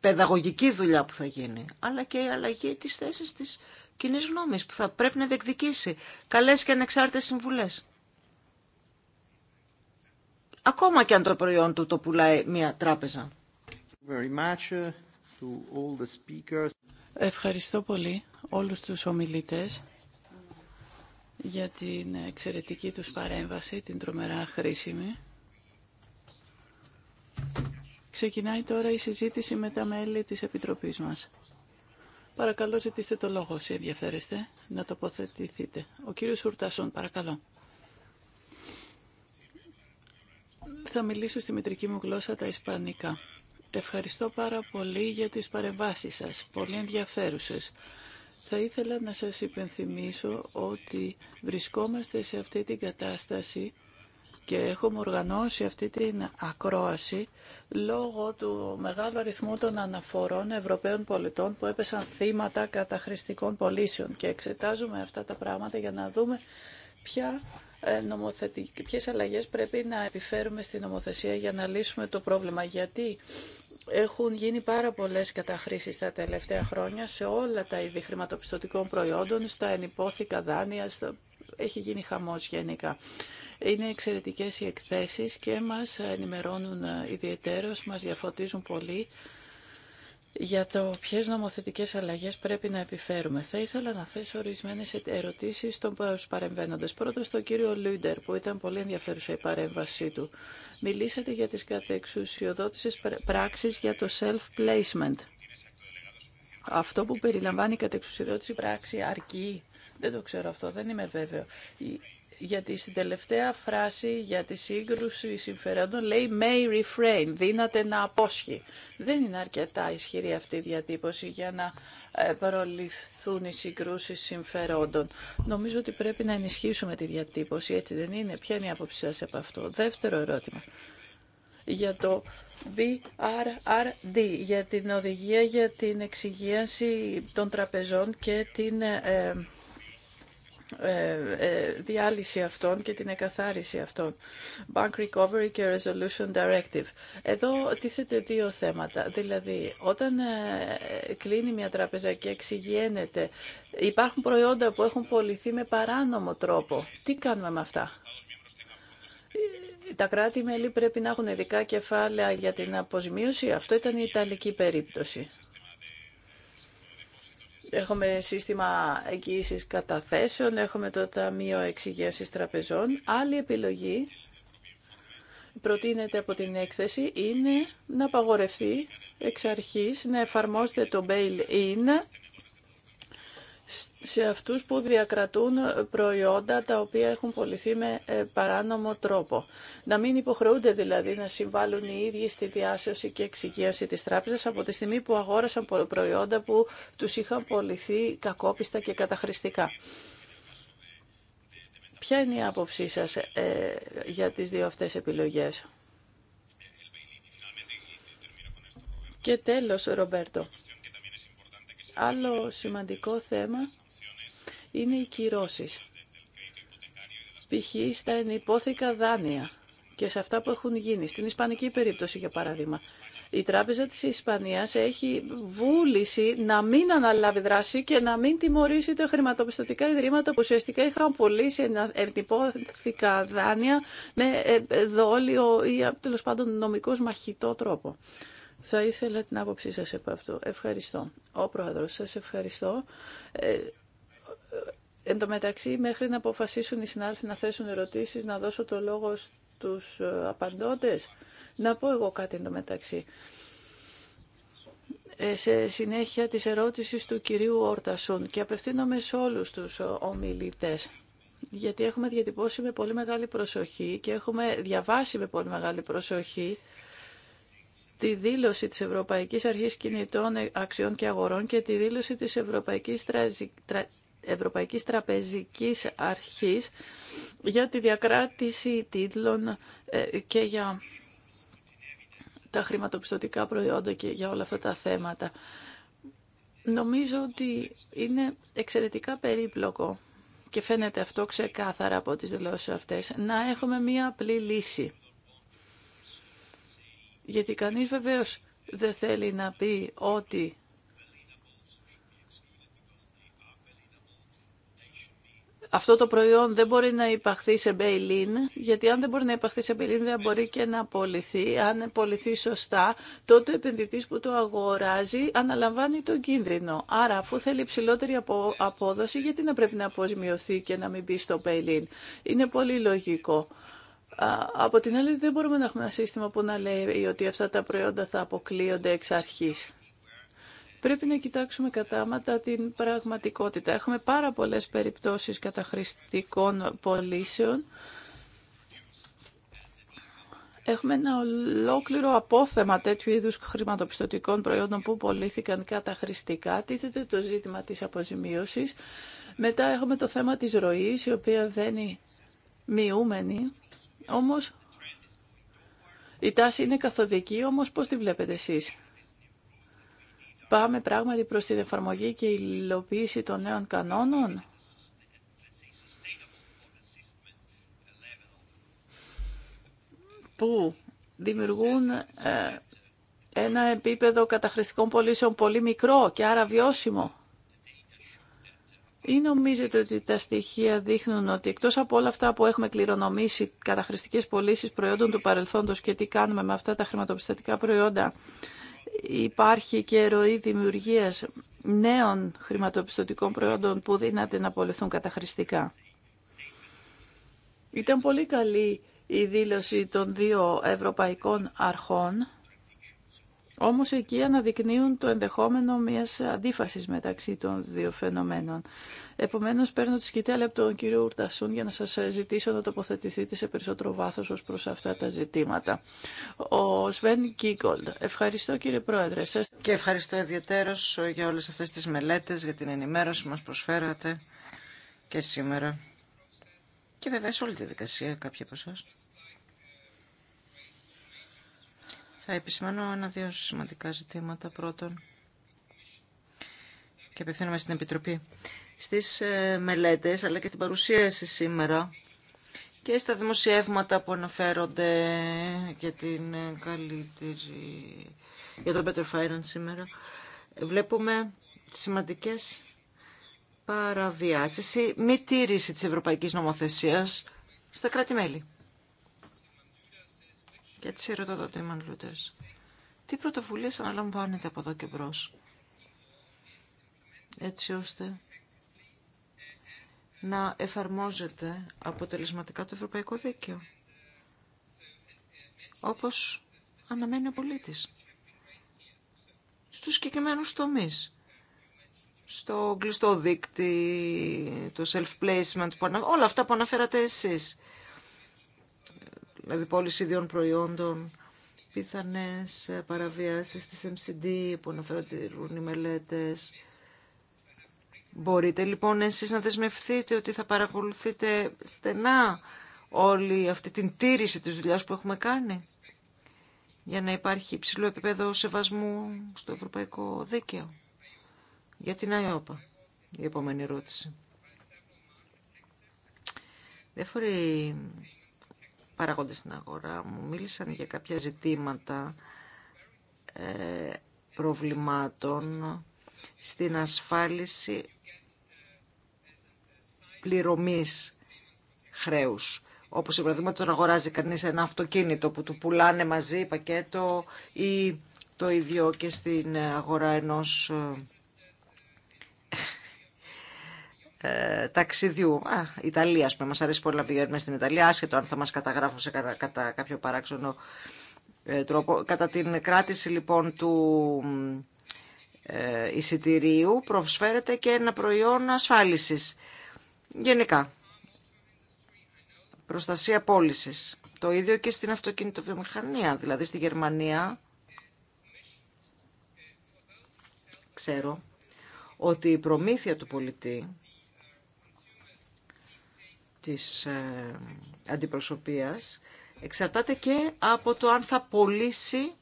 παιδαγωγική δουλειά που θα γίνει, αλλά και η αλλαγή της θέσης της κοινή γνώμη που θα πρέπει να διεκδικήσει καλές και ανεξάρτητες συμβουλές. Ακόμα και αν το προϊόν του το πουλάει μια τράπεζα. Uh, Ευχαριστώ πολύ όλους τους ομιλητές για την εξαιρετική τους παρέμβαση, την τρομερά χρήσιμη. Ξεκινάει τώρα η συζήτηση με τα μέλη της Επιτροπής μας. Παρακαλώ ζητήστε το λόγο όσοι ενδιαφέρεστε να τοποθετηθείτε. Ο κύριος Ουρτασόν, παρακαλώ. Θα μιλήσω στη μητρική μου γλώσσα τα ισπανικά. Ευχαριστώ πάρα πολύ για τις παρεμβάσεις σας, πολύ ενδιαφέρουσες. Θα ήθελα να σας υπενθυμίσω ότι βρισκόμαστε σε αυτή την κατάσταση και έχουμε οργανώσει αυτή την ακρόαση λόγω του μεγάλου αριθμού των αναφορών Ευρωπαίων πολιτών που έπεσαν θύματα καταχρηστικών πωλήσεων και εξετάζουμε αυτά τα πράγματα για να δούμε ποια ε, νομοθετική, ποιες αλλαγές πρέπει να επιφέρουμε στη νομοθεσία για να λύσουμε το πρόβλημα. Γιατί έχουν γίνει πάρα πολλές καταχρήσεις τα τελευταία χρόνια σε όλα τα είδη χρηματοπιστωτικών προϊόντων, στα ενυπόθηκα δάνεια, έχει γίνει χαμός γενικά. Είναι εξαιρετικές οι εκθέσεις και μας ενημερώνουν ιδιαιτέρως, μας διαφωτίζουν πολύ για το ποιες νομοθετικές αλλαγές πρέπει να επιφέρουμε. Θα ήθελα να θέσω ορισμένες ερωτήσεις στον παρεμβαίνοντες. Πρώτα στον κύριο Λούντερ, που ήταν πολύ ενδιαφέρουσα η παρέμβασή του. Μιλήσατε για τις κατεξουσιοδότησες πράξεις για το self-placement. Αυτό που περιλαμβάνει η κατεξουσιοδότηση πράξη αρκεί. Δεν το ξέρω αυτό, δεν είμαι βέβαιο γιατί στην τελευταία φράση για τη σύγκρουση συμφερόντων λέει «may refrain», δύναται να απόσχει. Δεν είναι αρκετά ισχυρή αυτή η διατύπωση για να ε, προληφθούν οι συγκρούσεις συμφερόντων. Νομίζω ότι πρέπει να ενισχύσουμε τη διατύπωση, έτσι δεν είναι. Ποια είναι η άποψη σας από αυτό. Δεύτερο ερώτημα για το BRRD, για την οδηγία για την εξυγίαση των τραπεζών και την ε, ε, ε, διάλυση αυτών και την εκαθάριση αυτών. Bank Recovery και Resolution Directive. Εδώ τίθεται δύο θέματα. Δηλαδή, όταν ε, κλείνει μια τράπεζα και εξηγένεται, υπάρχουν προϊόντα που έχουν πολιθεί με παράνομο τρόπο. Τι κάνουμε με αυτά. Τα κράτη-μέλη πρέπει να έχουν ειδικά κεφάλαια για την αποζημίωση. Αυτό ήταν η Ιταλική περίπτωση. Έχουμε σύστημα εγγύηση καταθέσεων, έχουμε το Ταμείο Εξυγεύσης Τραπεζών. Άλλη επιλογή προτείνεται από την έκθεση είναι να απαγορευτεί εξ αρχής να εφαρμόσετε το bail-in σε αυτούς που διακρατούν προϊόντα τα οποία έχουν πολιθεί με ε, παράνομο τρόπο. Να μην υποχρεούνται δηλαδή να συμβάλλουν οι ίδιοι στη διάσωση και εξοικίαση της τράπεζας από τη στιγμή που αγόρασαν προϊόντα που τους είχαν πολιθεί κακόπιστα και καταχρηστικά. Ποια είναι η άποψή σας ε, για τις δύο αυτές επιλογές. Και τέλος, Ρομπέρτο, Άλλο σημαντικό θέμα είναι οι κυρώσεις. Π.χ. στα ενυπόθηκα δάνεια και σε αυτά που έχουν γίνει. Στην ισπανική περίπτωση, για παράδειγμα, η Τράπεζα της Ισπανίας έχει βούληση να μην αναλάβει δράση και να μην τιμωρήσει τα χρηματοπιστωτικά ιδρύματα που ουσιαστικά είχαν πωλήσει ενυπόθηκα δάνεια με ε, ε, δόλιο ή τέλο πάντων νομικός μαχητό τρόπο. Θα ήθελα την άποψή σας επ' αυτό. Ευχαριστώ. Ο Πρόεδρος, σας ευχαριστώ. Ε, εν τω μεταξύ, μέχρι να αποφασίσουν οι συνάδελφοι να θέσουν ερωτήσεις, να δώσω το λόγο στους ε, απαντώντες, να πω εγώ κάτι εν τω μεταξύ. Ε, σε συνέχεια της ερώτησης του κυρίου Ορτασούν και απευθύνομαι σε όλους τους ε, ομιλητές γιατί έχουμε διατυπώσει με πολύ μεγάλη προσοχή και έχουμε διαβάσει με πολύ μεγάλη προσοχή τη δήλωση της Ευρωπαϊκής Αρχής Κινητών Αξιών και Αγορών και τη δήλωση της Ευρωπαϊκής, Τραζι... Ευρωπαϊκής Τραπεζικής Αρχής για τη διακράτηση τίτλων ε, και για τα χρηματοπιστωτικά προϊόντα και για όλα αυτά τα θέματα. Νομίζω ότι είναι εξαιρετικά περίπλοκο και φαίνεται αυτό ξεκάθαρα από τις δηλώσεις αυτές, να έχουμε μία απλή λύση γιατί κανείς βεβαίως δεν θέλει να πει ότι αυτό το προϊόν δεν μπορεί να υπαχθεί σε μπέιλιν, γιατί αν δεν μπορεί να υπαχθεί σε μπέιλιν δεν μπορεί και να απολυθεί. Αν απολυθεί σωστά, τότε ο επενδυτής που το αγοράζει αναλαμβάνει τον κίνδυνο. Άρα, αφού θέλει υψηλότερη απόδοση, γιατί να πρέπει να αποζημιωθεί και να μην μπει στο μπέιλιν. Είναι πολύ λογικό. Από την άλλη δεν μπορούμε να έχουμε ένα σύστημα που να λέει ότι αυτά τα προϊόντα θα αποκλείονται εξ αρχής. Πρέπει να κοιτάξουμε κατάματα την πραγματικότητα. Έχουμε πάρα πολλές περιπτώσεις καταχρηστικών πωλήσεων. Έχουμε ένα ολόκληρο απόθεμα τέτοιου είδους χρηματοπιστωτικών προϊόντων που πωλήθηκαν καταχρηστικά. Τίθεται το ζήτημα της αποζημίωσης. Μετά έχουμε το θέμα της ροής, η οποία βαίνει μειούμενη όμως η τάση είναι καθοδική, όμως πώς τη βλέπετε εσείς. Πάμε πράγματι προς την εφαρμογή και υλοποίηση των νέων κανόνων. Που δημιουργούν ε, ένα επίπεδο καταχρηστικών πωλήσεων πολύ μικρό και άρα βιώσιμο. Ή νομίζετε ότι τα στοιχεία δείχνουν ότι εκτός από όλα αυτά που έχουμε κληρονομήσει καταχρηστικές πωλήσει προϊόντων του παρελθόντος και τι κάνουμε με αυτά τα χρηματοπιστωτικά προϊόντα, υπάρχει και ροή δημιουργίας νέων χρηματοπιστωτικών προϊόντων που δύναται να απολυθούν καταχρηστικά. Ήταν πολύ καλή η δήλωση των δύο ευρωπαϊκών αρχών όμως εκεί αναδεικνύουν το ενδεχόμενο μιας αντίφασης μεταξύ των δύο φαινομένων. Επομένως, παίρνω τη σκητέλα από τον κύριο Ουρτασούν για να σας ζητήσω να τοποθετηθείτε σε περισσότερο βάθος ως προς αυτά τα ζητήματα. Ο Σβέν Κίγκολντ. Ευχαριστώ κύριε Πρόεδρε. Σας... Και ευχαριστώ ιδιαιτέρως για όλες αυτές τις μελέτες, για την ενημέρωση που μας προσφέρατε και σήμερα. Και βέβαια σε όλη τη δικασία κάποια από εσάς. Θα επισημάνω ένα-δύο σημαντικά ζητήματα. Πρώτον, και απευθύνομαι στην Επιτροπή, στις ε, μελέτες αλλά και στην παρουσίαση σήμερα και στα δημοσιεύματα που αναφέρονται για την ε, καλύτερη, για το Better Finance σήμερα, βλέπουμε σημαντικές παραβιάσεις ή μη τήρηση της ευρωπαϊκής νομοθεσίας στα κράτη-μέλη. Και έτσι ρωτώ το Τίμαν Λούτερς. Τι πρωτοβουλίες αναλαμβάνετε από εδώ και μπρο. Έτσι ώστε να εφαρμόζεται αποτελεσματικά το ευρωπαϊκό δίκαιο. Όπως αναμένει ο πολίτης. Στους συγκεκριμένους τομείς. Στο κλειστό δίκτυ, το self-placement, όλα αυτά που αναφέρατε εσείς δηλαδή πώληση ιδιών προϊόντων, πιθανές ε, παραβιάσεις της MCD που αναφέρονται οι μελέτες. Μπορείτε λοιπόν εσείς να δεσμευτείτε ότι θα παρακολουθείτε στενά όλη αυτή την τήρηση της δουλειάς που έχουμε κάνει για να υπάρχει υψηλό επίπεδο σεβασμού στο ευρωπαϊκό δίκαιο. Για την ΑΕΟΠΑ, η επόμενη ερώτηση. Διάφοροι παράγοντες στην αγορά μου μίλησαν για κάποια ζητήματα ε, προβλημάτων στην ασφάλιση πληρωμής χρέους. Όπως για παράδειγμα τον αγοράζει κανείς ένα αυτοκίνητο που του πουλάνε μαζί πακέτο ή το ίδιο και στην αγορά ενός ε, ε, ταξιδιού. Α, Ιταλία, α πούμε, μα αρέσει πολύ να πηγαίνουμε στην Ιταλία, άσχετο αν θα μα καταγράφουν σε κατα, κάποιο παράξενο ε, τρόπο. Κατά την κράτηση λοιπόν του ε, εισιτηρίου προσφέρεται και ένα προϊόν ασφάλισης. Γενικά, προστασία πώληση. Το ίδιο και στην αυτοκινητοβιομηχανία, δηλαδή στη Γερμανία. Ξέρω ότι η προμήθεια του πολιτή της ε, αντιπροσωπείας εξαρτάται και από το αν θα πωλήσει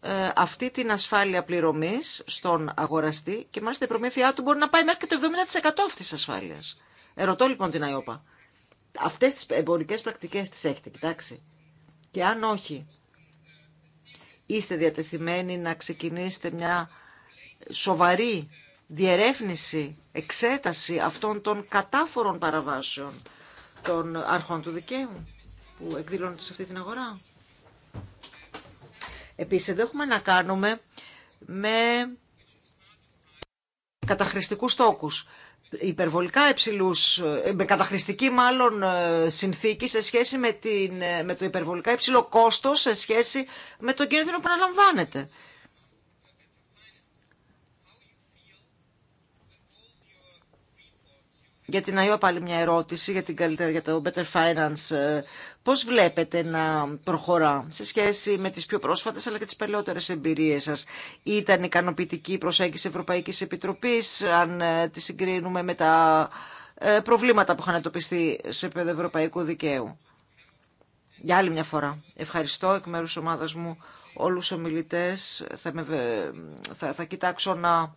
ε, αυτή την ασφάλεια πληρωμής στον αγοραστή και μάλιστα η προμήθειά του μπορεί να πάει μέχρι και το 70% αυτής της ασφάλειας. Ερωτώ λοιπόν την ΑΙΟΠΑ. Αυτές τις εμπορικές πρακτικές τις έχετε κοιτάξει. Και αν όχι, είστε διατεθειμένοι να ξεκινήσετε μια σοβαρή διερεύνηση, εξέταση αυτών των κατάφορων παραβάσεων των αρχών του δικαίου που εκδηλώνονται σε αυτή την αγορά. Επίσης, εδώ έχουμε να κάνουμε με καταχρηστικούς τόκους υπερβολικά υψηλούς, ε, με καταχρηστική μάλλον ε, συνθήκη σε σχέση με, την, ε, με το υπερβολικά υψηλό κόστος σε σχέση με τον κίνδυνο που αναλαμβάνεται. Για την ΑΙΟ πάλι μια ερώτηση για, την καλύτερη, για το Better Finance. Ε, πώς βλέπετε να προχωρά σε σχέση με τις πιο πρόσφατες αλλά και τις παλαιότερες εμπειρίες σας. Ήταν ικανοποιητική η προσέγγιση Ευρωπαϊκής Επιτροπής αν ε, τη συγκρίνουμε με τα ε, προβλήματα που είχαν εντοπιστεί σε επίπεδο ευρωπαϊκού δικαίου. Για άλλη μια φορά. Ευχαριστώ εκ μέρους ομάδας μου όλους ομιλητές. Θα, θα, θα κοιτάξω να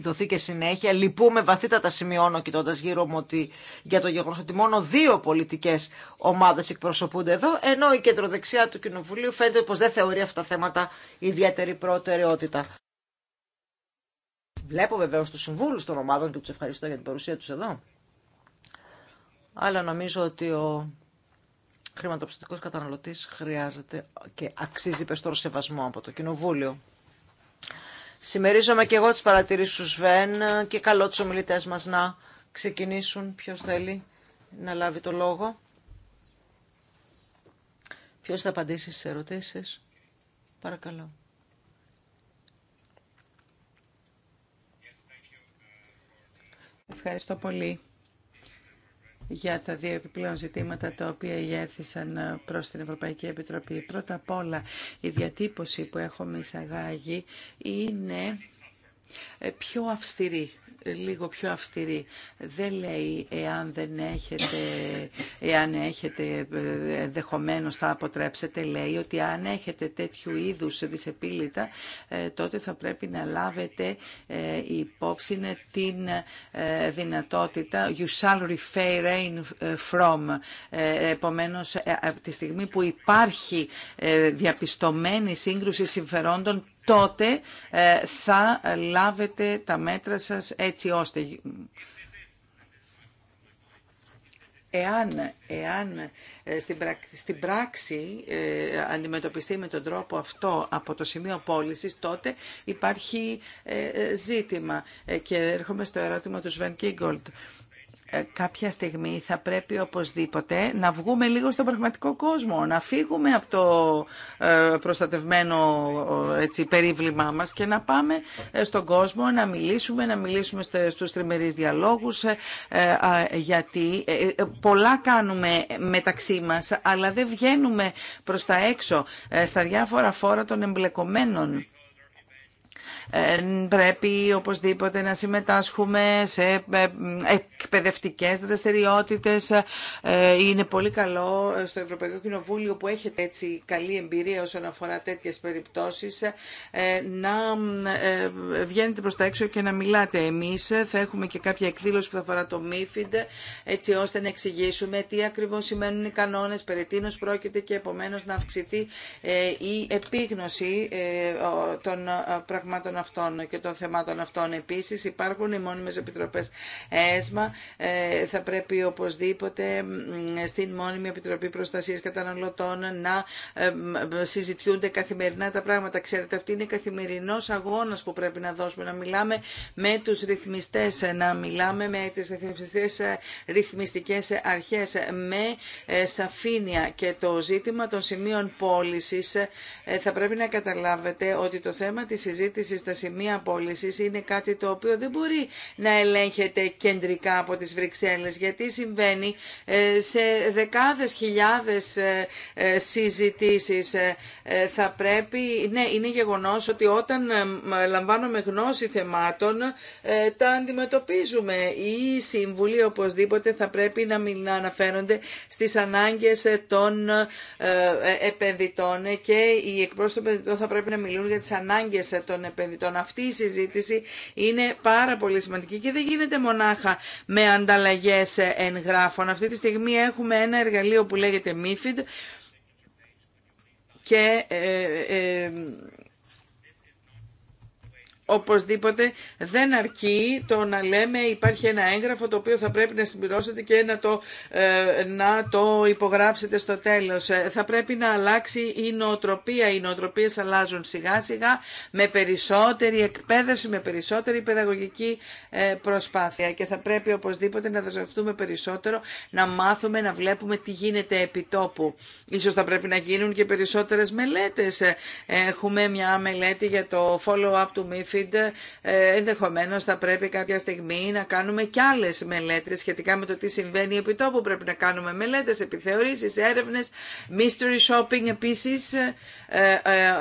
δοθεί και συνέχεια. Λυπούμε βαθύτατα σημειώνω κοιτώντα γύρω μου ότι, για το γεγονό ότι μόνο δύο πολιτικέ ομάδε εκπροσωπούνται εδώ, ενώ η κεντροδεξιά του Κοινοβουλίου φαίνεται πω δεν θεωρεί αυτά τα θέματα ιδιαίτερη προτεραιότητα. Βλέπω βεβαίω του συμβούλου των ομάδων και του ευχαριστώ για την παρουσία του εδώ. Αλλά νομίζω ότι ο χρηματοπιστωτικός καταναλωτής χρειάζεται και αξίζει περισσότερο σεβασμό από το Κοινοβούλιο. Συμμερίζομαι και εγώ τις παρατηρήσεις του Σβέν και καλώ τους ομιλητές μας να ξεκινήσουν. Ποιος θέλει να λάβει το λόγο. Ποιος θα απαντήσει στις ερωτήσεις. Παρακαλώ. Ευχαριστώ πολύ για τα δύο επιπλέον ζητήματα τα οποία έρθισαν προς την Ευρωπαϊκή Επιτροπή. Πρώτα απ' όλα, η διατύπωση που έχουμε εισαγάγει είναι πιο αυστηρή λίγο πιο αυστηρή. Δεν λέει εάν δεν έχετε, εάν έχετε ε, ενδεχομένω θα αποτρέψετε, λέει ότι αν έχετε τέτοιου είδους δυσεπίλητα, ε, τότε θα πρέπει να λάβετε ε, υπόψη την δυνατότητα you shall refrain from. Επομένως, από τη στιγμή που υπάρχει διαπιστωμένη σύγκρουση συμφερόντων, τότε ε, θα λάβετε τα μέτρα σας έτσι ώστε... Εάν, εάν ε, στην πράξη, στην ε, αντιμετωπιστεί με τον τρόπο αυτό από το σημείο πώληση, τότε υπάρχει ζήτημα. και έρχομαι στο ερώτημα του Σβεν Κίγκολτ. Ε, κάποια στιγμή θα πρέπει οπωσδήποτε να βγούμε λίγο στον πραγματικό κόσμο, να φύγουμε από το ε, προστατευμένο έτσι, περίβλημά μας και να πάμε ε, στον κόσμο να μιλήσουμε, να μιλήσουμε στους τριμερείς διαλόγους γιατί πολλά κάνουμε μεταξύ μας αλλά δεν βγαίνουμε προς τα έξω στα διάφορα φόρα των εμπλεκομένων πρέπει οπωσδήποτε να συμμετάσχουμε σε ε, εκπαιδευτικές δραστηριότητες. Ε, είναι πολύ καλό ε, στο Ευρωπαϊκό Κοινοβούλιο που έχετε έτσι καλή εμπειρία όσον αφορά τέτοιες περιπτώσεις να βγαίνετε προς τα έξω και να μιλάτε εμείς. Θα έχουμε και κάποια εκδήλωση που θα αφορά το MIFID έτσι ώστε να εξηγήσουμε τι ακριβώς σημαίνουν οι κανόνες, περί τίνος πρόκειται και επομένως να αυξηθεί η επίγνωση των πραγμάτων αυτών και των θεμάτων αυτών. Επίσης υπάρχουν οι μόνιμε επιτροπές ΕΣΜΑ, ε, θα πρέπει οπωσδήποτε στην μόνιμη Επιτροπή Προστασίας Καταναλωτών να ε, συζητιούνται καθημερινά τα πράγματα. Ξέρετε, αυτή είναι καθημερινός αγώνας που πρέπει να δώσουμε, να μιλάμε με τους ρυθμιστές, να μιλάμε με τις ρυθμιστικές, ε, ρυθμιστικές αρχές, με σαφήνεια και το ζήτημα των σημείων πώληση θα πρέπει να καταλάβετε ότι το θέμα τα μία πώληση είναι κάτι το οποίο δεν μπορεί να ελέγχεται κεντρικά από τις Βρυξέλλες γιατί συμβαίνει ε, σε δεκάδες χιλιάδες ε, ε, συζητήσεις. Θα πρέπει, ναι, είναι γεγονός ότι όταν λαμβάνουμε γνώση θεμάτων τα αντιμετωπίζουμε. Οι σύμβουλοι οπωσδήποτε θα πρέπει να αναφέρονται στις ανάγκες των επενδυτών και οι εκπρόσωποι των επενδυτών θα πρέπει να μιλούν για τις ανάγκες των επενδυτών αυτή η συζήτηση είναι πάρα πολύ σημαντική και δεν γίνεται μονάχα με ανταλλαγέ εγγράφων. Αυτή τη στιγμή έχουμε ένα εργαλείο που λέγεται MIFID και ε, ε, οπωσδήποτε δεν αρκεί το να λέμε υπάρχει ένα έγγραφο το οποίο θα πρέπει να συμπληρώσετε και να το, ε, να το υπογράψετε στο τέλος. Ε, θα πρέπει να αλλάξει η νοοτροπία. Οι νοοτροπίες αλλάζουν σιγά σιγά με περισσότερη εκπαίδευση, με περισσότερη παιδαγωγική ε, προσπάθεια και θα πρέπει οπωσδήποτε να δεσμευτούμε περισσότερο, να μάθουμε, να βλέπουμε τι γίνεται επί τόπου. Ίσως θα πρέπει να γίνουν και περισσότερες μελέτες. Έχουμε μια μελέτη για το follow-up του MIF Ενδεχομένω ενδεχομένως θα πρέπει κάποια στιγμή να κάνουμε κι άλλε μελέτε σχετικά με το τι συμβαίνει επί τόπου. Πρέπει να κάνουμε μελέτε, επιθεωρήσεις, έρευνε, mystery shopping επίση. Ε, ε, ε,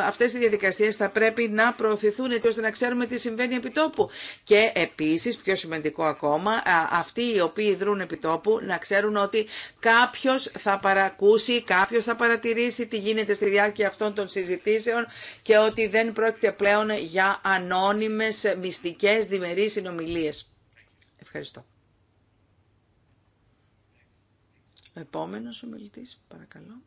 Αυτέ οι διαδικασίε θα πρέπει να προωθηθούν έτσι ώστε να ξέρουμε τι συμβαίνει επί τόπου. Και επίση πιο σημαντικό ακόμα, αυτοί οι οποίοι δρούν επί τόπου να ξέρουν ότι κάποιο θα παρακούσει, κάποιο θα παρατηρήσει τι γίνεται στη διάρκεια αυτών των συζητήσεων και ότι ότι δεν πρόκειται πλέον για ανώνυμες μυστικές διμερείς συνομιλίες. Ευχαριστώ. Ο επόμενος ομιλητής, παρακαλώ.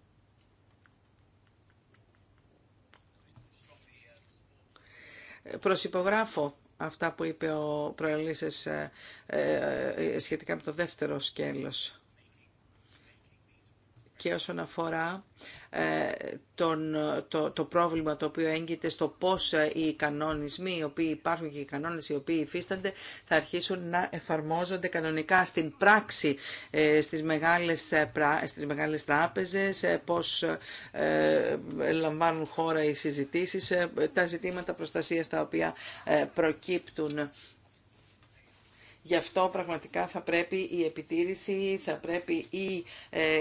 Προσυπογράφω αυτά που είπε ο προελίσσες ε, ε, σχετικά με το δεύτερο σκέλος και όσον αφορά ε, τον, το, το πρόβλημα το οποίο έγκυται στο πώς ε, οι κανονισμοί οι οποίοι υπάρχουν και οι κανόνες οι οποίοι υφίστανται θα αρχίσουν να εφαρμόζονται κανονικά στην πράξη ε, στις μεγάλες, στις μεγάλες τράπεζες, πώς λαμβάνουν χώρα οι συζητήσεις, τα ζητήματα προστασίας τα οποία προκύπτουν Γι' αυτό πραγματικά θα πρέπει η επιτήρηση, θα πρέπει η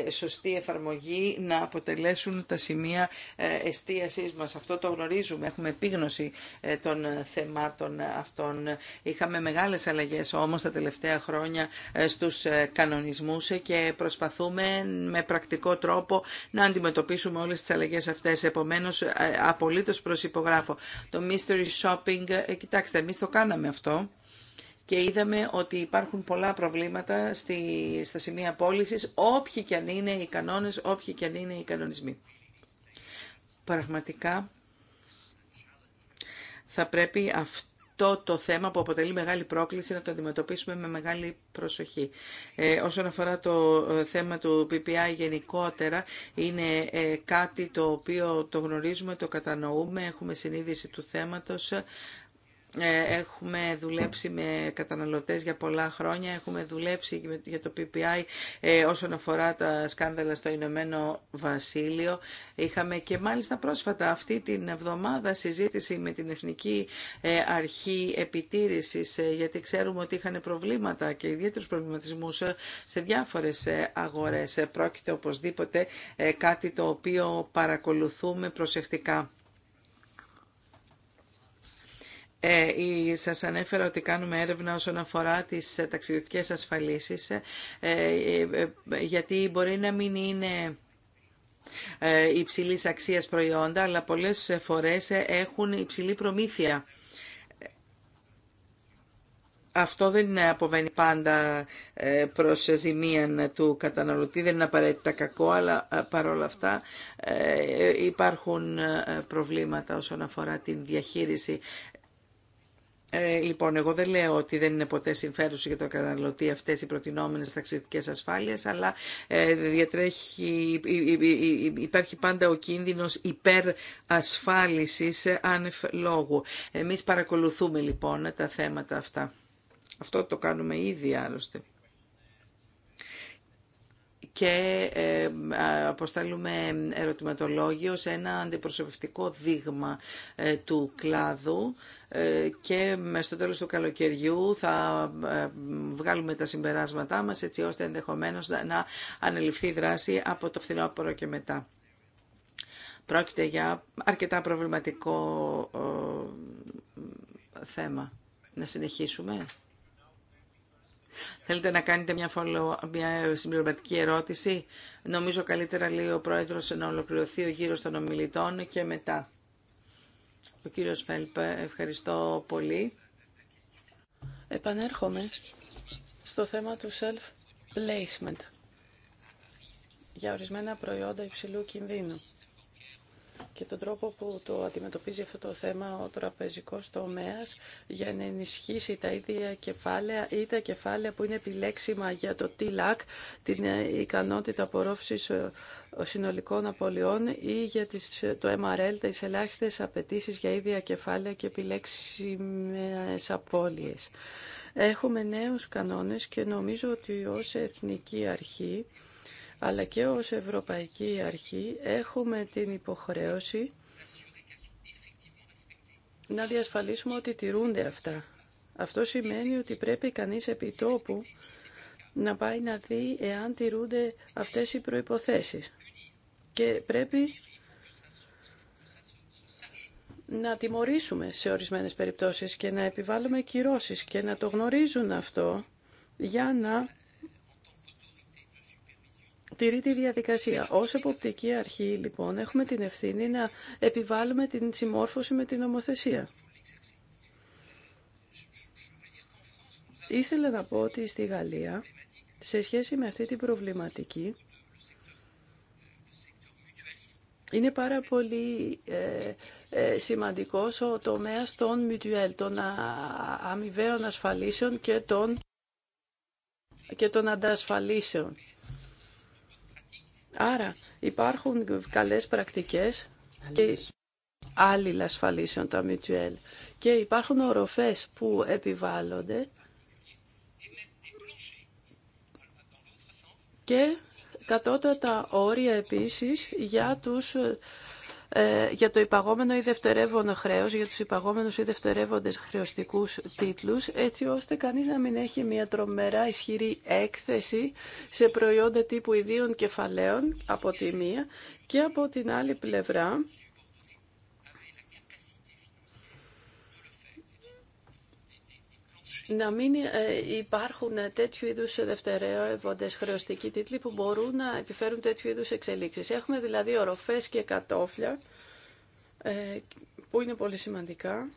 ε, σωστή εφαρμογή να αποτελέσουν τα σημεία ε, εστίασής μας. Αυτό το γνωρίζουμε, έχουμε επίγνωση ε, των θεμάτων αυτών. Είχαμε μεγάλες αλλαγές όμως τα τελευταία χρόνια ε, στους κανονισμούς και προσπαθούμε με πρακτικό τρόπο να αντιμετωπίσουμε όλες τις αλλαγές αυτές. Επομένως, απολύτως προσυπογράφω. Το mystery shopping, κοιτάξτε, εμείς το κάναμε αυτό και είδαμε ότι υπάρχουν πολλά προβλήματα στη, στα σημεία πώληση, όποιοι και αν είναι οι κανόνες, όποιοι και αν είναι οι κανονισμοί. Πραγματικά θα πρέπει αυτό το θέμα που αποτελεί μεγάλη πρόκληση να το αντιμετωπίσουμε με μεγάλη προσοχή. Ε, όσον αφορά το ε, θέμα του PPI γενικότερα, είναι ε, κάτι το οποίο το γνωρίζουμε, το κατανοούμε, έχουμε συνείδηση του θέματος. Ε, έχουμε δουλέψει με καταναλωτές για πολλά χρόνια, έχουμε δουλέψει για το PPI ε, όσον αφορά τα σκάνδαλα στο Ηνωμένο Βασίλειο. Είχαμε και μάλιστα πρόσφατα αυτή την εβδομάδα συζήτηση με την Εθνική ε, Αρχή Επιτήρησης γιατί ξέρουμε ότι είχαν προβλήματα και ιδιαίτερους προβληματισμούς σε διάφορες αγορές. Πρόκειται οπωσδήποτε κάτι το οποίο παρακολουθούμε προσεκτικά. Ε, σας ανέφερα ότι κάνουμε έρευνα όσον αφορά τις ε, ταξιδιωτικές ασφαλίσεις, ε, ε, γιατί μπορεί να μην είναι υψηλής αξίας προϊόντα, αλλά πολλές φορές έχουν υψηλή προμήθεια. Αυτό δεν αποβαίνει πάντα προς ζημία του καταναλωτή, δεν είναι απαραίτητα κακό, αλλά παρόλα αυτά υπάρχουν προβλήματα όσον αφορά την διαχείριση ε, λοιπόν, εγώ δεν λέω ότι δεν είναι ποτέ συμφέρουσα για το καταναλωτή αυτέ οι προτινόμενε ταξιδιωτικέ ασφάλειε, αλλά ε, διατρέχει, υπάρχει πάντα ο κίνδυνο υπερασφάλιση άνευ λόγου. Εμεί παρακολουθούμε λοιπόν τα θέματα αυτά. Αυτό το κάνουμε ήδη άλλωστε και ε, αποστάλουμε ερωτηματολόγιο σε ένα αντιπροσωπευτικό δείγμα ε, του κλάδου ε, και στο τέλος του καλοκαιριού θα ε, βγάλουμε τα συμπεράσματά μας έτσι ώστε ενδεχομένως να ανεληφθεί δράση από το φθινόπωρο και μετά. Πρόκειται για αρκετά προβληματικό θέμα. Να συνεχίσουμε. Θέλετε να κάνετε μια, follow, μια συμπληρωματική ερώτηση. Νομίζω καλύτερα λέει ο Πρόεδρος να ολοκληρωθεί ο γύρος των ομιλητών και μετά. Ο κύριος Φέλπ, ευχαριστώ πολύ. Επανέρχομαι στο θέμα του self-placement για ορισμένα προϊόντα υψηλού κινδύνου και τον τρόπο που το αντιμετωπίζει αυτό το θέμα ο τραπεζικός τομέας για να ενισχύσει τα ίδια κεφάλαια ή τα κεφάλαια που είναι επιλέξιμα για το TLAC, την ε, ικανότητα απορρόφησης ε, συνολικών απολειών ή για το MRL, τι ελάχιστε απαιτήσει για ίδια κεφάλαια και επιλέξιμες απώλειες. Έχουμε νέους κανόνες και νομίζω ότι ως Εθνική Αρχή αλλά και ως Ευρωπαϊκή Αρχή έχουμε την υποχρέωση να διασφαλίσουμε ότι τηρούνται αυτά. Αυτό σημαίνει ότι πρέπει κανείς τόπου να πάει να δει εάν τηρούνται αυτές οι προϋποθέσεις. Και πρέπει να τιμωρήσουμε σε ορισμένες περιπτώσεις και να επιβάλλουμε κυρώσεις και να το γνωρίζουν αυτό για να τηρεί τη διαδικασία. Ω εποπτική αρχή, λοιπόν, έχουμε την ευθύνη να επιβάλλουμε την συμμόρφωση με την νομοθεσία. Ήθελα να πω ότι στη Γαλλία, σε σχέση με αυτή την προβληματική, είναι πάρα πολύ ε, ε, σημαντικός ο τομέας των mutual, των αμοιβαίων ασφαλίσεων και των, και των αντασφαλίσεων. Άρα υπάρχουν καλές πρακτικές και άλλοι ασφαλίσεων τα mutual και υπάρχουν οροφές που επιβάλλονται και κατώτατα όρια επίσης για τους ε, για το υπαγόμενο ή δευτερεύον χρέος, για τους υπαγόμενου ή δευτερεύοντες χρεωστικού τίτλους, έτσι ώστε κανεί να μην έχει μια τρομερά ισχυρή έκθεση σε προϊόντα τύπου ιδίων κεφαλαίων από τη μία και από την άλλη πλευρά να μην ε, υπάρχουν ε, τέτοιου είδους δευτερεύοντε χρεωστικοί τίτλοι που μπορούν να επιφέρουν τέτοιου είδου εξελίξεις. Έχουμε δηλαδή οροφές και κατόφλια ε, που είναι πολύ σημαντικά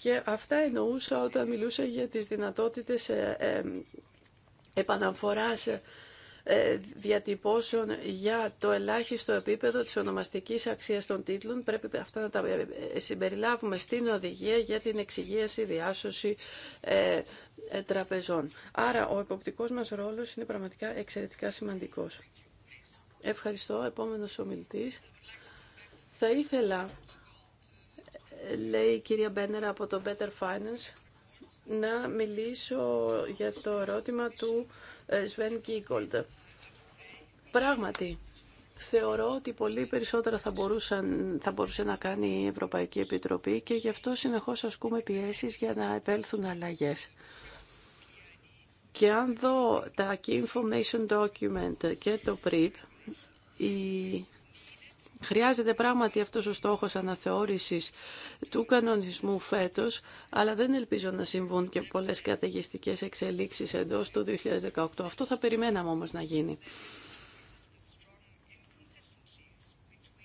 και αυτά εννοούσα όταν μιλούσα για τις δυνατότητες επαναφοράς ε, διατυπώσεων για το ελάχιστο επίπεδο της ονομαστικής αξίας των τίτλων. Πρέπει αυτά να τα ε, συμπεριλάβουμε στην οδηγία για την εξυγίαση διάσωση ε, τραπεζών. Άρα ο εποπτικός μας ρόλος είναι πραγματικά εξαιρετικά σημαντικός. Ευχαριστώ. Επόμενος ομιλητής. Θα ήθελα, λέει η κυρία Μπένερα από το Better Finance, να μιλήσω για το ερώτημα του ε, Σβέν Κίκολτ. Πράγματι, θεωρώ ότι πολύ περισσότερα θα, μπορούσαν, θα μπορούσε να κάνει η Ευρωπαϊκή Επιτροπή και γι' αυτό συνεχώς ασκούμε πιέσεις για να επέλθουν αλλαγές. Και αν δω τα Key Information Document και το PRIP, η Χρειάζεται πράγματι αυτός ο στόχος αναθεώρησης του κανονισμού φέτος, αλλά δεν ελπίζω να συμβούν και πολλές καταιγιστικές εξελίξεις εντός του 2018. Αυτό θα περιμέναμε όμως να γίνει.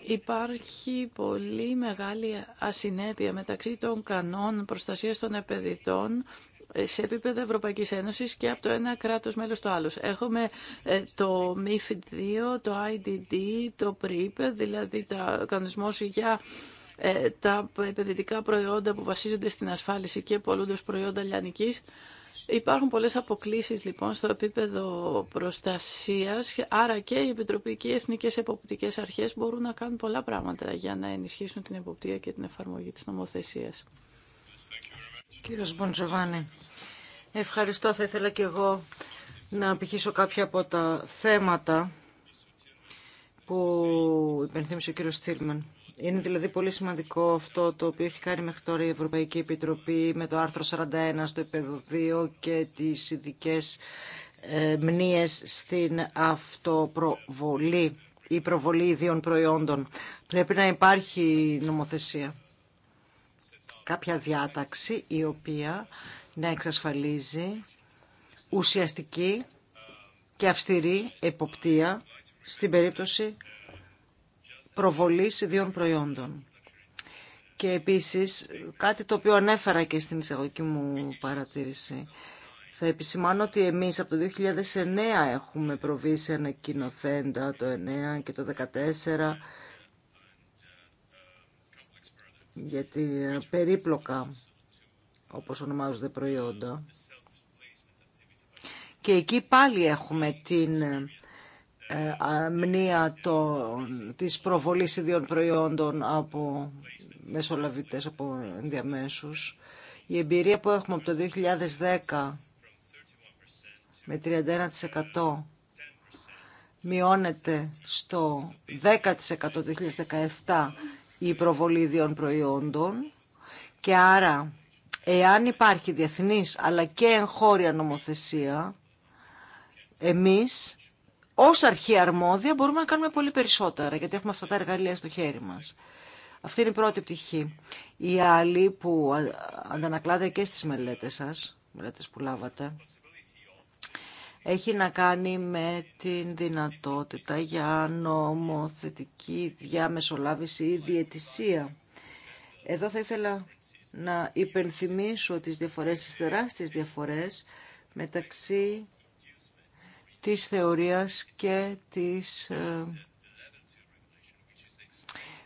Υπάρχει πολύ μεγάλη ασυνέπεια μεταξύ των κανόνων προστασίας των επενδυτών σε επίπεδο Ευρωπαϊκής Ένωσης και από το ένα κράτος μέλος στο άλλο. Έχουμε ε, το MIFID 2, το IDD, το PRIP, δηλαδή τα κανονισμό για ε, τα επενδυτικά προϊόντα που βασίζονται στην ασφάλιση και πολλούνται προϊόντα λιανικής. Υπάρχουν πολλές αποκλήσεις λοιπόν στο επίπεδο προστασίας, άρα και η Επιτροπή και οι Εθνικές Εποπτικές Αρχές μπορούν να κάνουν πολλά πράγματα για να ενισχύσουν την εποπτεία και την εφαρμογή της νομοθεσίας. Κύριος Μποντζοβάνη, ευχαριστώ. Θα ήθελα και εγώ να απηχήσω κάποια από τα θέματα που υπενθύμισε ο κύριος Τσίλμαν. Είναι δηλαδή πολύ σημαντικό αυτό το οποίο έχει κάνει μέχρι τώρα η Ευρωπαϊκή Επιτροπή με το άρθρο 41 στο επεδοδίο και τις ειδικέ ε, μνήες στην αυτοπροβολή ή προβολή ιδίων προϊόντων. Πρέπει να υπάρχει νομοθεσία κάποια διάταξη η οποία να εξασφαλίζει ουσιαστική και αυστηρή εποπτεία στην περίπτωση προβολής ιδίων προϊόντων. Και επίσης, κάτι το οποίο ανέφερα και στην εισαγωγική μου παρατήρηση, θα επισημάνω ότι εμείς από το 2009 έχουμε προβεί σε ανακοινοθέντα το 9 και το 14 γιατί περίπλοκα, όπως ονομάζονται, προϊόντα. Και εκεί πάλι έχουμε την ε, μνήα των, της προβολής ιδιών προϊόντων από μεσολαβητές, από ενδιαμέσους. Η εμπειρία που έχουμε από το 2010 με 31% μειώνεται στο 10% το 2017 η προβολή ιδιών προϊόντων και άρα εάν υπάρχει διεθνής αλλά και εγχώρια νομοθεσία, εμείς ως αρχή αρμόδια μπορούμε να κάνουμε πολύ περισσότερα γιατί έχουμε αυτά τα εργαλεία στο χέρι μας. Αυτή είναι η πρώτη πτυχή. Η άλλη που αντανακλάται και στις μελέτες σας, μελέτες που λάβατε, έχει να κάνει με την δυνατότητα για νομοθετική διαμεσολάβηση ή διαιτησία. Εδώ θα ήθελα να υπενθυμίσω τις διαφορές, τις τεράστιες διαφορές μεταξύ της θεωρίας και της ε,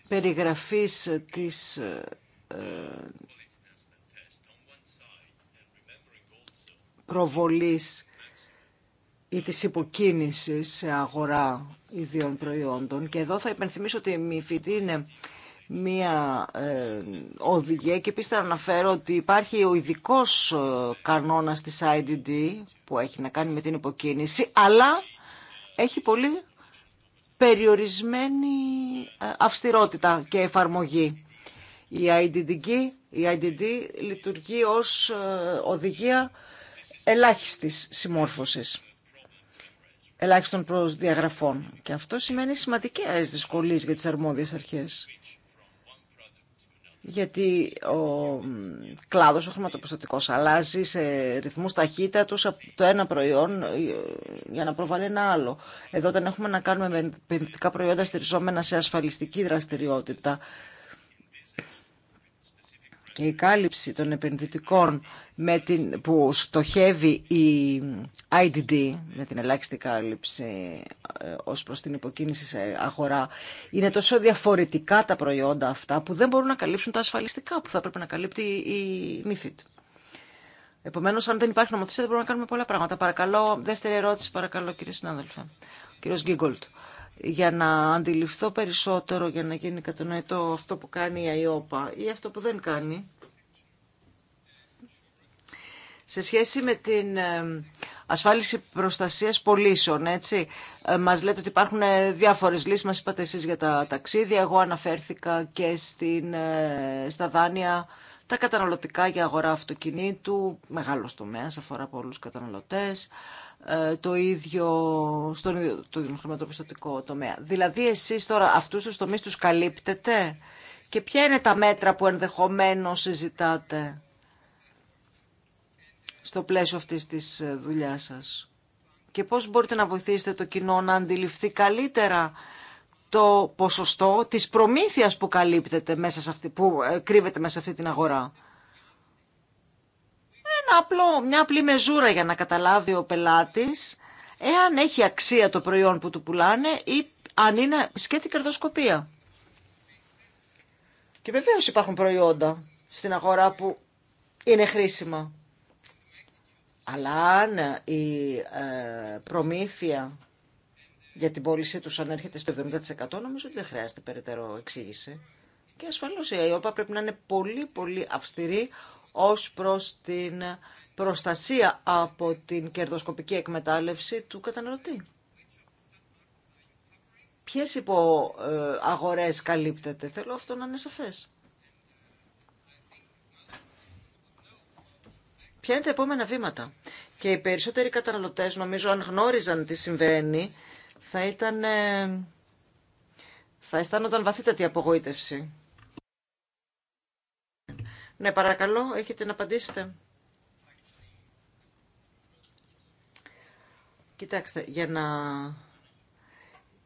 περιγραφής της ε, ε, προβολής ή της υποκίνησης σε αγορά ιδίων προϊόντων. Και εδώ θα υπενθυμίσω ότι η είναι μία ε, οδηγία και επίσης θα αναφέρω ότι υπάρχει ο ειδικό ε, κανόνας της IDD που έχει να κάνει με την υποκίνηση, αλλά έχει πολύ περιορισμένη ε, αυστηρότητα και εφαρμογή. Η IDD, η IDD λειτουργεί ως οδηγία ελάχιστης συμμόρφωσης ελάχιστων προδιαγραφών. Και αυτό σημαίνει σημαντικές δυσκολίες για τις αρμόδιες αρχές. Γιατί ο κλάδος, ο χρηματοπιστωτικός, αλλάζει σε ρυθμούς ταχύτητας από το ένα προϊόν ε, για να προβάλλει ένα άλλο. Εδώ όταν έχουμε να κάνουμε με επενδυτικά προϊόντα στηριζόμενα σε ασφαλιστική δραστηριότητα, και η κάλυψη των επενδυτικών με την, που στοχεύει η IDD, με την ελάχιστη κάλυψη ε, ως προς την υποκίνηση σε αγορά, είναι τόσο διαφορετικά τα προϊόντα αυτά που δεν μπορούν να καλύψουν τα ασφαλιστικά που θα πρέπει να καλύπτει η MIFID. Επομένως, αν δεν υπάρχει νομοθεσία δεν μπορούμε να κάνουμε πολλά πράγματα. Παρακαλώ, δεύτερη ερώτηση, παρακαλώ κύριε συνάδελφε. κύριος Γκίγκολτ για να αντιληφθώ περισσότερο, για να γίνει κατανοητό αυτό που κάνει η ΑΙΟΠΑ ή αυτό που δεν κάνει. Σε σχέση με την ε, ασφάλιση προστασίας πωλήσεων, έτσι, ε, μας λέτε ότι υπάρχουν ε, διάφορες λύσεις, μας είπατε εσείς για τα ταξίδια, εγώ αναφέρθηκα και στην, στα δάνεια, τα καταναλωτικά για αγορά αυτοκινήτου, μεγάλος τομέας, αφορά πολλούς καταναλωτές. Ε, το ίδιο στον το χρηματοπιστωτικό τομέα. Δηλαδή εσείς τώρα αυτούς τους τομείς τους καλύπτετε και ποια είναι τα μέτρα που ενδεχομένως συζητάτε στο πλαίσιο αυτής της ε, δουλειάς σας και πώς μπορείτε να βοηθήσετε το κοινό να αντιληφθεί καλύτερα το ποσοστό της προμήθειας που καλύπτεται μέσα σε αυτή, που ε, κρύβεται μέσα σε αυτή την αγορά απλό, μια απλή μεζούρα για να καταλάβει ο πελάτης εάν έχει αξία το προϊόν που του πουλάνε ή αν είναι σκέτη κερδοσκοπία. Και βεβαίως υπάρχουν προϊόντα στην αγορά που είναι χρήσιμα. Αλλά αν η ε, προμήθεια για την πώλησή τους ανέρχεται στο 70% νομίζω ότι δεν χρειάζεται περαιτέρω εξήγηση. Και ασφαλώς η ΑΕΟΠΑ πρέπει να είναι πολύ πολύ αυστηρή ως προς την προστασία από την κερδοσκοπική εκμετάλλευση του καταναλωτή. Ποιες ε, αγορές καλύπτεται. Θέλω αυτό να είναι σαφές. Ποια είναι τα επόμενα βήματα. Και οι περισσότεροι καταναλωτές νομίζω αν γνώριζαν τι συμβαίνει θα ήταν... Ε, θα αισθάνονταν βαθύτατη απογοήτευση. Ναι, παρακαλώ, έχετε να απαντήσετε. Κοιτάξτε, για να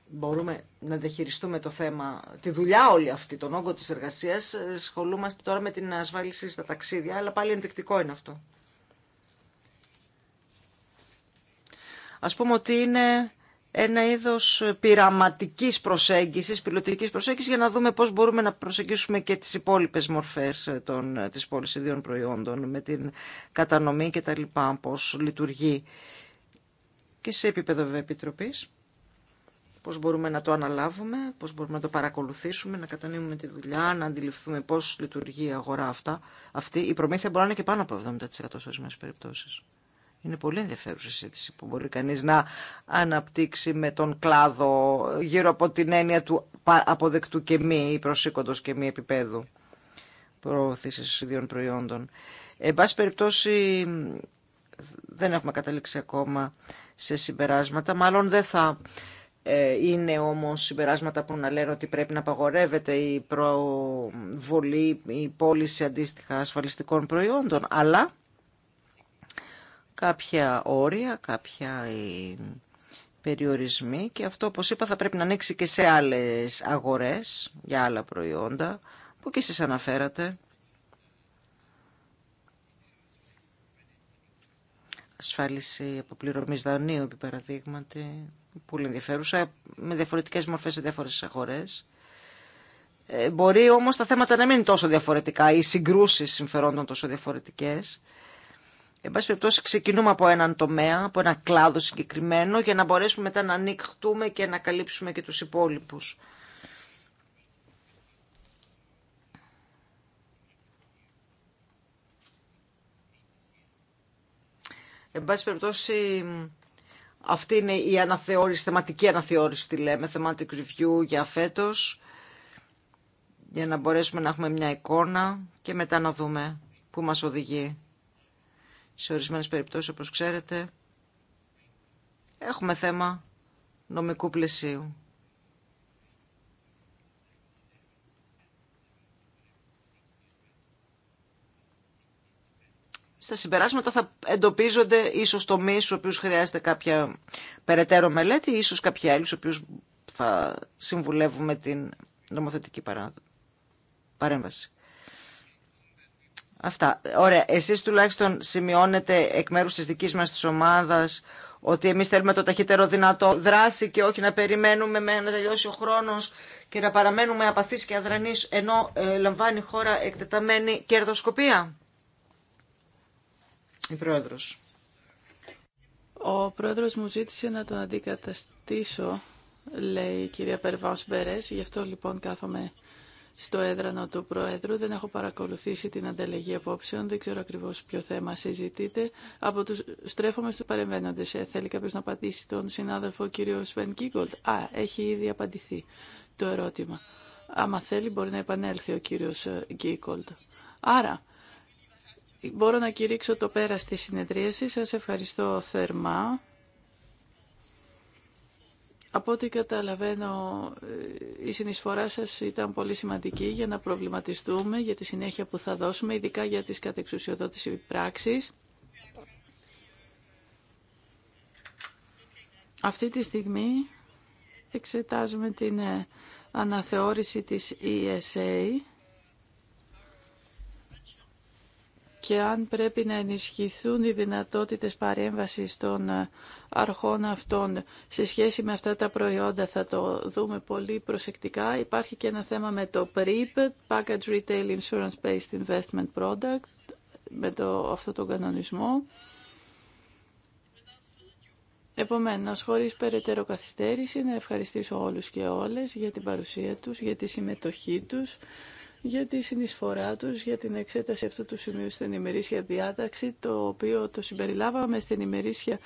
μπορούμε να διαχειριστούμε το θέμα, τη δουλειά όλη αυτή, τον όγκο της εργασίας, ε, σχολούμαστε τώρα με την ασφάλιση στα ταξίδια, αλλά πάλι ενδεικτικό είναι αυτό. Ας πούμε ότι είναι ένα είδος πειραματικής προσέγγισης, πιλωτικής προσέγγισης για να δούμε πώς μπορούμε να προσεγγίσουμε και τις υπόλοιπες μορφές ε, τη ε, της ιδίων προϊόντων με την κατανομή και τα λοιπά, πώς λειτουργεί και σε επίπεδο επιτροπής, πώς μπορούμε να το αναλάβουμε, πώς μπορούμε να το παρακολουθήσουμε, να κατανοούμε τη δουλειά, να αντιληφθούμε πώς λειτουργεί η αγορά αυτά. αυτή. Η προμήθεια μπορεί να είναι και πάνω από 70% σε ορισμένες περιπτώσεις. Είναι πολύ ενδιαφέρουσα η συζήτηση που μπορεί κανείς να αναπτύξει με τον κλάδο γύρω από την έννοια του αποδεκτού και μη ή προσήκοντος και μη επίπεδου προωθήσεις ιδιών προϊόντων. Εν πάση περιπτώσει δεν έχουμε καταλήξει ακόμα σε συμπεράσματα. Μάλλον δεν θα ε, είναι όμως συμπεράσματα που να λένε ότι πρέπει να απαγορεύεται η προβολή, η πώληση αντίστοιχα ασφαλιστικών προϊόντων. Αλλά κάποια όρια, κάποια ε, περιορισμοί και αυτό, όπως είπα, θα πρέπει να ανοίξει και σε άλλες αγορές για άλλα προϊόντα που και εσείς αναφέρατε. Ασφάλιση αποπληρωμής δανείου, επί παραδείγματι, πολύ ενδιαφέρουσα, με διαφορετικές μορφές σε διάφορες αγορές. Ε, μπορεί όμως τα θέματα να μην είναι τόσο διαφορετικά, οι συγκρούσεις συμφερόντων τόσο διαφορετικές. Εν πάση περιπτώσει ξεκινούμε από έναν τομέα, από ένα κλάδο συγκεκριμένο για να μπορέσουμε μετά να ανοιχτούμε και να καλύψουμε και τους υπόλοιπους. Εν πάση περιπτώσει, αυτή είναι η αναθεώρηση, θεματική αναθεώρηση τη λέμε, thematic review για φέτος, για να μπορέσουμε να έχουμε μια εικόνα και μετά να δούμε πού μας οδηγεί σε ορισμένες περιπτώσεις, όπως ξέρετε, έχουμε θέμα νομικού πλαισίου. Στα συμπεράσματα θα εντοπίζονται ίσως τομείς στους οποίους χρειάζεται κάποια περαιτέρω μελέτη ή ίσως κάποιοι άλλοι στους οποίους θα συμβουλεύουμε την νομοθετική παρέμβαση. Αυτά. Ωραία. Εσείς τουλάχιστον σημειώνετε εκ μέρους της δικής μας της ομάδας ότι εμείς θέλουμε το ταχύτερο δυνατό δράση και όχι να περιμένουμε με να τελειώσει ο χρόνος και να παραμένουμε απαθείς και αδρανείς ενώ ε, λαμβάνει η χώρα εκτεταμένη κερδοσκοπία. Η Πρόεδρος. Ο Πρόεδρος μου ζήτησε να τον αντικαταστήσω, λέει η κυρία Περβάος Μπερές, γι' αυτό λοιπόν κάθομαι στο έδρανο του Προέδρου. Δεν έχω παρακολουθήσει την ανταλλαγή απόψεων, δεν ξέρω ακριβώ ποιο θέμα συζητείτε. Από τους... Στρέφομαι του παρεμβαίνοντε. Ε, θέλει κάποιο να απαντήσει τον συνάδελφο κύριο Σβεν Κίγκολτ. Α, έχει ήδη απαντηθεί το ερώτημα. Άμα θέλει μπορεί να επανέλθει ο κύριο ε, Κίγκολτ. Άρα, μπορώ να κηρύξω το πέρα στη συνεδρίαση. Σας ευχαριστώ θερμά. Από ό,τι καταλαβαίνω, ε, η συνεισφορά σας ήταν πολύ σημαντική για να προβληματιστούμε για τη συνέχεια που θα δώσουμε, ειδικά για τις κατεξουσιοδότηση πράξεις. Αυτή τη στιγμή εξετάζουμε την ε, αναθεώρηση της ESA και αν πρέπει να ενισχυθούν οι δυνατότητες παρέμβασης των ε, αρχών αυτών σε σχέση με αυτά τα προϊόντα θα το δούμε πολύ προσεκτικά. Υπάρχει και ένα θέμα με το PRIP, Package Retail Insurance Based Investment Product, με το, αυτό τον κανονισμό. Επομένως, χωρίς περαιτέρω καθυστέρηση, να ευχαριστήσω όλους και όλες για την παρουσία τους, για τη συμμετοχή τους, για τη συνεισφορά τους για την εξέταση αυτού του σημείου στην ημερήσια διάταξη, το οποίο το συμπεριλάβαμε στην ημερήσια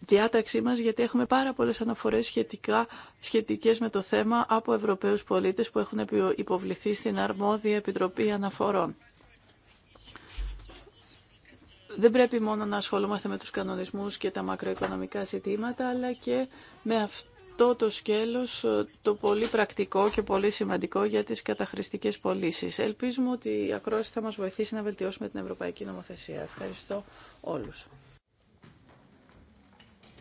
διάταξή μας, γιατί έχουμε πάρα πολλές αναφορές σχετικά, σχετικές με το θέμα από Ευρωπαίους πολίτες που έχουν υποβληθεί στην αρμόδια Επιτροπή Αναφορών. Δεν πρέπει μόνο να ασχολούμαστε με τους κανονισμούς και τα μακροοικονομικά ζητήματα, αλλά και με αυτό αυτό το σκέλος ε, το πολύ πρακτικό και πολύ σημαντικό για τις καταχρηστικές πωλήσει. Ελπίζουμε ότι η ακρόαση θα μας βοηθήσει να βελτιώσουμε την ευρωπαϊκή νομοθεσία. Ευχαριστώ όλους.